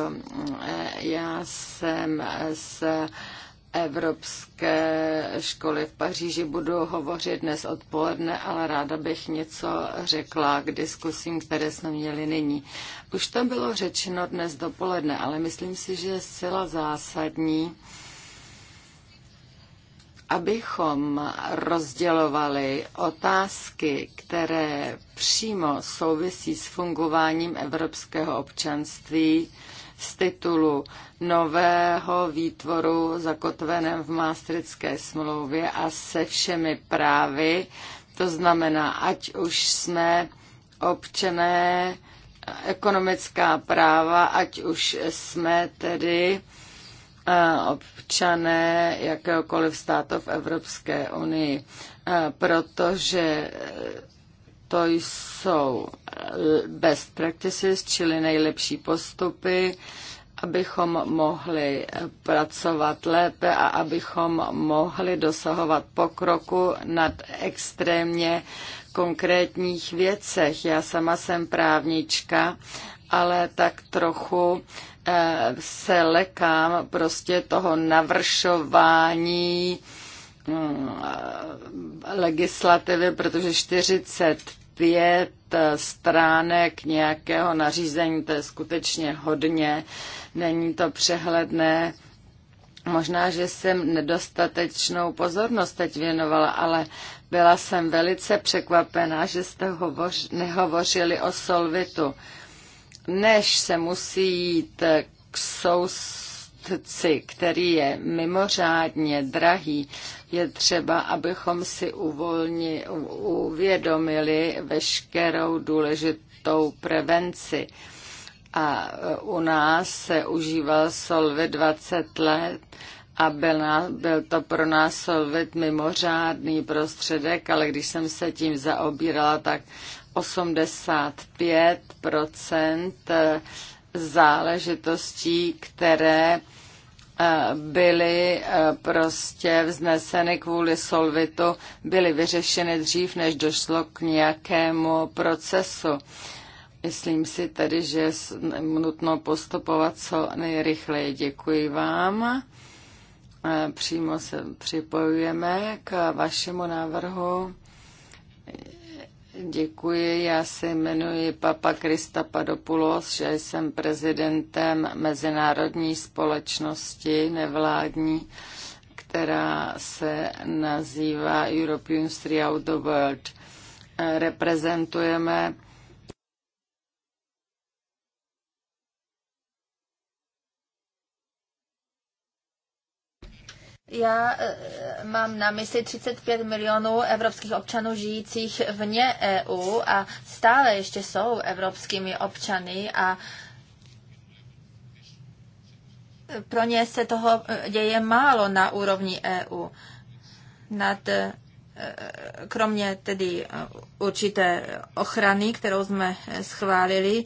Eh, já jsem eh, z Evropské školy v Paříži budu hovořit dnes odpoledne, ale ráda bych něco řekla k diskusím, které jsme měli nyní. Už to bylo řečeno dnes dopoledne, ale myslím si, že je zcela zásadní, abychom rozdělovali otázky, které přímo souvisí s fungováním evropského občanství z titulu nového výtvoru zakotveném v Maastrichtské smlouvě a se všemi právy, to znamená, ať už jsme občané, ekonomická práva, ať už jsme tedy občané jakéhokoliv státu v Evropské unii, protože to jsou eh, best practices, čili nejlepší postupy, abychom mohli eh, pracovat lépe a abychom mohli dosahovat pokroku nad extrémně konkrétních věcech. Já sama jsem právnička, ale tak trochu Eh, se lekám prostě toho navršování mm, eh, legislativy, protože 45 eh, stránek nějakého nařízení, to je skutečně hodně, není to přehledné. Možná, že jsem nedostatečnou pozornost teď věnovala, ale byla jsem velice překvapená, že jste hovoř, nehovořili o solvitu než se musí jít k soustci, který je mimořádně drahý, je třeba, abychom si uvolni, uvědomili veškerou důležitou prevenci. A u nás se užíval Solvit 20 let a byl, na, byl to pro nás Solvit mimořádný prostředek, ale když jsem se tím zaobírala, tak 85 záležitostí, které eh, byly eh, prostě vzneseny kvůli solvitu, byly vyřešeny dřív, než došlo k nějakému procesu. Myslím si tedy, že je nutno postupovat co nejrychleji. Děkuji vám. Eh, přímo se připojujeme k vašemu návrhu. Děkuji, já se jmenuji Papa Krista Padopulos, že jsem prezidentem mezinárodní společnosti nevládní, která se nazývá Europeans Throughout the World. Reprezentujeme Já eh, mám na mysli 35 milionů evropských občanů žijících vně EU a stále ještě jsou evropskými občany a pro ně se toho eh, děje málo na úrovni EU. Nad, eh, kromě tedy určité ochrany, kterou jsme schválili,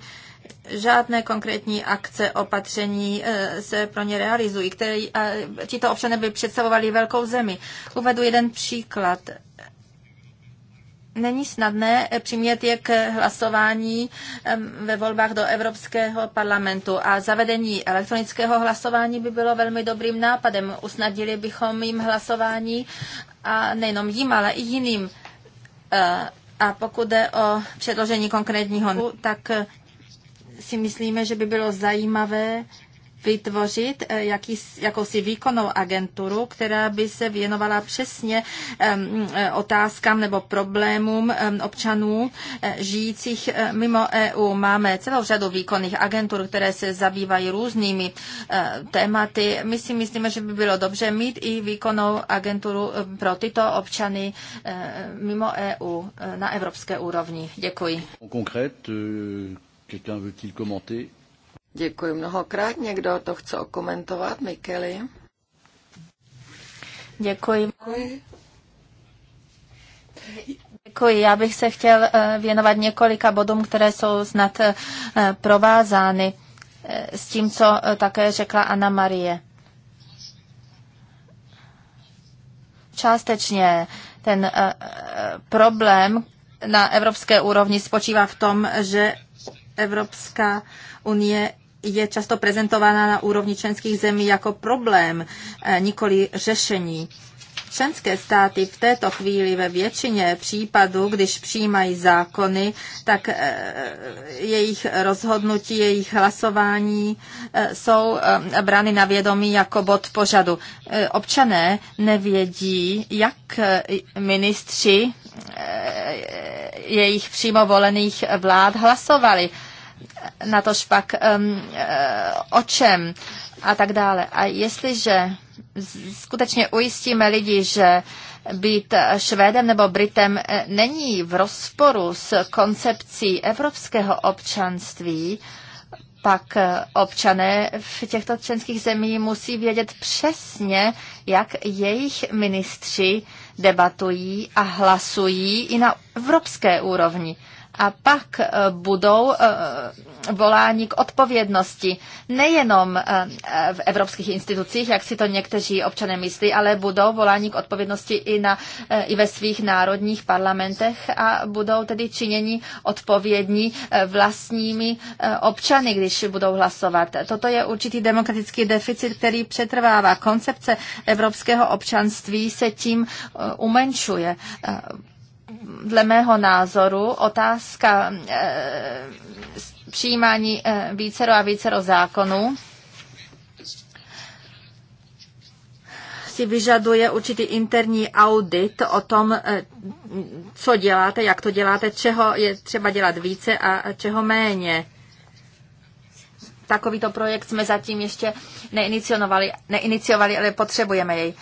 žádné konkrétní akce, opatření eh, se pro ně realizují, které tito občané by představovali velkou zemi. Uvedu jeden příklad. Není snadné přimět je k hlasování ve volbách do Evropského parlamentu a zavedení elektronického hlasování by bylo velmi dobrým nápadem. Usnadili bychom jim hlasování a nejenom jim, ale i jiným eh, a pokud jde o předložení konkrétního, tak si myslíme, že by bylo zajímavé vytvořit eh, jaký, jakousi výkonnou agenturu, která by se věnovala přesně eh, otázkám nebo problémům občanů eh, žijících mimo EU. Máme celou řadu výkonných agentur, které se zabývají různými tématy. My si myslíme, že by bylo dobře mít i výkonnou agenturu pro tyto občany mimo EU na evropské úrovni. Děkuji. Quelqu'un veut-il commenter? Děkuji mnohokrát. Někdo to chce okomentovat? Mikeli? Děkuji. Děkuji. Já bych se chtěl eh, věnovat několika bodům, které jsou snad eh, provázány eh, s tím, co také řekla Anna Marie. Částečně ten problém na evropské úrovni spočívá v tom, že Evropská unie je často prezentována na úrovni členských zemí jako problém, eh, nikoli řešení. Členské státy v této chvíli ve většině případů, když přijímají zákony, tak eh, jejich rozhodnutí, jejich hlasování eh, jsou brány na vědomí jako bod pořadu. Občané nevědí, jak ministři Eh, jejich přímo volených vlád hlasovali. Na pak um, o čem a tak dále. A jestliže skutečně ujistíme lidi, že být Švédem nebo Britem eh, není v rozporu s koncepcí evropského občanství, pak eh, občané v těchto členských zemí musí vědět přesně, jak jejich ministři debatují a hlasují i na evropské úrovni a pak eh, budou eh, volání k odpovědnosti nejenom eh, v evropských institucích, jak si to někteří občané myslí, ale budou volání k odpovědnosti i, na, i ve svých národních parlamentech a budou tedy činěni odpovědní vlastními občany, když budou hlasovat. Toto je určitý demokratický deficit, který přetrvává. Koncepce evropského občanství se tím umenšuje dle mého názoru otázka e, přijímání e, vícero a vícero zákonů si vyžaduje určitý interní audit o tom, eh, co děláte, jak to děláte, čeho je třeba dělat více a čeho méně. Takovýto projekt jsme zatím ještě neiniciovali, neiniciovali ale potřebujeme jej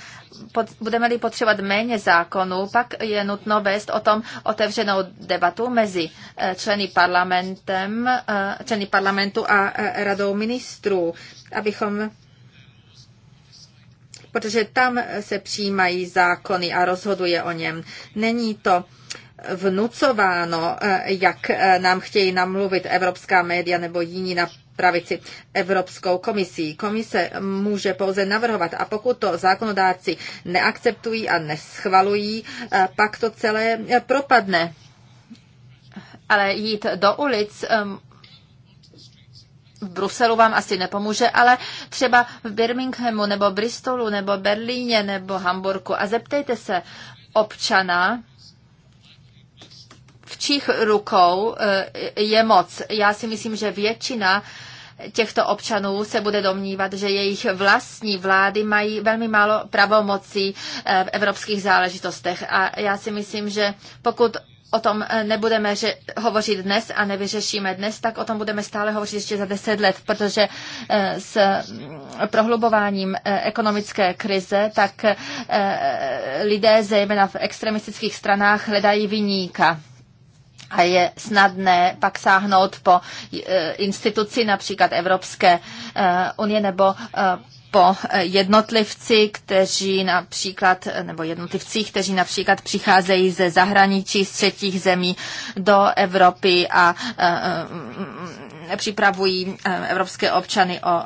pod, budeme-li potřebovat méně zákonů, pak je nutno vést o tom otevřenou debatu mezi eh, členy, parlamentem, eh, členy parlamentu a eh, radou ministrů, abychom protože tam se přijímají zákony a rozhoduje o něm. Není to vnucováno, jak nám chtějí namluvit evropská média nebo jiní na pravici Evropskou komisí. Komise může pouze navrhovat a pokud to zákonodáci neakceptují a neschvalují, eh, pak to celé eh, propadne. Ale jít do ulic ehm, v Bruselu vám asi nepomůže, ale třeba v Birminghamu nebo Bristolu nebo Berlíně nebo Hamburku a zeptejte se občana, v čích rukou eh, je moc. Já si myslím, že většina těchto občanů se bude domnívat, že jejich vlastní vlády mají velmi málo pravomocí eh, v evropských záležitostech. A já si myslím, že pokud o tom eh, nebudeme že hovořit dnes a nevyřešíme dnes, tak o tom budeme stále hovořit ještě za deset let, protože s mm, prohlubováním ekonomické krize, tak lidé zejména v extremistických stranách hledají vyníka a je snadné pak sáhnout po e, instituci, například Evropské e, unie nebo e, po jednotlivci, kteří například, nebo jednotlivcích, kteří například přicházejí ze zahraničí, z třetích zemí do Evropy a mm, připravují evropské občany o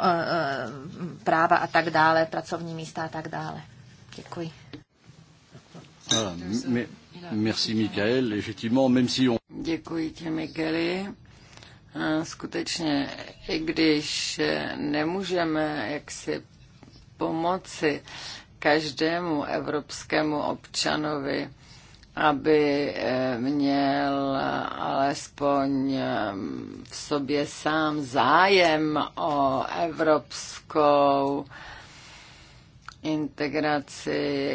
práva a tak dále, pracovní místa a tak dále. Děkuji. Merci, Michael. Effectivement, même si on... Děkuji ti, Micheli. Skutečně, i když nemůžeme jaksi pomoci každému evropskému občanovi, aby eh, měl alespoň eh, v sobě sám zájem o evropskou integraci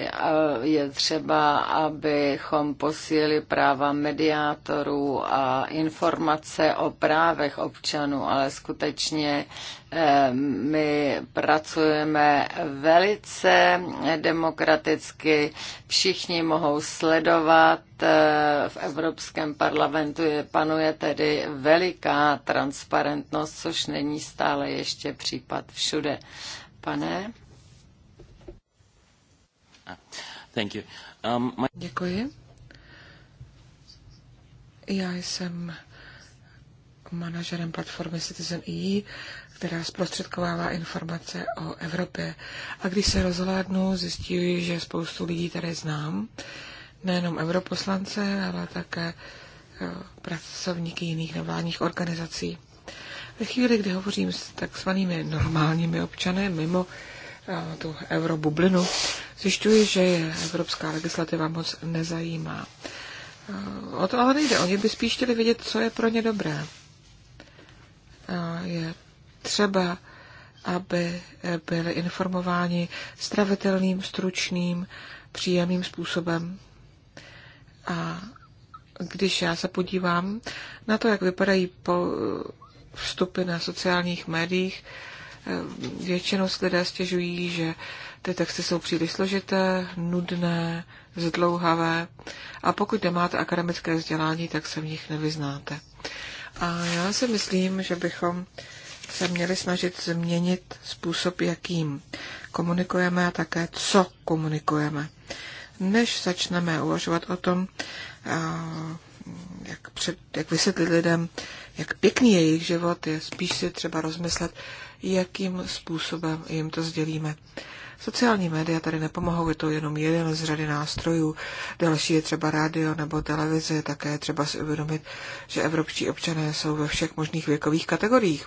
je třeba, abychom posílili práva mediátorů a informace o právech občanů, ale skutečně eh, my pracujeme velice demokraticky. Všichni mohou sledovat. Eh, v Evropském parlamentu panuje tedy veliká transparentnost, což není stále ještě případ všude. Pane? Thank you. Um, my... Děkuji. Já jsem manažerem platformy Citizen EE, která zprostředkovává informace o Evropě. A když se rozhlédnu, zjistím, že spoustu lidí tady znám, nejenom europoslance, ale také eh, pracovníky jiných nevládních organizací. Ve chvíli, kdy hovořím s takzvanými normálními občany mimo tu eurobublinu, zjišťuji, že je evropská legislativa moc nezajímá. Eh, o to ale nejde. Oni by spíš chtěli vidět, co je pro ně dobré. Je třeba, aby byli informováni stravitelným, stručným, příjemným způsobem. A když já se podívám na to, jak vypadají po vstupy na sociálních médiích, Eh, většinou se lidé stěžují, že ty texty jsou příliš složité, nudné, zdlouhavé a pokud nemáte akademické vzdělání, tak se v nich nevyznáte. A já si myslím, že bychom se měli snažit změnit způsob, jakým komunikujeme a také co komunikujeme. Než začneme uvažovat o tom, eh, jak, před, jak vysvětlit lidem, jak pěkný je jejich život, je spíš si třeba rozmyslet, jakým způsobem jim to sdělíme. Sociální média tady nepomohou, je to jenom jeden z řady nástrojů. Další je třeba rádio nebo televize, také třeba si uvědomit, že evropští občané jsou ve všech možných věkových kategoriích.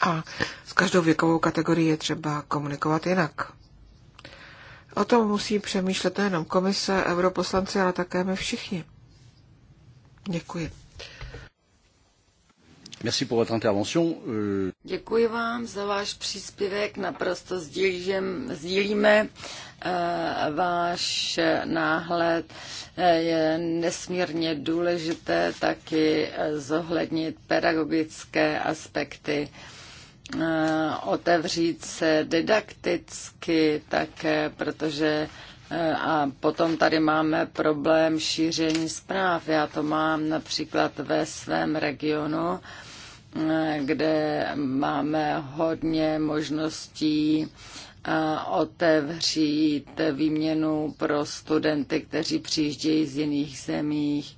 A s každou věkovou kategorií je třeba komunikovat jinak. O tom musí přemýšlet nejenom komise, europoslanci, ale také my všichni. Děkuji. Merci pour votre intervention. Euh, Děkuji vám za váš příspěvek. Naprosto sdílím, sdílíme eh, váš náhled. Eh, je nesmírně důležité taky eh, zohlednit pedagogické aspekty otevřít se didakticky také, protože a potom tady máme problém šíření zpráv. Já to mám například ve svém regionu kde máme hodně možností otevřít výměnu pro studenty, kteří přijíždějí z jiných zemích.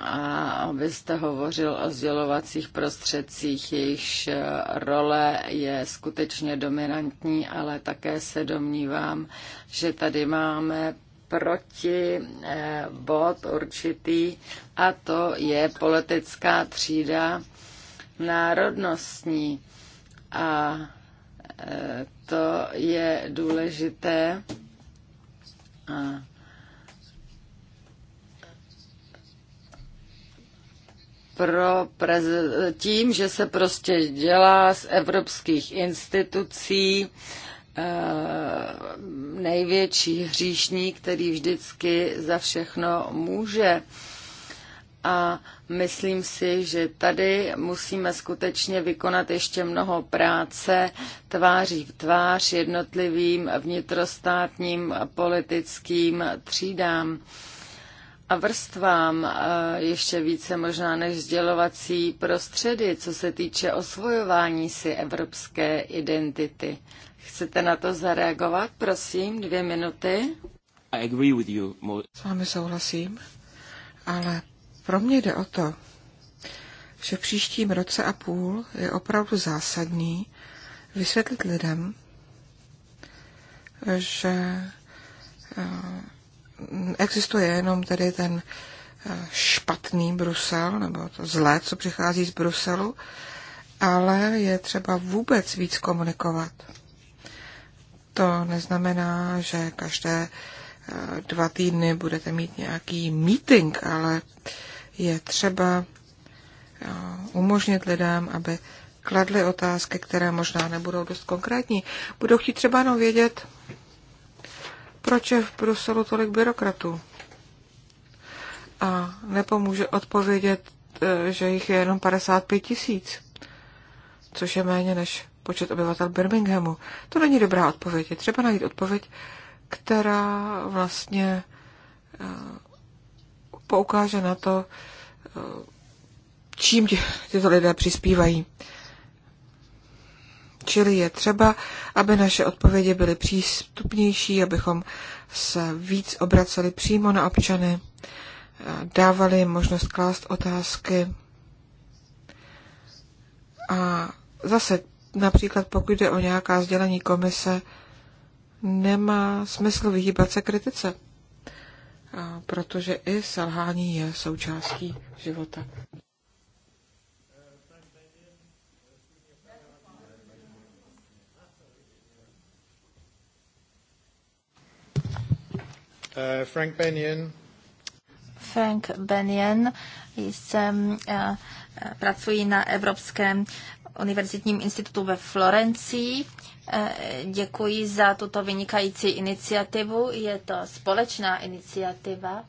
A abyste hovořil o sdělovacích prostředcích, jejichž role je skutečně dominantní, ale také se domnívám, že tady máme proti eh, bod určitý a to je politická třída, národnostní. A e, to je důležité. A pro prez- tím, že se prostě dělá z evropských institucí e, největší hříšník, který vždycky za všechno může. A Myslím si, že tady musíme skutečně vykonat ještě mnoho práce tváří v tvář jednotlivým vnitrostátním politickým třídám a vrstvám eh, ještě více možná než sdělovací prostředy, co se týče osvojování si evropské identity. Chcete na to zareagovat, prosím, dvě minuty? I agree with you. S vámi souhlasím, ale pro mě jde o to, že v příštím roce a půl je opravdu zásadní vysvětlit lidem, že eh, existuje jenom tedy ten eh, špatný Brusel, nebo to zlé, co přichází z Bruselu, ale je třeba vůbec víc komunikovat. To neznamená, že každé eh, dva týdny budete mít nějaký meeting, ale je třeba eh, umožnit lidem, aby kladli otázky, které možná nebudou dost konkrétní. Budou chtít třeba jenom vědět, proč je v Bruselu tolik byrokratů. A nepomůže odpovědět, eh, že jich je jenom 55 tisíc, což je méně než počet obyvatel Birminghamu. To není dobrá odpověď. Je třeba najít odpověď, která vlastně eh, poukáže na to, čím tyto lidé přispívají. Čili je třeba, aby naše odpovědi byly přístupnější, abychom se víc obraceli přímo na občany, dávali jim možnost klást otázky. A zase, například pokud jde o nějaká sdělení komise, nemá smysl vyhýbat se kritice protože i selhání je součástí života. Uh, Frank Benyon. Frank Benyon. Jsem, eh, eh, pracuji na Evropském univerzitním institutu ve Florencii Eh, děkuji za tuto vynikající iniciativu. Je to společná iniciativa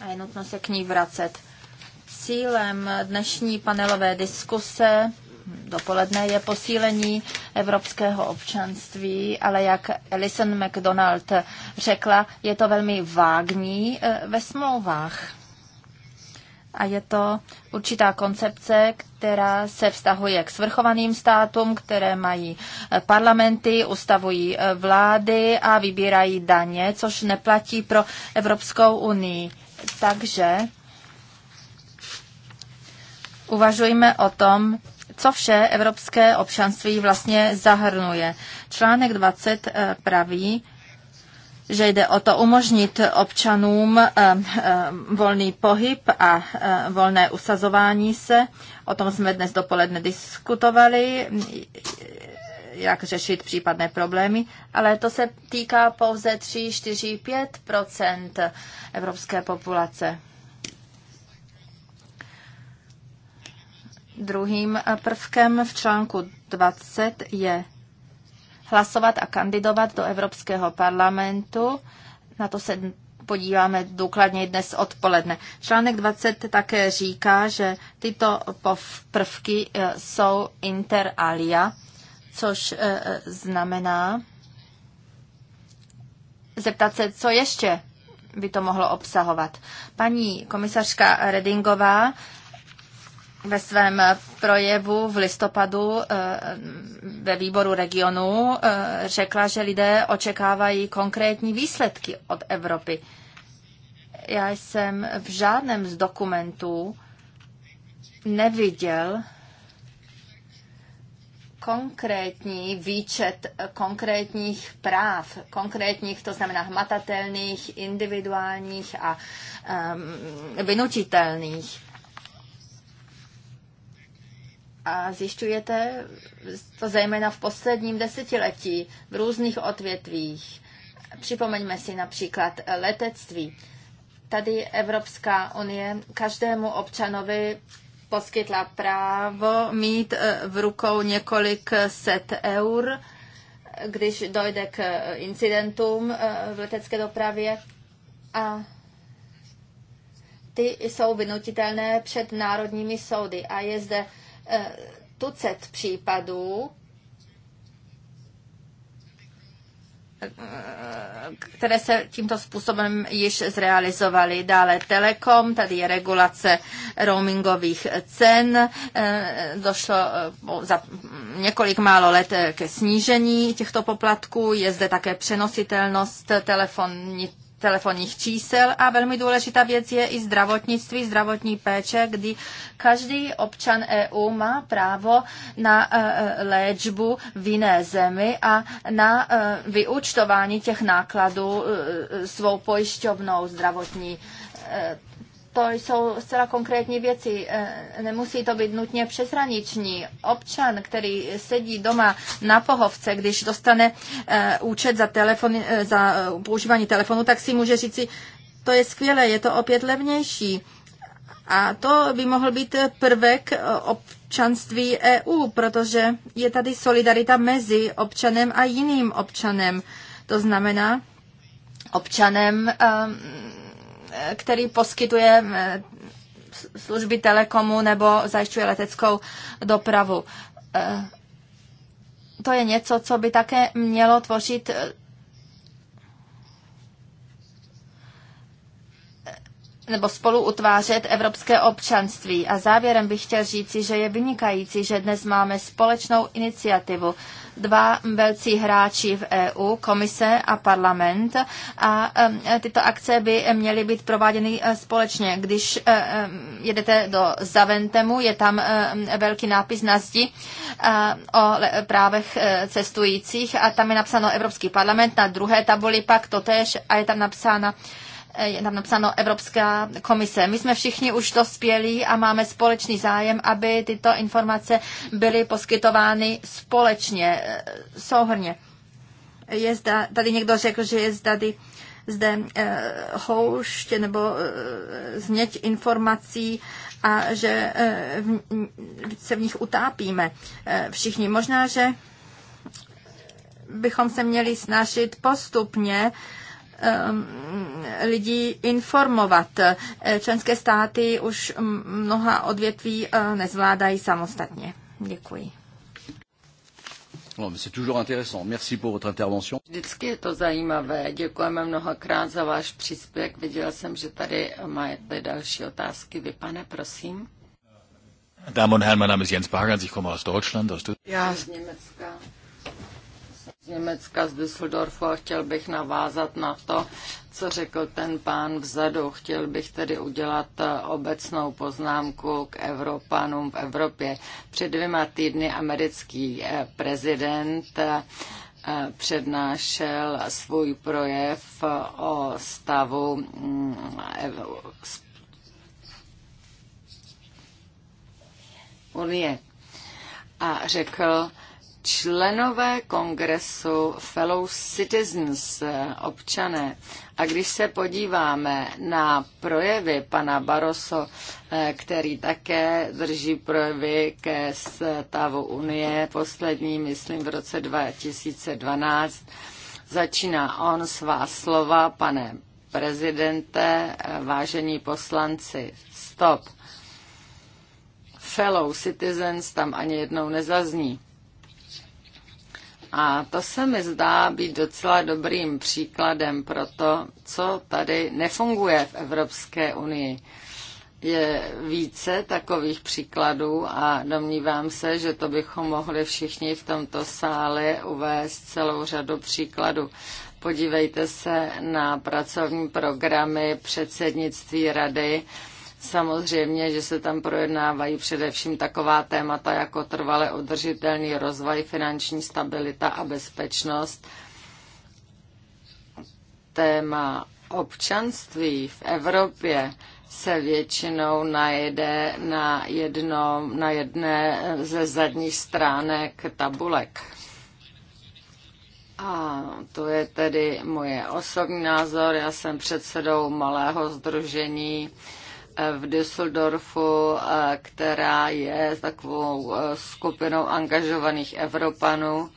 a je nutno se k ní vracet. Cílem dnešní panelové diskuse dopoledne je posílení evropského občanství, ale jak Alison McDonald řekla, je to velmi vágní eh, ve smlouvách a je to určitá koncepce, která se vztahuje k svrchovaným státům, které mají eh, parlamenty, ustavují eh, vlády a vybírají daně, což neplatí pro Evropskou unii. Takže uvažujme o tom, co vše evropské občanství vlastně zahrnuje. Článek 20 eh, praví, že jde o to umožnit občanům eh, eh, volný pohyb a eh, volné usazování se. O tom jsme dnes dopoledne diskutovali, jak řešit případné problémy, ale to se týká pouze 3, 4, 5 evropské populace. Druhým prvkem v článku 20 je hlasovat a kandidovat do Evropského parlamentu. Na to se podíváme důkladně dnes odpoledne. Článek 20 také říká, že tyto prvky e, jsou inter alia, což e, e, znamená zeptat se, co ještě by to mohlo obsahovat. Paní komisařka Redingová ve svém eh, projevu v listopadu eh, ve výboru regionu eh, řekla, že lidé očekávají konkrétní výsledky od Evropy. Já jsem v žádném z dokumentů neviděl konkrétní výčet konkrétních práv, konkrétních, to znamená hmatatelných, individuálních a um, vynutitelných a zjišťujete to zejména v posledním desetiletí v různých odvětvích. Připomeňme si například letectví. Tady Evropská unie každému občanovi poskytla právo mít eh, v rukou několik set eur, když dojde k eh, incidentům eh, v letecké dopravě a ty jsou vynutitelné před národními soudy. A je zde Eh, tucet případů, eh, které se tímto způsobem již zrealizovaly. Dále Telekom, tady je regulace roamingových cen. Eh, došlo za několik málo let ke snížení těchto poplatků. Je zde také přenositelnost telefonní telefonních čísel a velmi důležitá věc je i zdravotnictví, zdravotní péče, kdy každý občan EU má právo na e, e, léčbu v jiné zemi a na e, vyúčtování těch nákladů svou pojišťovnou zdravotní to jsou zcela konkrétní věci. Eh, nemusí to být nutně přeshraniční. Občan, který sedí doma na pohovce, když dostane eh, účet za, telefon, eh, za používání telefonu, tak si může říci, to je skvělé, je to opět levnější. A to by mohl být prvek občanství EU, protože je tady solidarita mezi občanem a jiným občanem. To znamená, občanem který poskytuje eh, služby telekomu nebo zajišťuje leteckou dopravu. Eh, to je něco, co by také mělo tvořit eh, nebo spolu utvářet evropské občanství. A závěrem bych chtěl říci, že je vynikající, že dnes máme společnou iniciativu dva velcí hráči v EU, komise a parlament a tyto akce by měly být prováděny e, společně. Když e, jedete do Zaventemu, je tam e, velký nápis na zdi o právech cestujících a tam je napsáno Evropský parlament, na druhé tabuli pak totéž a je tam napsána Eh, je tam napsáno Evropská komise. My jsme všichni už dospělí a máme společný zájem, aby tyto informace byly poskytovány společně, eh, souhrně. Je zda, tady někdo řekl, že je tady zde eh, houště nebo eh, změť informací a že eh, v, se v nich utápíme eh, všichni. Možná, že bychom se měli snažit postupně eh, Um, lidí informovat. Členské státy už mnoha odvětví uh, nezvládají samostatně. Děkuji. Vždycky je to zajímavé. Děkujeme mnohokrát za váš příspěvek. Viděla jsem, že tady máte další otázky. Vy, pane, prosím. Dámy a pánové, mein Jens Bagans, ich komme aus Deutschland, aus Já z Německa z Německa, z Düsseldorfu a chtěl bych navázat na to, co řekl ten pán vzadu. Chtěl bych tedy udělat eh, obecnou poznámku k Evropanům v Evropě. Před dvěma týdny americký eh, prezident eh, přednášel svůj projev o stavu mm, Unie a řekl, členové kongresu Fellow Citizens, občané. A když se podíváme na projevy pana Baroso, eh, který také drží projevy ke stavu Unie, poslední, myslím, v roce 2012, začíná on svá slova, pane prezidente, eh, vážení poslanci, stop. Fellow citizens tam ani jednou nezazní. A to se mi zdá být docela dobrým příkladem pro to, co tady nefunguje v Evropské unii. Je více takových příkladů a domnívám se, že to bychom mohli všichni v tomto sále uvést celou řadu příkladů. Podívejte se na pracovní programy předsednictví rady Samozřejmě, že se tam projednávají především taková témata jako trvale udržitelný rozvoj, finanční stabilita a bezpečnost. Téma občanství v Evropě se většinou najede na, jedno, na jedné ze zadních stránek tabulek. A to je tedy moje osobní názor. Já jsem předsedou malého združení v Düsseldorfu, která je takovou skupinou angažovaných Evropanů.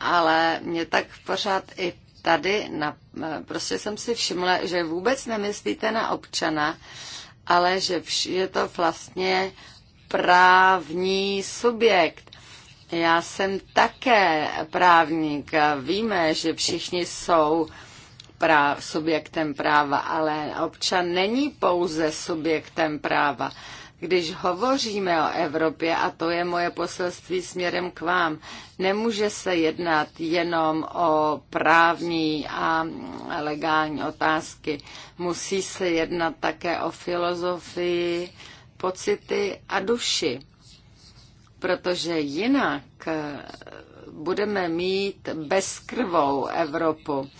Ale mě tak pořád i tady, na, prostě jsem si všimla, že vůbec nemyslíte na občana, ale že je to vlastně právní subjekt. Já jsem také právník a víme, že všichni jsou práv, subjektem práva, ale občan není pouze subjektem práva. Když hovoříme o Evropě, a to je moje poselství směrem k vám, nemůže se jednat jenom o právní a legální otázky. Musí se jednat také o filozofii, pocity a duši. Protože jinak budeme mít bezkrvou Evropu.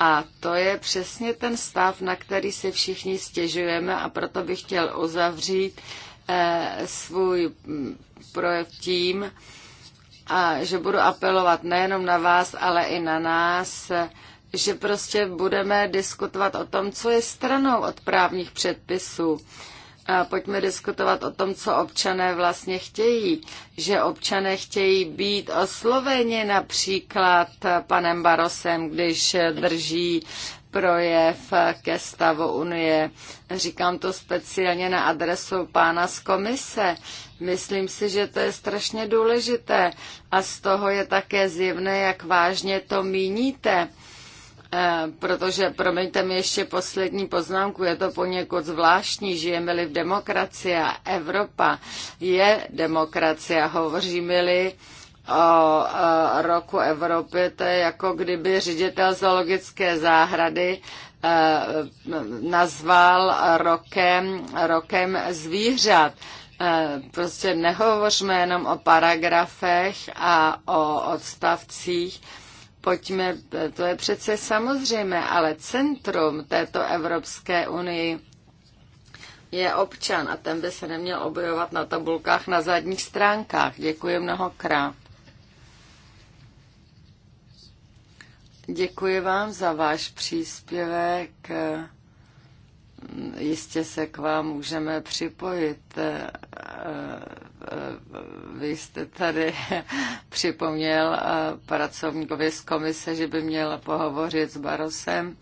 A to je přesně ten stav, na který se všichni stěžujeme a proto bych chtěl uzavřít eh, svůj mm, projev tím, a že budu apelovat nejenom na vás, ale i na nás, že prostě budeme diskutovat o tom, co je stranou od právních předpisů pojďme diskutovat o tom, co občané vlastně chtějí. Že občané chtějí být osloveni například panem Barosem, když drží projev ke stavu Unie. Říkám to speciálně na adresu pána z komise. Myslím si, že to je strašně důležité a z toho je také zjevné, jak vážně to míníte. Eh, protože, promiňte mi ještě poslední poznámku, je to poněkud zvláštní, žijeme-li v demokracii a Evropa je demokracie, hovoříme-li o eh, roku Evropy, to je jako kdyby ředitel zoologické záhrady eh, nazval rokem, rokem zvířat. Prostě nehovořme jenom o paragrafech a o odstavcích, pojďme, to je přece samozřejmé, ale centrum této Evropské unii je občan a ten by se neměl objevovat na tabulkách na zadních stránkách. Děkuji mnohokrát. Děkuji vám za váš příspěvek. Jistě se k vám můžeme připojit vy jste tady *laughs* připomněl eh, pracovníkovi z komise, že by měl pohovořit s Barosem,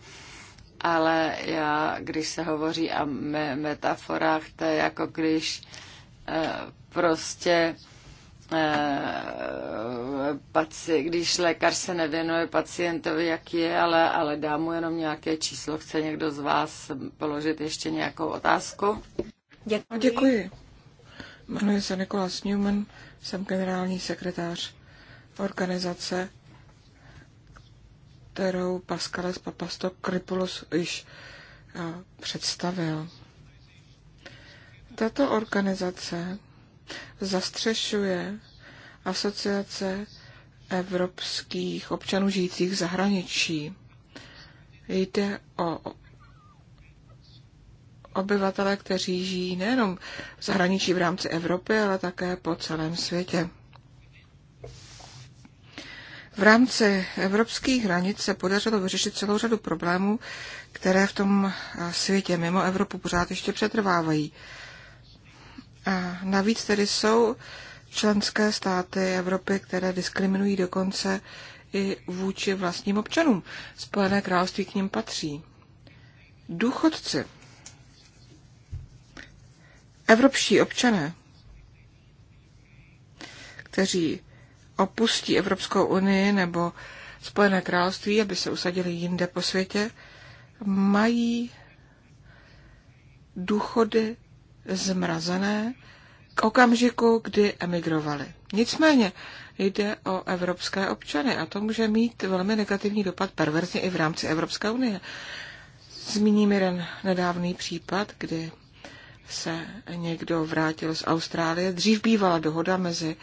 ale já, když se hovoří o metaforách, to je jako když eh, prostě eh, paci, když lékař se nevěnuje pacientovi, jak je, ale, ale dá mu jenom nějaké číslo. Chce někdo z vás položit ještě nějakou otázku? Děkuji. Děkuji. Jmenuji se Nikolas Newman, jsem generální sekretář organizace, kterou Pascales Papasto Kripulus již eh, představil. Tato organizace zastřešuje asociace evropských občanů žijících v zahraničí. Jde o obyvatele, kteří žijí nejenom v zahraničí v rámci Evropy, ale také po celém světě. V rámci evropských hranic se podařilo vyřešit celou řadu problémů, které v tom eh, světě mimo Evropu pořád ještě přetrvávají. A navíc tedy jsou členské státy Evropy, které diskriminují dokonce i vůči vlastním občanům. Spojené království k ním patří. Důchodci Evropští občané, kteří opustí Evropskou unii nebo Spojené království, aby se usadili jinde po světě, mají důchody zmrazené k okamžiku, kdy emigrovali. Nicméně jde o evropské občany a to může mít velmi negativní dopad perverzně i v rámci Evropské unie. Zmíním jeden nedávný případ, kdy se někdo vrátil z Austrálie. Dřív bývala dohoda mezi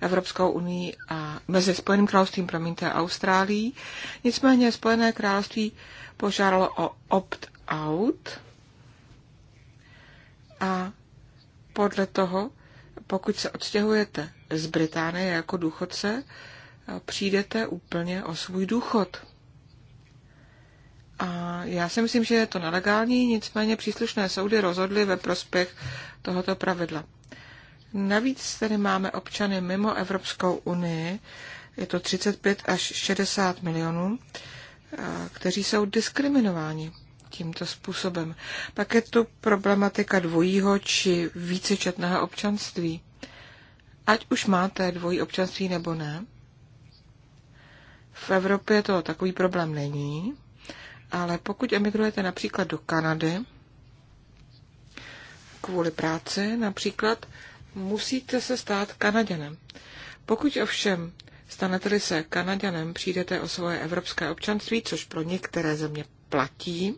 Evropskou unii a mezi Spojeným královstvím, promiňte, Austrálií. Nicméně Spojené království požádalo o opt-out a podle toho, pokud se odstěhujete z Británie jako důchodce, přijdete úplně o svůj důchod. A já si myslím, že je to nelegální, nicméně příslušné soudy rozhodly ve prospěch tohoto pravidla. Navíc tady máme občany mimo Evropskou unii, je to 35 až 60 milionů, kteří jsou diskriminováni tímto způsobem. Pak je tu problematika dvojího či vícečetného občanství. Ať už máte dvojí občanství nebo ne, v Evropě to takový problém není. Ale pokud emigrujete například do Kanady, kvůli práci například, musíte se stát Kanaděnem. Pokud ovšem stanete-li se Kanaděnem, přijdete o svoje evropské občanství, což pro některé země platí,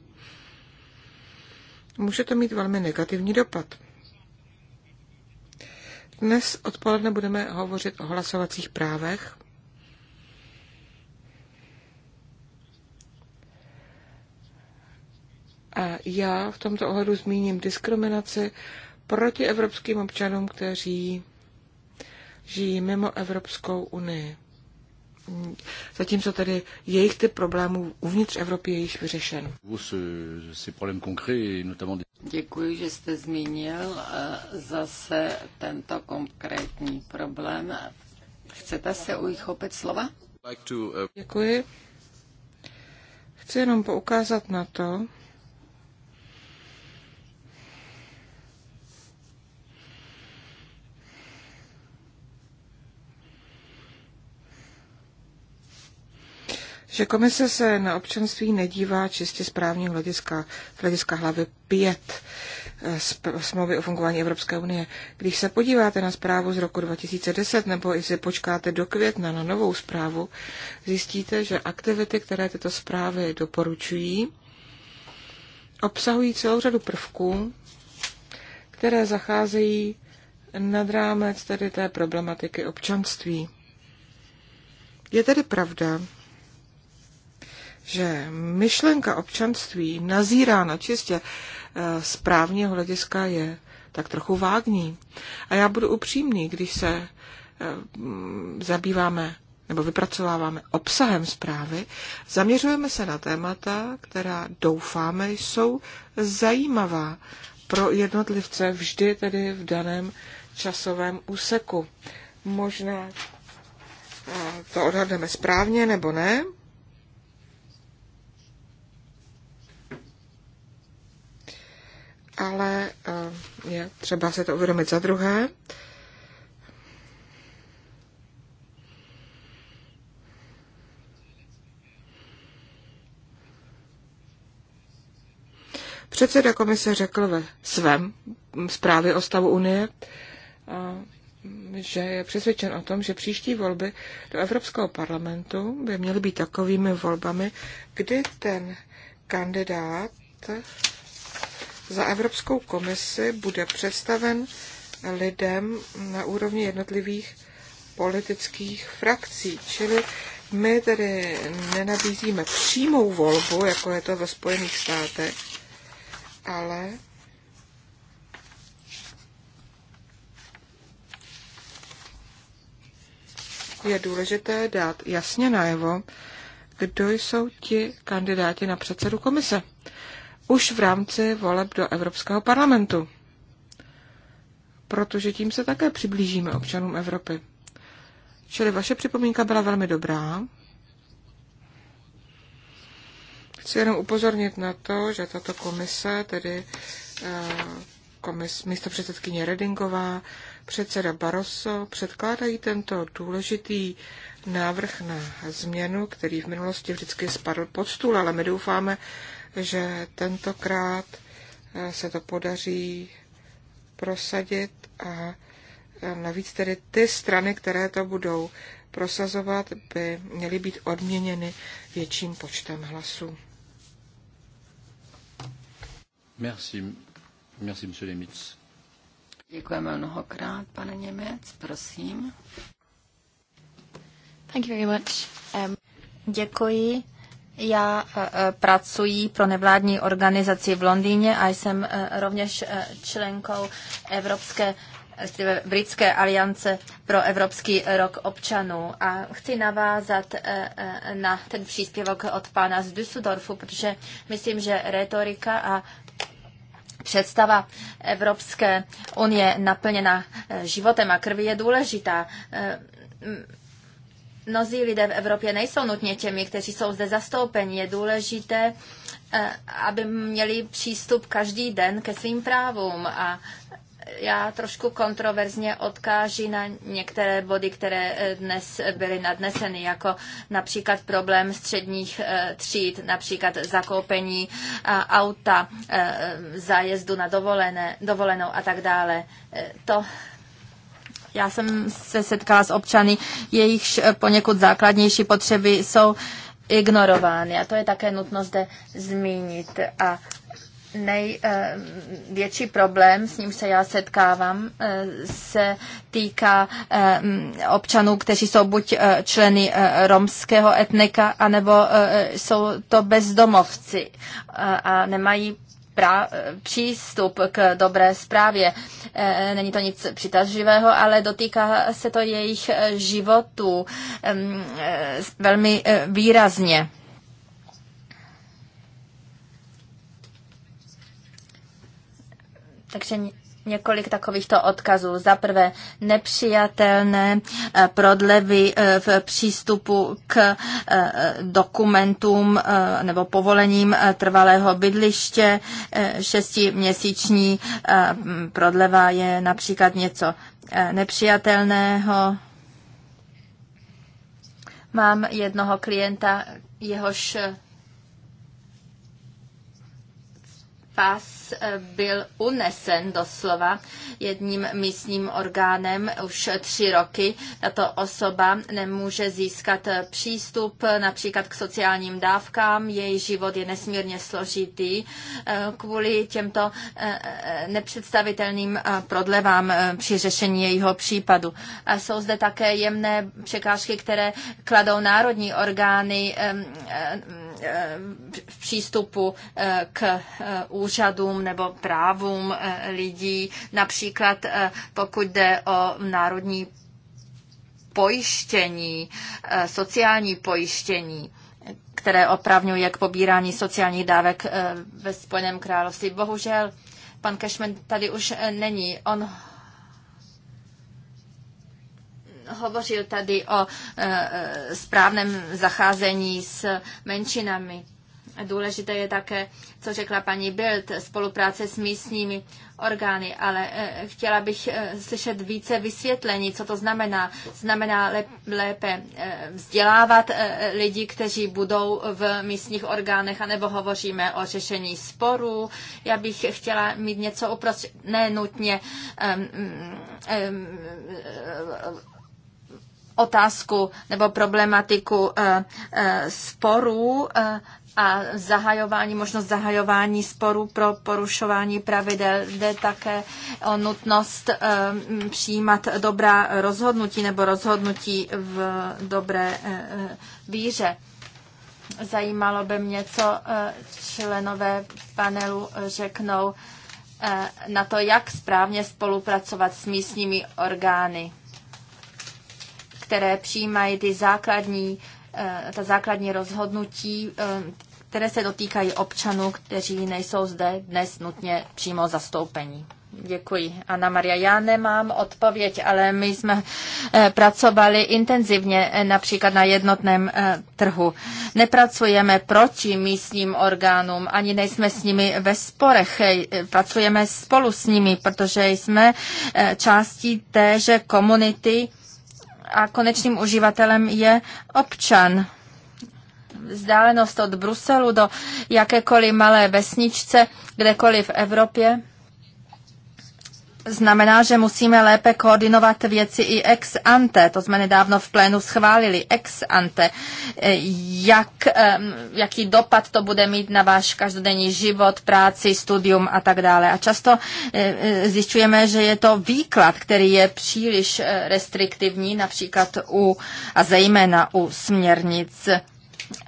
může to mít velmi negativní dopad. Dnes odpoledne budeme hovořit o hlasovacích právech A já v tomto ohledu zmíním diskriminaci proti evropským občanům, kteří žijí mimo Evropskou unii. Zatímco tedy jejich typ problémů uvnitř Evropy je již vyřešen. Děkuji, že jste zmínil eh, zase tento konkrétní problém. Chcete se uchopit slova? Eh, Děkuji. Chci jenom poukázat na to, že komise se na občanství nedívá čistě z právního hlediska, hlediska hlavy 5 eh, smlouvy o fungování Evropské unie. Když se podíváte na zprávu z roku 2010 nebo i se počkáte do května na novou zprávu, zjistíte, že aktivity, které tyto zprávy doporučují, obsahují celou řadu prvků, které zacházejí nad rámec tedy té problematiky občanství. Je tedy pravda, že myšlenka občanství nazírá na čistě správního eh, hlediska je tak trochu vágní. A já budu upřímný, když se eh, mm, zabýváme nebo vypracováváme obsahem zprávy, zaměřujeme se na témata, která doufáme jsou zajímavá pro jednotlivce vždy tedy v daném časovém úseku. Možná eh, to odhadneme správně nebo ne, ale eh, je třeba se to uvědomit za druhé. Předseda komise řekl ve svém zprávě o stavu Unie, eh, že je přesvědčen o tom, že příští volby do Evropského parlamentu by měly být takovými volbami, kdy ten kandidát za Evropskou komisi bude představen lidem na úrovni jednotlivých politických frakcí. Čili my tedy nenabízíme přímou volbu, jako je to ve Spojených státech, ale je důležité dát jasně najevo, kdo jsou ti kandidáti na předsedu komise už v rámci voleb do Evropského parlamentu. Protože tím se také přiblížíme občanům Evropy. Čili vaše připomínka byla velmi dobrá. Chci jenom upozornit na to, že tato komise, tedy eh, komis, místo předsedkyně Redingová, předseda Barroso, předkládají tento důležitý návrh na změnu, který v minulosti vždycky spadl pod stůl, ale my doufáme, že tentokrát eh, se to podaří prosadit a eh, navíc tedy ty strany, které to budou prosazovat, by měly být odměněny větším počtem hlasů. Merci. Merci, monsieur Nemitz. Děkujeme mnohokrát, pane Němec, prosím. Thank you very much. Um, děkuji. Já e, e, pracuji pro nevládní organizaci v Londýně a jsem e, rovněž členkou Evropské Britské aliance pro Evropský rok občanů. A chci navázat na ten příspěvok od pána z Düsseldorfu, protože myslím, že retorika a představa Evropské unie naplněna životem a krví je důležitá mnozí lidé v Evropě nejsou nutně těmi, kteří jsou zde zastoupeni. Je důležité, eh, aby měli přístup každý den ke svým právům a já trošku kontroverzně odkáží na některé body, které eh, dnes byly nadneseny, jako například problém středních eh, tříd, například zakoupení auta, zájezdu na dovolené, dovolenou a tak dále. To já jsem se setkala s občany, jejichž eh, poněkud základnější potřeby jsou ignorovány. A to je také nutno zde zmínit. A největší eh, problém, s ním se já setkávám, eh, se týká občanů, kteří jsou buď členy romského etnika, anebo jsou to bezdomovci a nemají pra, přístup k dobré zprávě. E, není to nic přitaživého, ale dotýká se to jejich životu e, velmi e, výrazně. Takže několik takovýchto odkazů. Za prvé, nepřijatelné eh, prodlevy eh, v přístupu k eh, dokumentům nebo povolením trvalého bydliště. Šestiměsíční prodleva je například něco nepřijatelného. Mám jednoho klienta, jehož pas eh, byl unesen doslova jedním místním orgánem už tři roky. Tato osoba nemůže získat eh, přístup například k sociálním dávkám, její život je nesmírně složitý eh, kvůli těmto nepředstavitelným prodlevám při řešení jejího případu. A jsou zde také jemné překážky, které kladou národní orgány v přístupu eh, k eh, úřadům nebo právům eh, lidí, například pokud jde o národní pojištění, sociální pojištění které opravňuje k pobírání sociálních dávek ve Spojeném království. Bohužel pan Cashman tady už není. On Hovořil tady o eh, správném zacházení s menšinami. Důležité je také, co řekla paní Bild, spolupráce s místními orgány, ale eh, chtěla bych eh, slyšet více vysvětlení, co to znamená. Znamená lépe vzdělávat lidi, kteří budou v místních orgánech, anebo hovoříme o řešení sporů. Já bych chtěla mít něco uprostřed, ne nutně otázku nebo problematiku eh, eh, sporů eh, a zahajování, možnost zahajování sporů pro porušování pravidel. Jde také o nutnost přijímat dobrá rozhodnutí nebo rozhodnutí v dobré víře. Zajímalo by mě, co členové panelu řeknou na to, jak správně spolupracovat s místními orgány které přijímají ty základní, eh, ta základní rozhodnutí, eh, které se dotýkají občanů, kteří nejsou zde dnes nutně přímo zastoupení. Děkuji. Ana Maria, já nemám odpověď, ale my jsme eh, pracovali intenzivně například na jednotném trhu. Nepracujeme proti místním orgánům, ani nejsme s nimi ve sporech. Pracujeme spolu s nimi, protože jsme částí téže komunity a konečným uživatelem je občan. Vzdálenost od Bruselu do jakékoliv malé vesničce, kdekoliv v Evropě, znamená, že musíme lépe koordinovat věci i ex ante. To jsme nedávno v plénu schválili. Ex ante. E, jak, jaký dopad to bude mít na váš každodenní život, práci, studium a tak dále. A často e, e, zjišťujeme, že je to výklad, který je příliš restriktivní, například u, a zejména u směrnic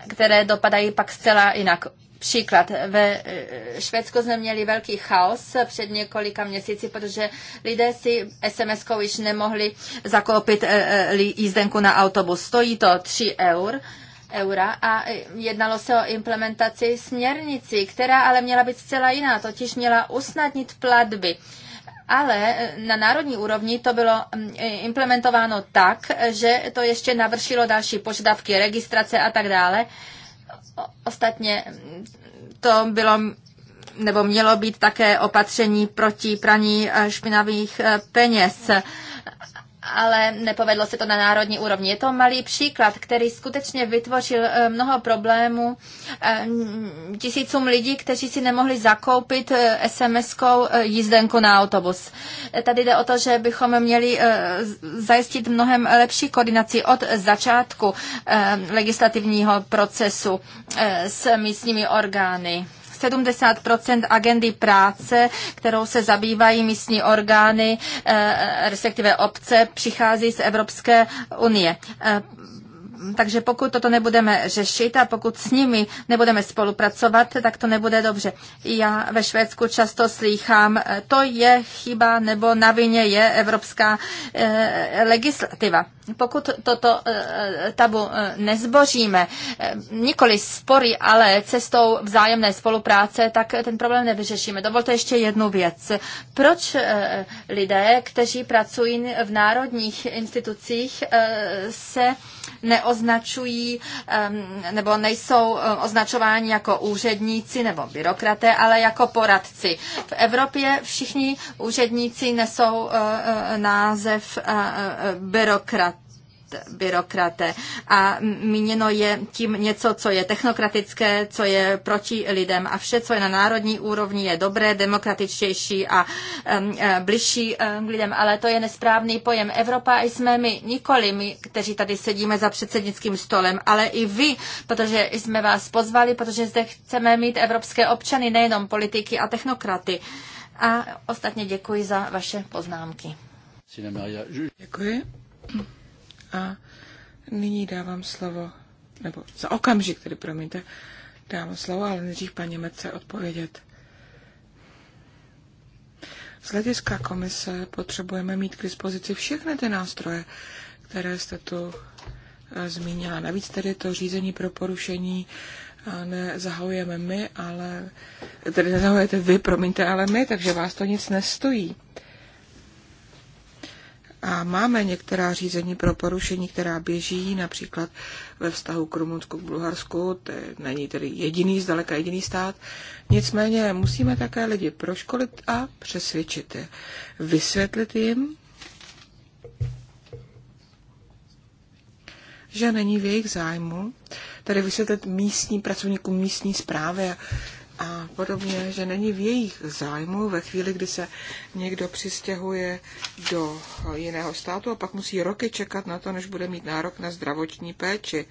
které dopadají pak zcela jinak. Příklad. Ve eh, Švédsku jsme měli velký chaos před několika měsíci, protože lidé si SMS-kou již nemohli zakoupit eh, eh, jízdenku na autobus. Stojí to 3 eur eura a jednalo se o implementaci směrnici, která ale měla být zcela jiná, totiž měla usnadnit platby. Ale na národní úrovni to bylo mm, implementováno tak, že to ještě navršilo další požadavky registrace a tak dále Ostatně to bylo nebo mělo být také opatření proti praní špinavých eh, peněz ale nepovedlo se to na národní úrovni. Je to malý příklad, který skutečně vytvořil eh, mnoho problémů eh, tisícům lidí, kteří si nemohli zakoupit eh, SMS-kou jízdenku na autobus. Tady jde o to, že bychom měli zajistit mnohem lepší koordinaci od začátku legislativního procesu s místními orgány 70 agendy práce, kterou se zabývají místní orgány, eh, respektive obce, přichází z Evropské unie eh, takže pokud toto nebudeme řešit a pokud s nimi nebudeme spolupracovat, tak to nebude dobře. Já ve Švédsku často slýchám, e, to je chyba nebo na vině je evropská e, legislativa. Pokud toto eh, tabu nezboříme, nikoli spory, ale cestou vzájemné spolupráce, tak ten problém nevyřešíme. Dovolte ještě jednu věc. Proč lidé, kteří pracují v národních institucích, se neoznačují nebo nejsou označováni jako úředníci nebo byrokraté, ale jako poradci. V Evropě všichni úředníci nesou eh, eh, název eh, byrokrat byrokraté. A míněno je tím něco, co je technokratické, co je proti lidem a vše, co je na národní úrovni, je dobré, demokratičtější a um, bližší um, lidem. Ale to je nesprávný pojem. Evropa jsme my, nikoli my, kteří tady sedíme za předsednickým stolem, ale i vy, protože jsme vás pozvali, protože zde chceme mít evropské občany, nejenom politiky a technokraty. A ostatně děkuji za vaše poznámky. Děkuji. A nyní dávám slovo, nebo za okamžik tedy, promiňte, dávám slovo, ale nejdřív paní Metce odpovědět. Z hlediska komise potřebujeme mít k dispozici všechny ty nástroje, které jste tu eh, zmínila. Navíc tedy to řízení pro porušení eh, nezahajujeme my, ale tedy nezahajujete vy, promiňte, ale my, takže vás to nic nestojí. A máme některá řízení pro porušení, která běží například ve vztahu k Rumunsku, k Bulharsku, to není tedy jediný, zdaleka jediný stát. Nicméně musíme také lidi proškolit a přesvědčit je. Vysvětlit jim, že není v jejich zájmu, tedy vysvětlit místním pracovníkům místní zprávy a a podobně, že není v jejich zájmu ve chvíli, kdy se někdo přistěhuje do jiného státu a pak musí roky čekat na to, než bude mít nárok na zdravotní péči.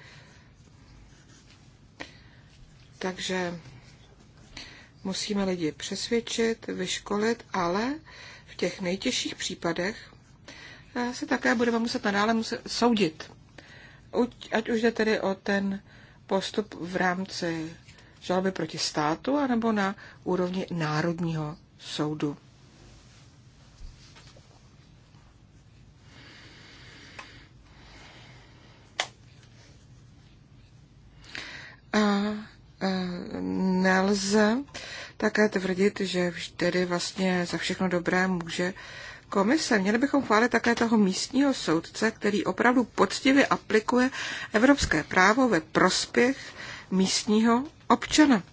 Takže musíme lidi přesvědčit, vyškolit, ale v těch nejtěžších případech eh, se také budeme muset nadále muset soudit. Ať už jde tedy o ten postup v rámci žaloby proti státu anebo na úrovni Národního soudu. A e, nelze také tvrdit, že tedy vlastně za všechno dobré může komise. Měli bychom chválit také toho místního soudce, který opravdu poctivě aplikuje evropské právo ve prospěch místního občana.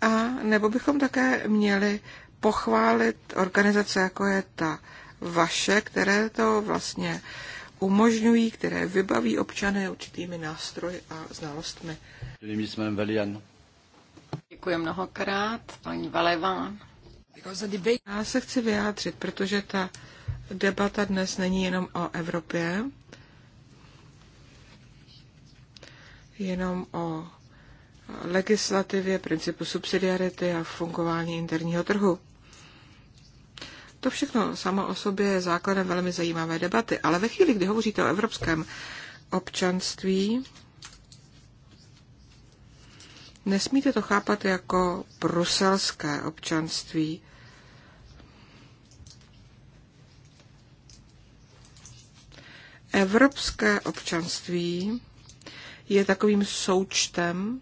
A nebo bychom také měli pochválit organizace, jako je ta vaše, které to vlastně umožňují, které vybaví občany určitými nástroji a znalostmi. Děkuji mnohokrát, paní Valeván. Já se chci vyjádřit, protože ta debata dnes není jenom o Evropě, jenom o legislativě, principu subsidiarity a fungování interního trhu. To všechno samo o sobě je základem velmi zajímavé debaty, ale ve chvíli, kdy hovoříte o evropském občanství, nesmíte to chápat jako bruselské občanství. Evropské občanství je takovým součtem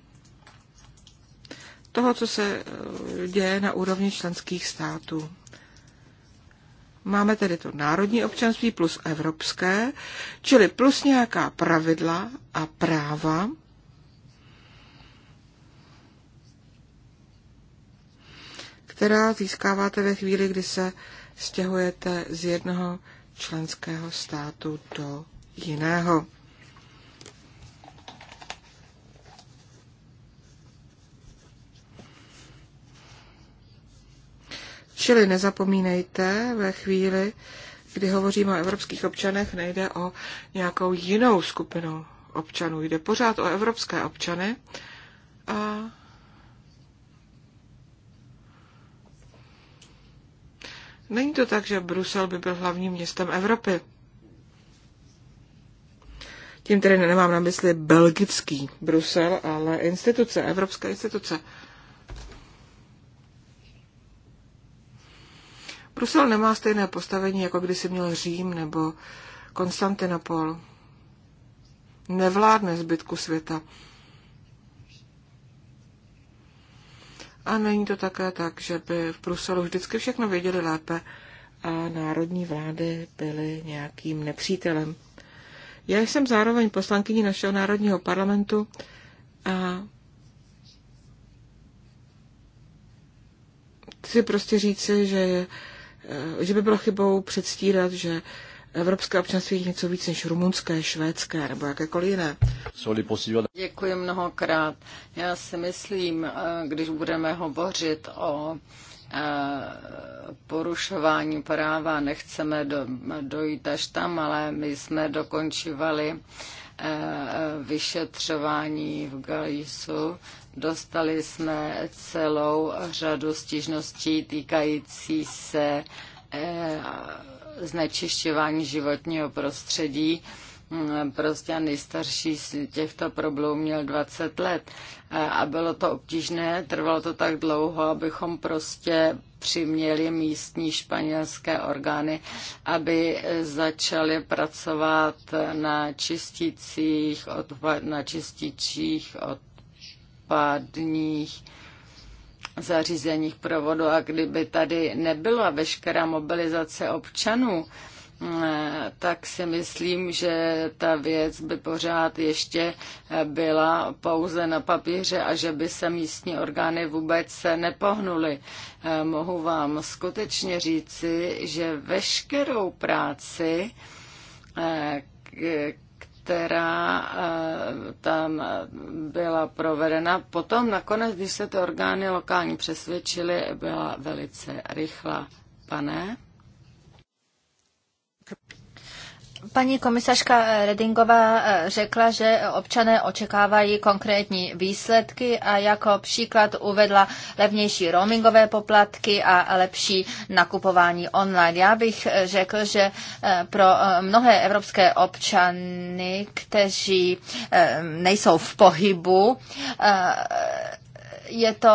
toho, co se eh, děje na úrovni členských států. Máme tedy to národní občanství plus evropské, čili plus nějaká pravidla a práva, která získáváte ve chvíli, kdy se stěhujete z jednoho členského státu do jiného. Čili nezapomínejte ve chvíli, kdy hovoříme o evropských občanech, nejde o nějakou jinou skupinu občanů. Jde pořád o evropské občany. A není to tak, že Brusel by byl hlavním městem Evropy. Tím tedy nemám na mysli belgický Brusel, ale instituce, evropské instituce. Brusel nemá stejné postavení, jako když si měl Řím nebo Konstantinopol. Nevládne zbytku světa. A není to také tak, že by v Bruselu vždycky všechno věděli lépe a národní vlády byly nějakým nepřítelem. Já jsem zároveň poslankyní našeho národního parlamentu a chci prostě říci, že je Eh, že by bylo chybou předstírat, že evropské občanství je něco víc než rumunské, švédské nebo jakékoliv jiné. Děkuji mnohokrát. Já si myslím, eh, když budeme hovořit o eh, porušování práva, nechceme do, dojít až tam, ale my jsme dokončovali Eh, eh, vyšetřování v Galisu. Dostali jsme celou řadu stížností týkající se eh, znečišťování životního prostředí Mm, prostě nejstarší z těchto problémů měl 20 let a bylo to obtížné, trvalo to tak dlouho, abychom prostě přiměli místní španělské orgány, aby začaly pracovat na čistících, odpad, na čističích odpadních zařízeních provodu a kdyby tady nebyla veškerá mobilizace občanů, tak si myslím, že ta věc by pořád ještě byla pouze na papíře a že by se místní orgány vůbec nepohnuly. Mohu vám skutečně říci, že veškerou práci, která eh, tam byla provedena. Potom nakonec, když se ty orgány lokální přesvědčily, byla velice rychlá. Pane? Paní komisařka Redingová eh, řekla, že občané očekávají konkrétní výsledky a jako příklad uvedla levnější roamingové poplatky a lepší nakupování online. Já bych eh, řekl, že eh, pro mnohé evropské občany, kteří nejsou v pohybu, je to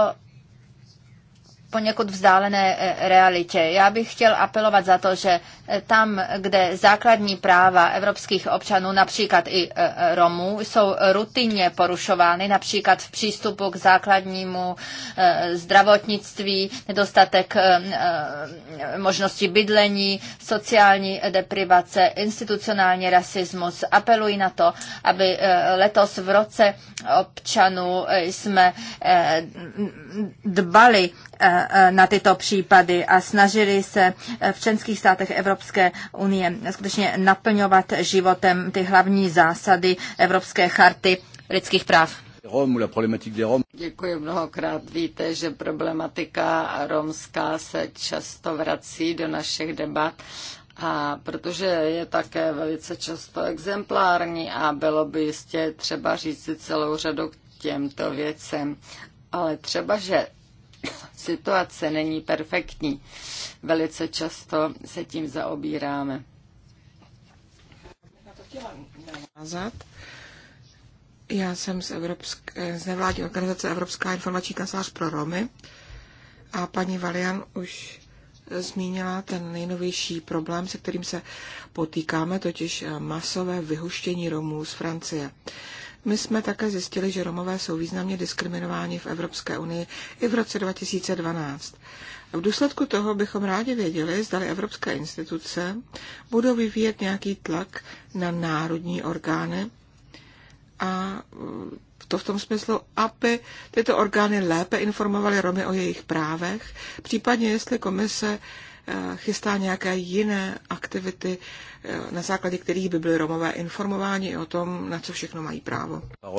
poněkud vzdálené realitě. Já bych chtěl apelovat za to, že tam, kde základní práva evropských občanů, například i e, Romů, jsou rutinně porušovány, například v přístupu k základnímu e, zdravotnictví, nedostatek e, možnosti bydlení, sociální deprivace, institucionální rasismus. Apeluji na to, aby letos v roce občanů jsme dbali na tyto případy a snažili se v členských státech Evropské Evropské unie skutečně naplňovat životem ty hlavní zásady Evropské charty lidských práv. Děkuji mnohokrát. Víte, že problematika romská se často vrací do našich debat a protože je také velice často exemplární a bylo by jistě třeba říct si celou řadu k těmto věcem. Ale třeba, že Situace není perfektní. Velice často se tím zaobíráme. Já jsem z, Evropské, z nevládní organizace Evropská informační kancelář pro Romy a paní Valian už zmínila ten nejnovější problém, se kterým se potýkáme, totiž masové vyhuštění Romů z Francie. My jsme také zjistili, že Romové jsou významně diskriminováni v Evropské unii i v roce 2012. V důsledku toho bychom rádi věděli, zda evropské instituce budou vyvíjet nějaký tlak na národní orgány a e, to v tom smyslu, aby tyto orgány lépe informovaly Romy o jejich právech, případně jestli komise Eh, chystá nějaké jiné aktivity, eh, na základě kterých by byly Romové informováni o tom, na co všechno mají právo. Eh,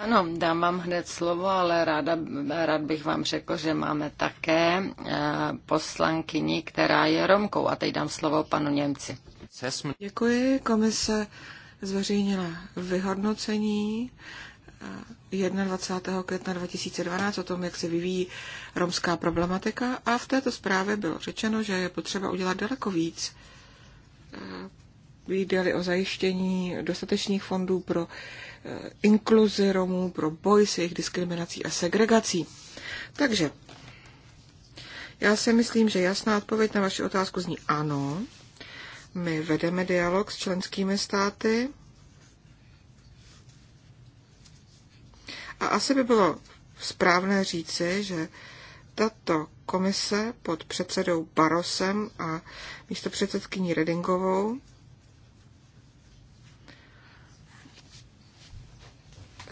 ano, dám vám hned slovo, ale ráda, rád bych vám řekl, že máme také poslankyni, která je Romkou. A teď dám slovo panu Němci. Děkuji, komise zveřejnila vyhodnocení 21. května 2012 o tom, jak se vyvíjí romská problematika a v této zprávě bylo řečeno, že je potřeba udělat daleko víc. Eh, jde o zajištění dostatečných fondů pro eh, inkluzi Romů, pro boj s jejich diskriminací a segregací. Takže já si myslím, že jasná odpověď na vaši otázku zní ano. My vedeme dialog s členskými státy A asi by bylo správné říci, že tato komise pod předsedou Barosem a místo předsedkyní Redingovou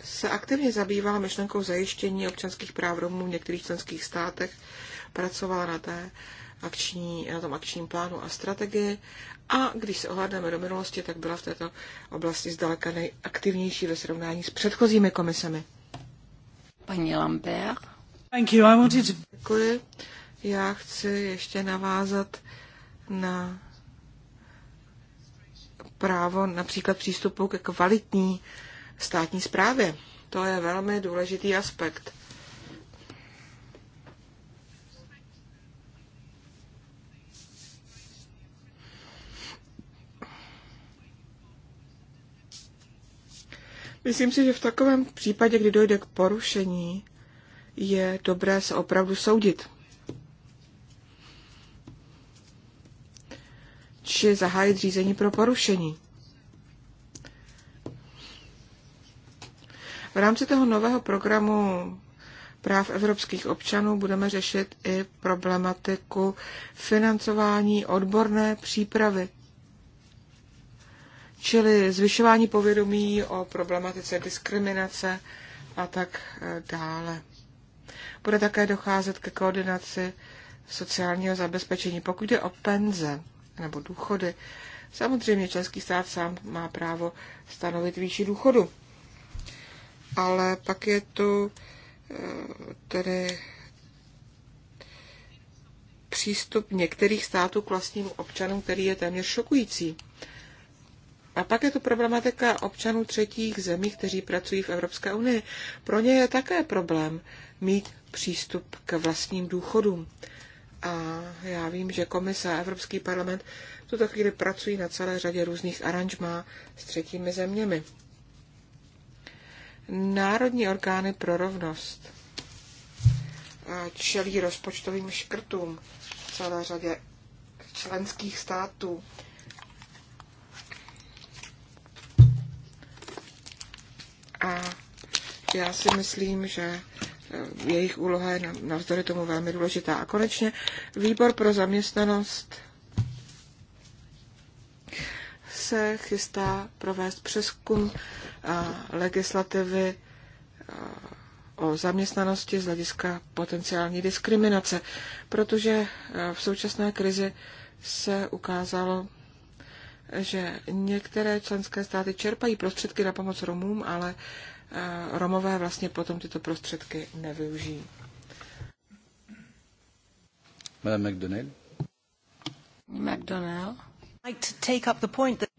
se aktivně zabývala myšlenkou zajištění občanských práv Romů v některých členských státech, pracovala na, té akční, na tom akčním plánu a strategii a když se ohlédneme do minulosti, tak byla v této oblasti zdaleka nejaktivnější ve srovnání s předchozími komisemi. Paní Lambert. Thank you. I wanted to... Děkuji. Já chci ještě navázat na právo například přístupu ke kvalitní státní správě. To je velmi důležitý aspekt. Myslím si, že v takovém případě, kdy dojde k porušení, je dobré se opravdu soudit. Či zahájit řízení pro porušení. V rámci toho nového programu práv evropských občanů budeme řešit i problematiku financování odborné přípravy čili zvyšování povědomí o problematice diskriminace a tak eh, dále. Bude také docházet ke koordinaci sociálního zabezpečení. Pokud je o penze nebo důchody, samozřejmě český stát sám má právo stanovit výši důchodu. Ale pak je tu eh, tedy přístup některých států k vlastním občanům, který je téměř šokující. A pak je tu problematika občanů třetích zemí, kteří pracují v Evropské unii. Pro ně je také problém mít přístup k vlastním důchodům. A já vím, že komise a Evropský parlament v tuto chvíli pracují na celé řadě různých aranžmá s třetími zeměmi. Národní orgány pro rovnost čelí rozpočtovým škrtům v celé řadě členských států. A já si myslím, že eh, jejich úloha je navzdory tomu velmi důležitá. A konečně výbor pro zaměstnanost se chystá provést přeskum eh, legislativy eh, o zaměstnanosti z hlediska potenciální diskriminace, protože v současné krizi se ukázalo, že některé členské státy čerpají prostředky na pomoc Romům, ale eh, Romové vlastně potom tyto prostředky nevyužijí. Madame McDonnell. McDonnell.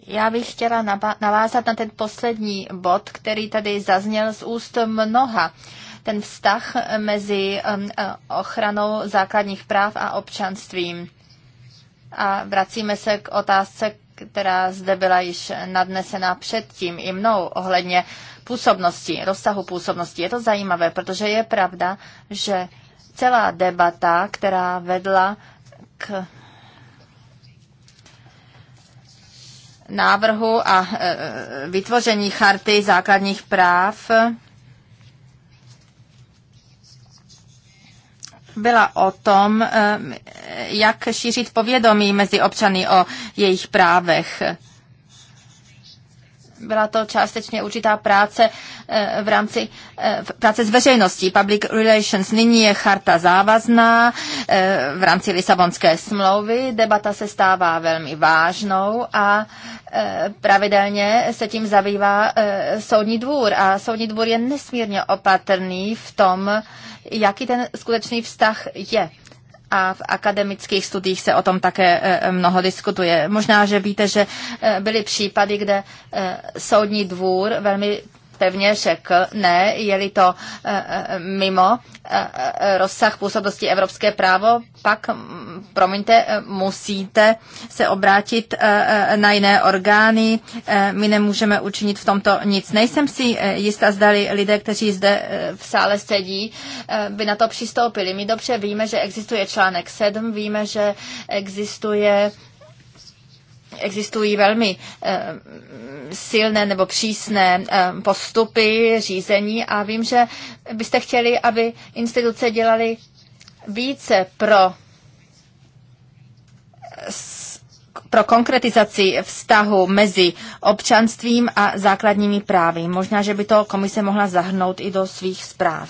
Já bych chtěla navázat na ten poslední bod, který tady zazněl z úst mnoha. Ten vztah mezi um, eh, ochranou základních práv a občanstvím. A vracíme se k otázce která zde byla již nadnesena předtím i mnou ohledně působnosti, rozsahu působnosti. Je to zajímavé, protože je pravda, že celá debata, která vedla k návrhu a e, e, vytvoření charty základních práv, byla o tom, eh, jak šířit povědomí mezi občany o jejich právech byla to částečně určitá práce eh, v rámci eh, práce s veřejností, public relations. Nyní je charta závazná eh, v rámci Lisabonské smlouvy. Debata se stává velmi vážnou a pravidelně se tím zabývá soudní dvůr. A soudní dvůr je nesmírně opatrný v tom, jaký ten skutečný vztah je a v akademických studiích se o tom také e, e, mnoho diskutuje. Možná, že víte, že e, byly případy, kde soudní dvůr velmi pevně řekl, ne, je-li to eh, eh, mimo eh, rozsah působnosti evropské právo, pak, mm, promiňte, musíte se obrátit na jiné orgány, my nemůžeme učinit v tomto nic. Nejsem si jistá, zdali lidé, kteří zde v sále sedí, by na to přistoupili. My dobře víme, že existuje článek 7, víme, že existuje existují velmi eh, silné nebo přísné eh, postupy řízení a vím, že byste chtěli, aby instituce dělaly více pro pro konkretizaci vztahu mezi občanstvím a základními právy. Možná, že by to komise mohla zahrnout i do svých zpráv.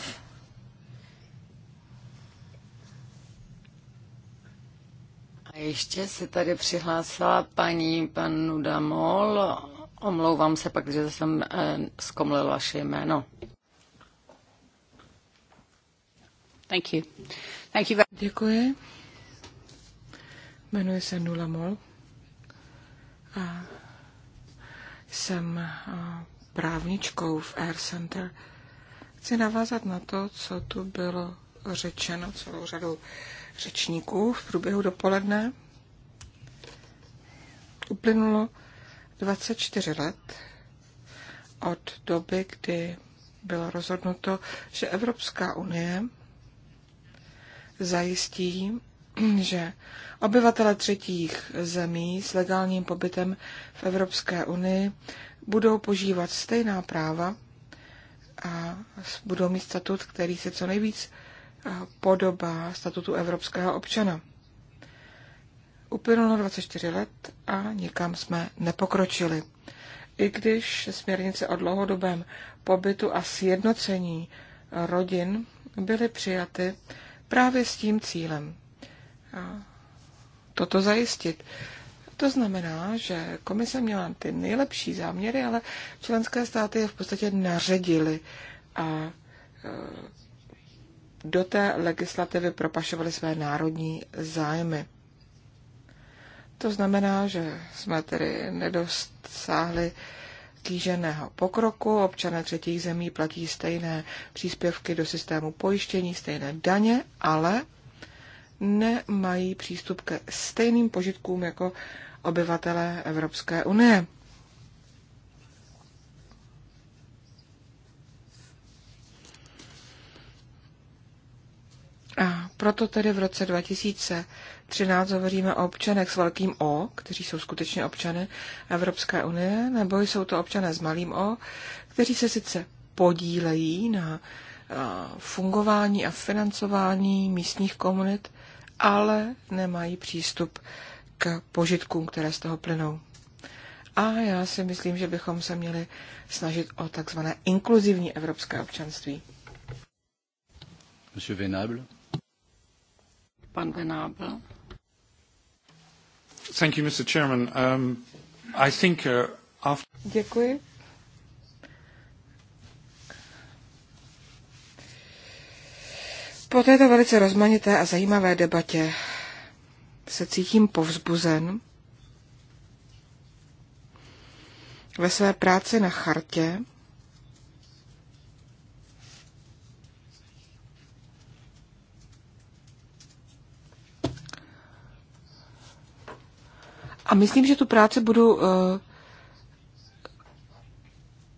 Ještě se tady přihlásila paní pan Nudamol. Omlouvám se pak, že jsem eh, zkomlil vaše jméno. Thank you. Thank you very... Děkuji. Jmenuji se Nula Mol a jsem eh, právničkou v Air Center. Chci navázat na to, co tu bylo řečeno celou řadou řečníků v průběhu dopoledne. Uplynulo 24 let od doby, kdy bylo rozhodnuto, že Evropská unie zajistí, že obyvatele třetích zemí s legálním pobytem v Evropské unii budou požívat stejná práva a budou mít statut, který se co nejvíc podoba statutu evropského občana. Uplynulo 24 let a nikam jsme nepokročili. I když směrnice o dlouhodobém pobytu a sjednocení rodin byly přijaty právě s tím cílem. A toto zajistit. To znamená, že komise měla ty nejlepší záměry, ale členské státy je v podstatě naředily a e, do té legislativy propašovali své národní zájmy. To znamená, že jsme tedy nedosáhli kýženého pokroku. Občané třetích zemí platí stejné příspěvky do systému pojištění, stejné daně, ale nemají přístup ke stejným požitkům jako obyvatelé Evropské unie. A proto tedy v roce 2013 hovoříme o občanech s velkým O, kteří jsou skutečně občany Evropské unie, nebo jsou to občané s malým O, kteří se sice podílejí na fungování a financování místních komunit, ale nemají přístup k požitkům, které z toho plynou. A já si myslím, že bychom se měli snažit o takzvané inkluzivní evropské občanství. Monsieur Venable pan Venábel. Thank you, Mr. Chairman. Um, I think uh, after... Děkuji. Po této velice rozmanité a zajímavé debatě se cítím povzbuzen ve své práci na chartě A myslím, že tu práci budu eh,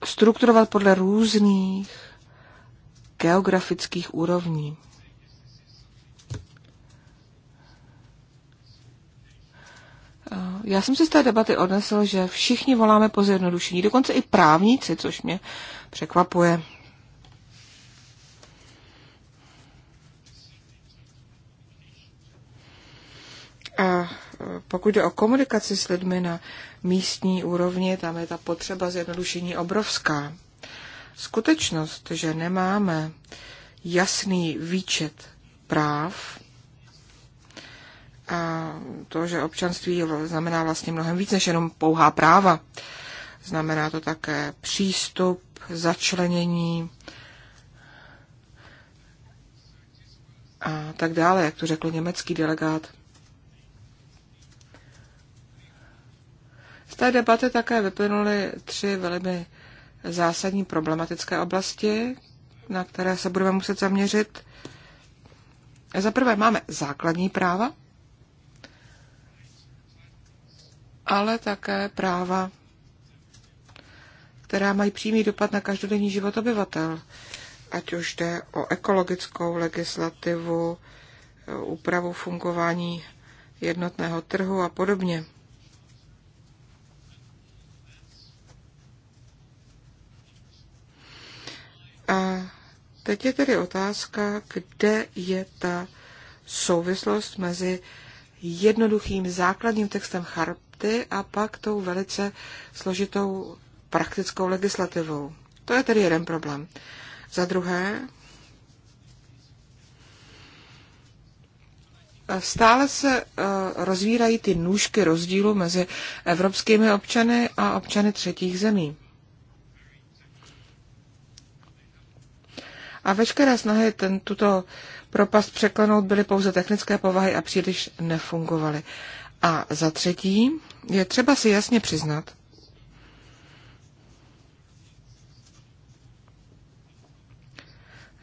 strukturovat podle různých geografických úrovní. Eh, já jsem si z té debaty odnesl, že všichni voláme po zjednodušení, dokonce i právníci, což mě překvapuje. A pokud jde o komunikaci s lidmi na místní úrovni, tam je ta potřeba zjednodušení obrovská. Skutečnost, že nemáme jasný výčet práv a to, že občanství znamená vlastně mnohem víc než jenom pouhá práva. Znamená to také přístup, začlenění a tak dále, jak to řekl německý delegát Z té debaty také vyplynuly tři velmi zásadní problematické oblasti, na které se budeme muset zaměřit. Za prvé máme základní práva, ale také práva, která mají přímý dopad na každodenní život obyvatel, ať už jde o ekologickou legislativu, úpravu fungování jednotného trhu a podobně. A teď je tedy otázka, kde je ta souvislost mezi jednoduchým základním textem charty a pak tou velice složitou praktickou legislativou. To je tedy jeden problém. Za druhé, stále se eh, rozvírají ty nůžky rozdílu mezi evropskými občany a občany třetích zemí. a veškeré snahy ten, tuto propast překlenout byly pouze technické povahy a příliš nefungovaly. A za třetí je třeba si jasně přiznat,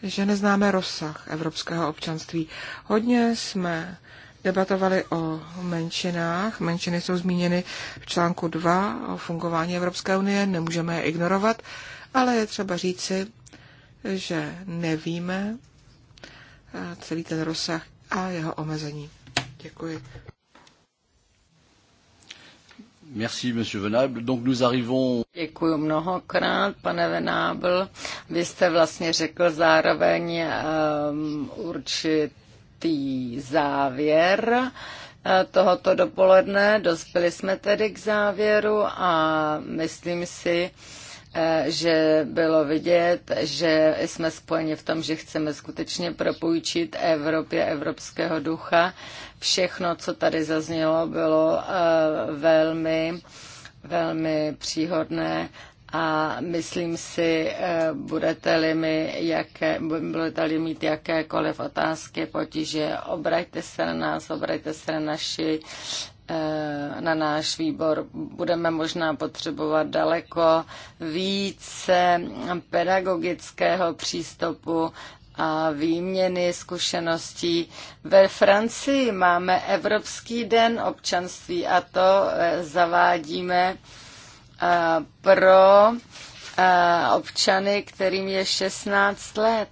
že neznáme rozsah evropského občanství. Hodně jsme debatovali o menšinách. Menšiny jsou zmíněny v článku 2 o fungování Evropské unie, nemůžeme je ignorovat, ale je třeba říci, že nevíme eh, celý ten rozsah a jeho omezení. Děkuji. Merci, monsieur Venable. Donc nous arrivons... Děkuji mnohokrát, pane Venábl. Vy jste vlastně řekl zároveň um, určitý závěr eh, tohoto dopoledne. Dospěli jsme tedy k závěru a myslím si, Eh, že bylo vidět, že jsme spojeni v tom, že chceme skutečně propůjčit Evropě evropského ducha. Všechno, co tady zaznělo, bylo eh, velmi, velmi příhodné a myslím si, eh, budete-li, mi jaké, budete-li mít jakékoliv otázky, potíže, obraťte se na nás, obraťte se na naši Eh, na náš výbor. Budeme možná potřebovat daleko více pedagogického přístupu a výměny zkušeností. Ve Francii máme Evropský den občanství a to eh, zavádíme eh, pro občany, kterým je 16 let.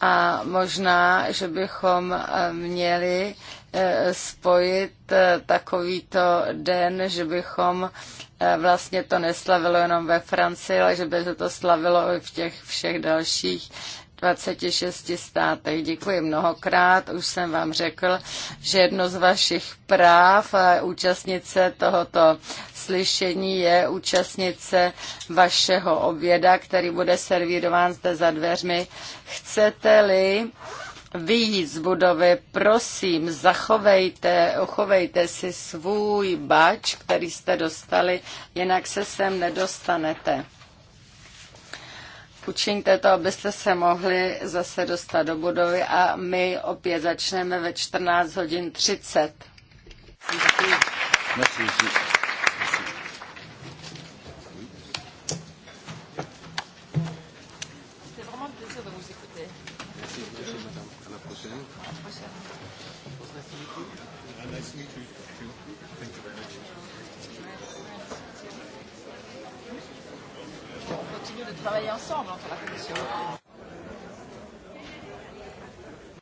A možná, že bychom měli Eh, spojit eh, takovýto den, že bychom eh, vlastně to neslavilo jenom ve Francii, ale že by se to slavilo i v těch všech dalších 26 státech. Děkuji mnohokrát. Už jsem vám řekl, že jedno z vašich práv a účastnice tohoto slyšení je účastnice vašeho oběda, který bude servírován zde za dveřmi. Chcete-li vyjít z budovy, prosím, zachovejte, ochovejte si svůj bač, který jste dostali, jinak se sem nedostanete. Učiňte to, abyste se mohli zase dostat do budovy a my opět začneme ve 14 hodin 30. Děkuji. Děkuji. travailler ensemble entre la Commission. européenne.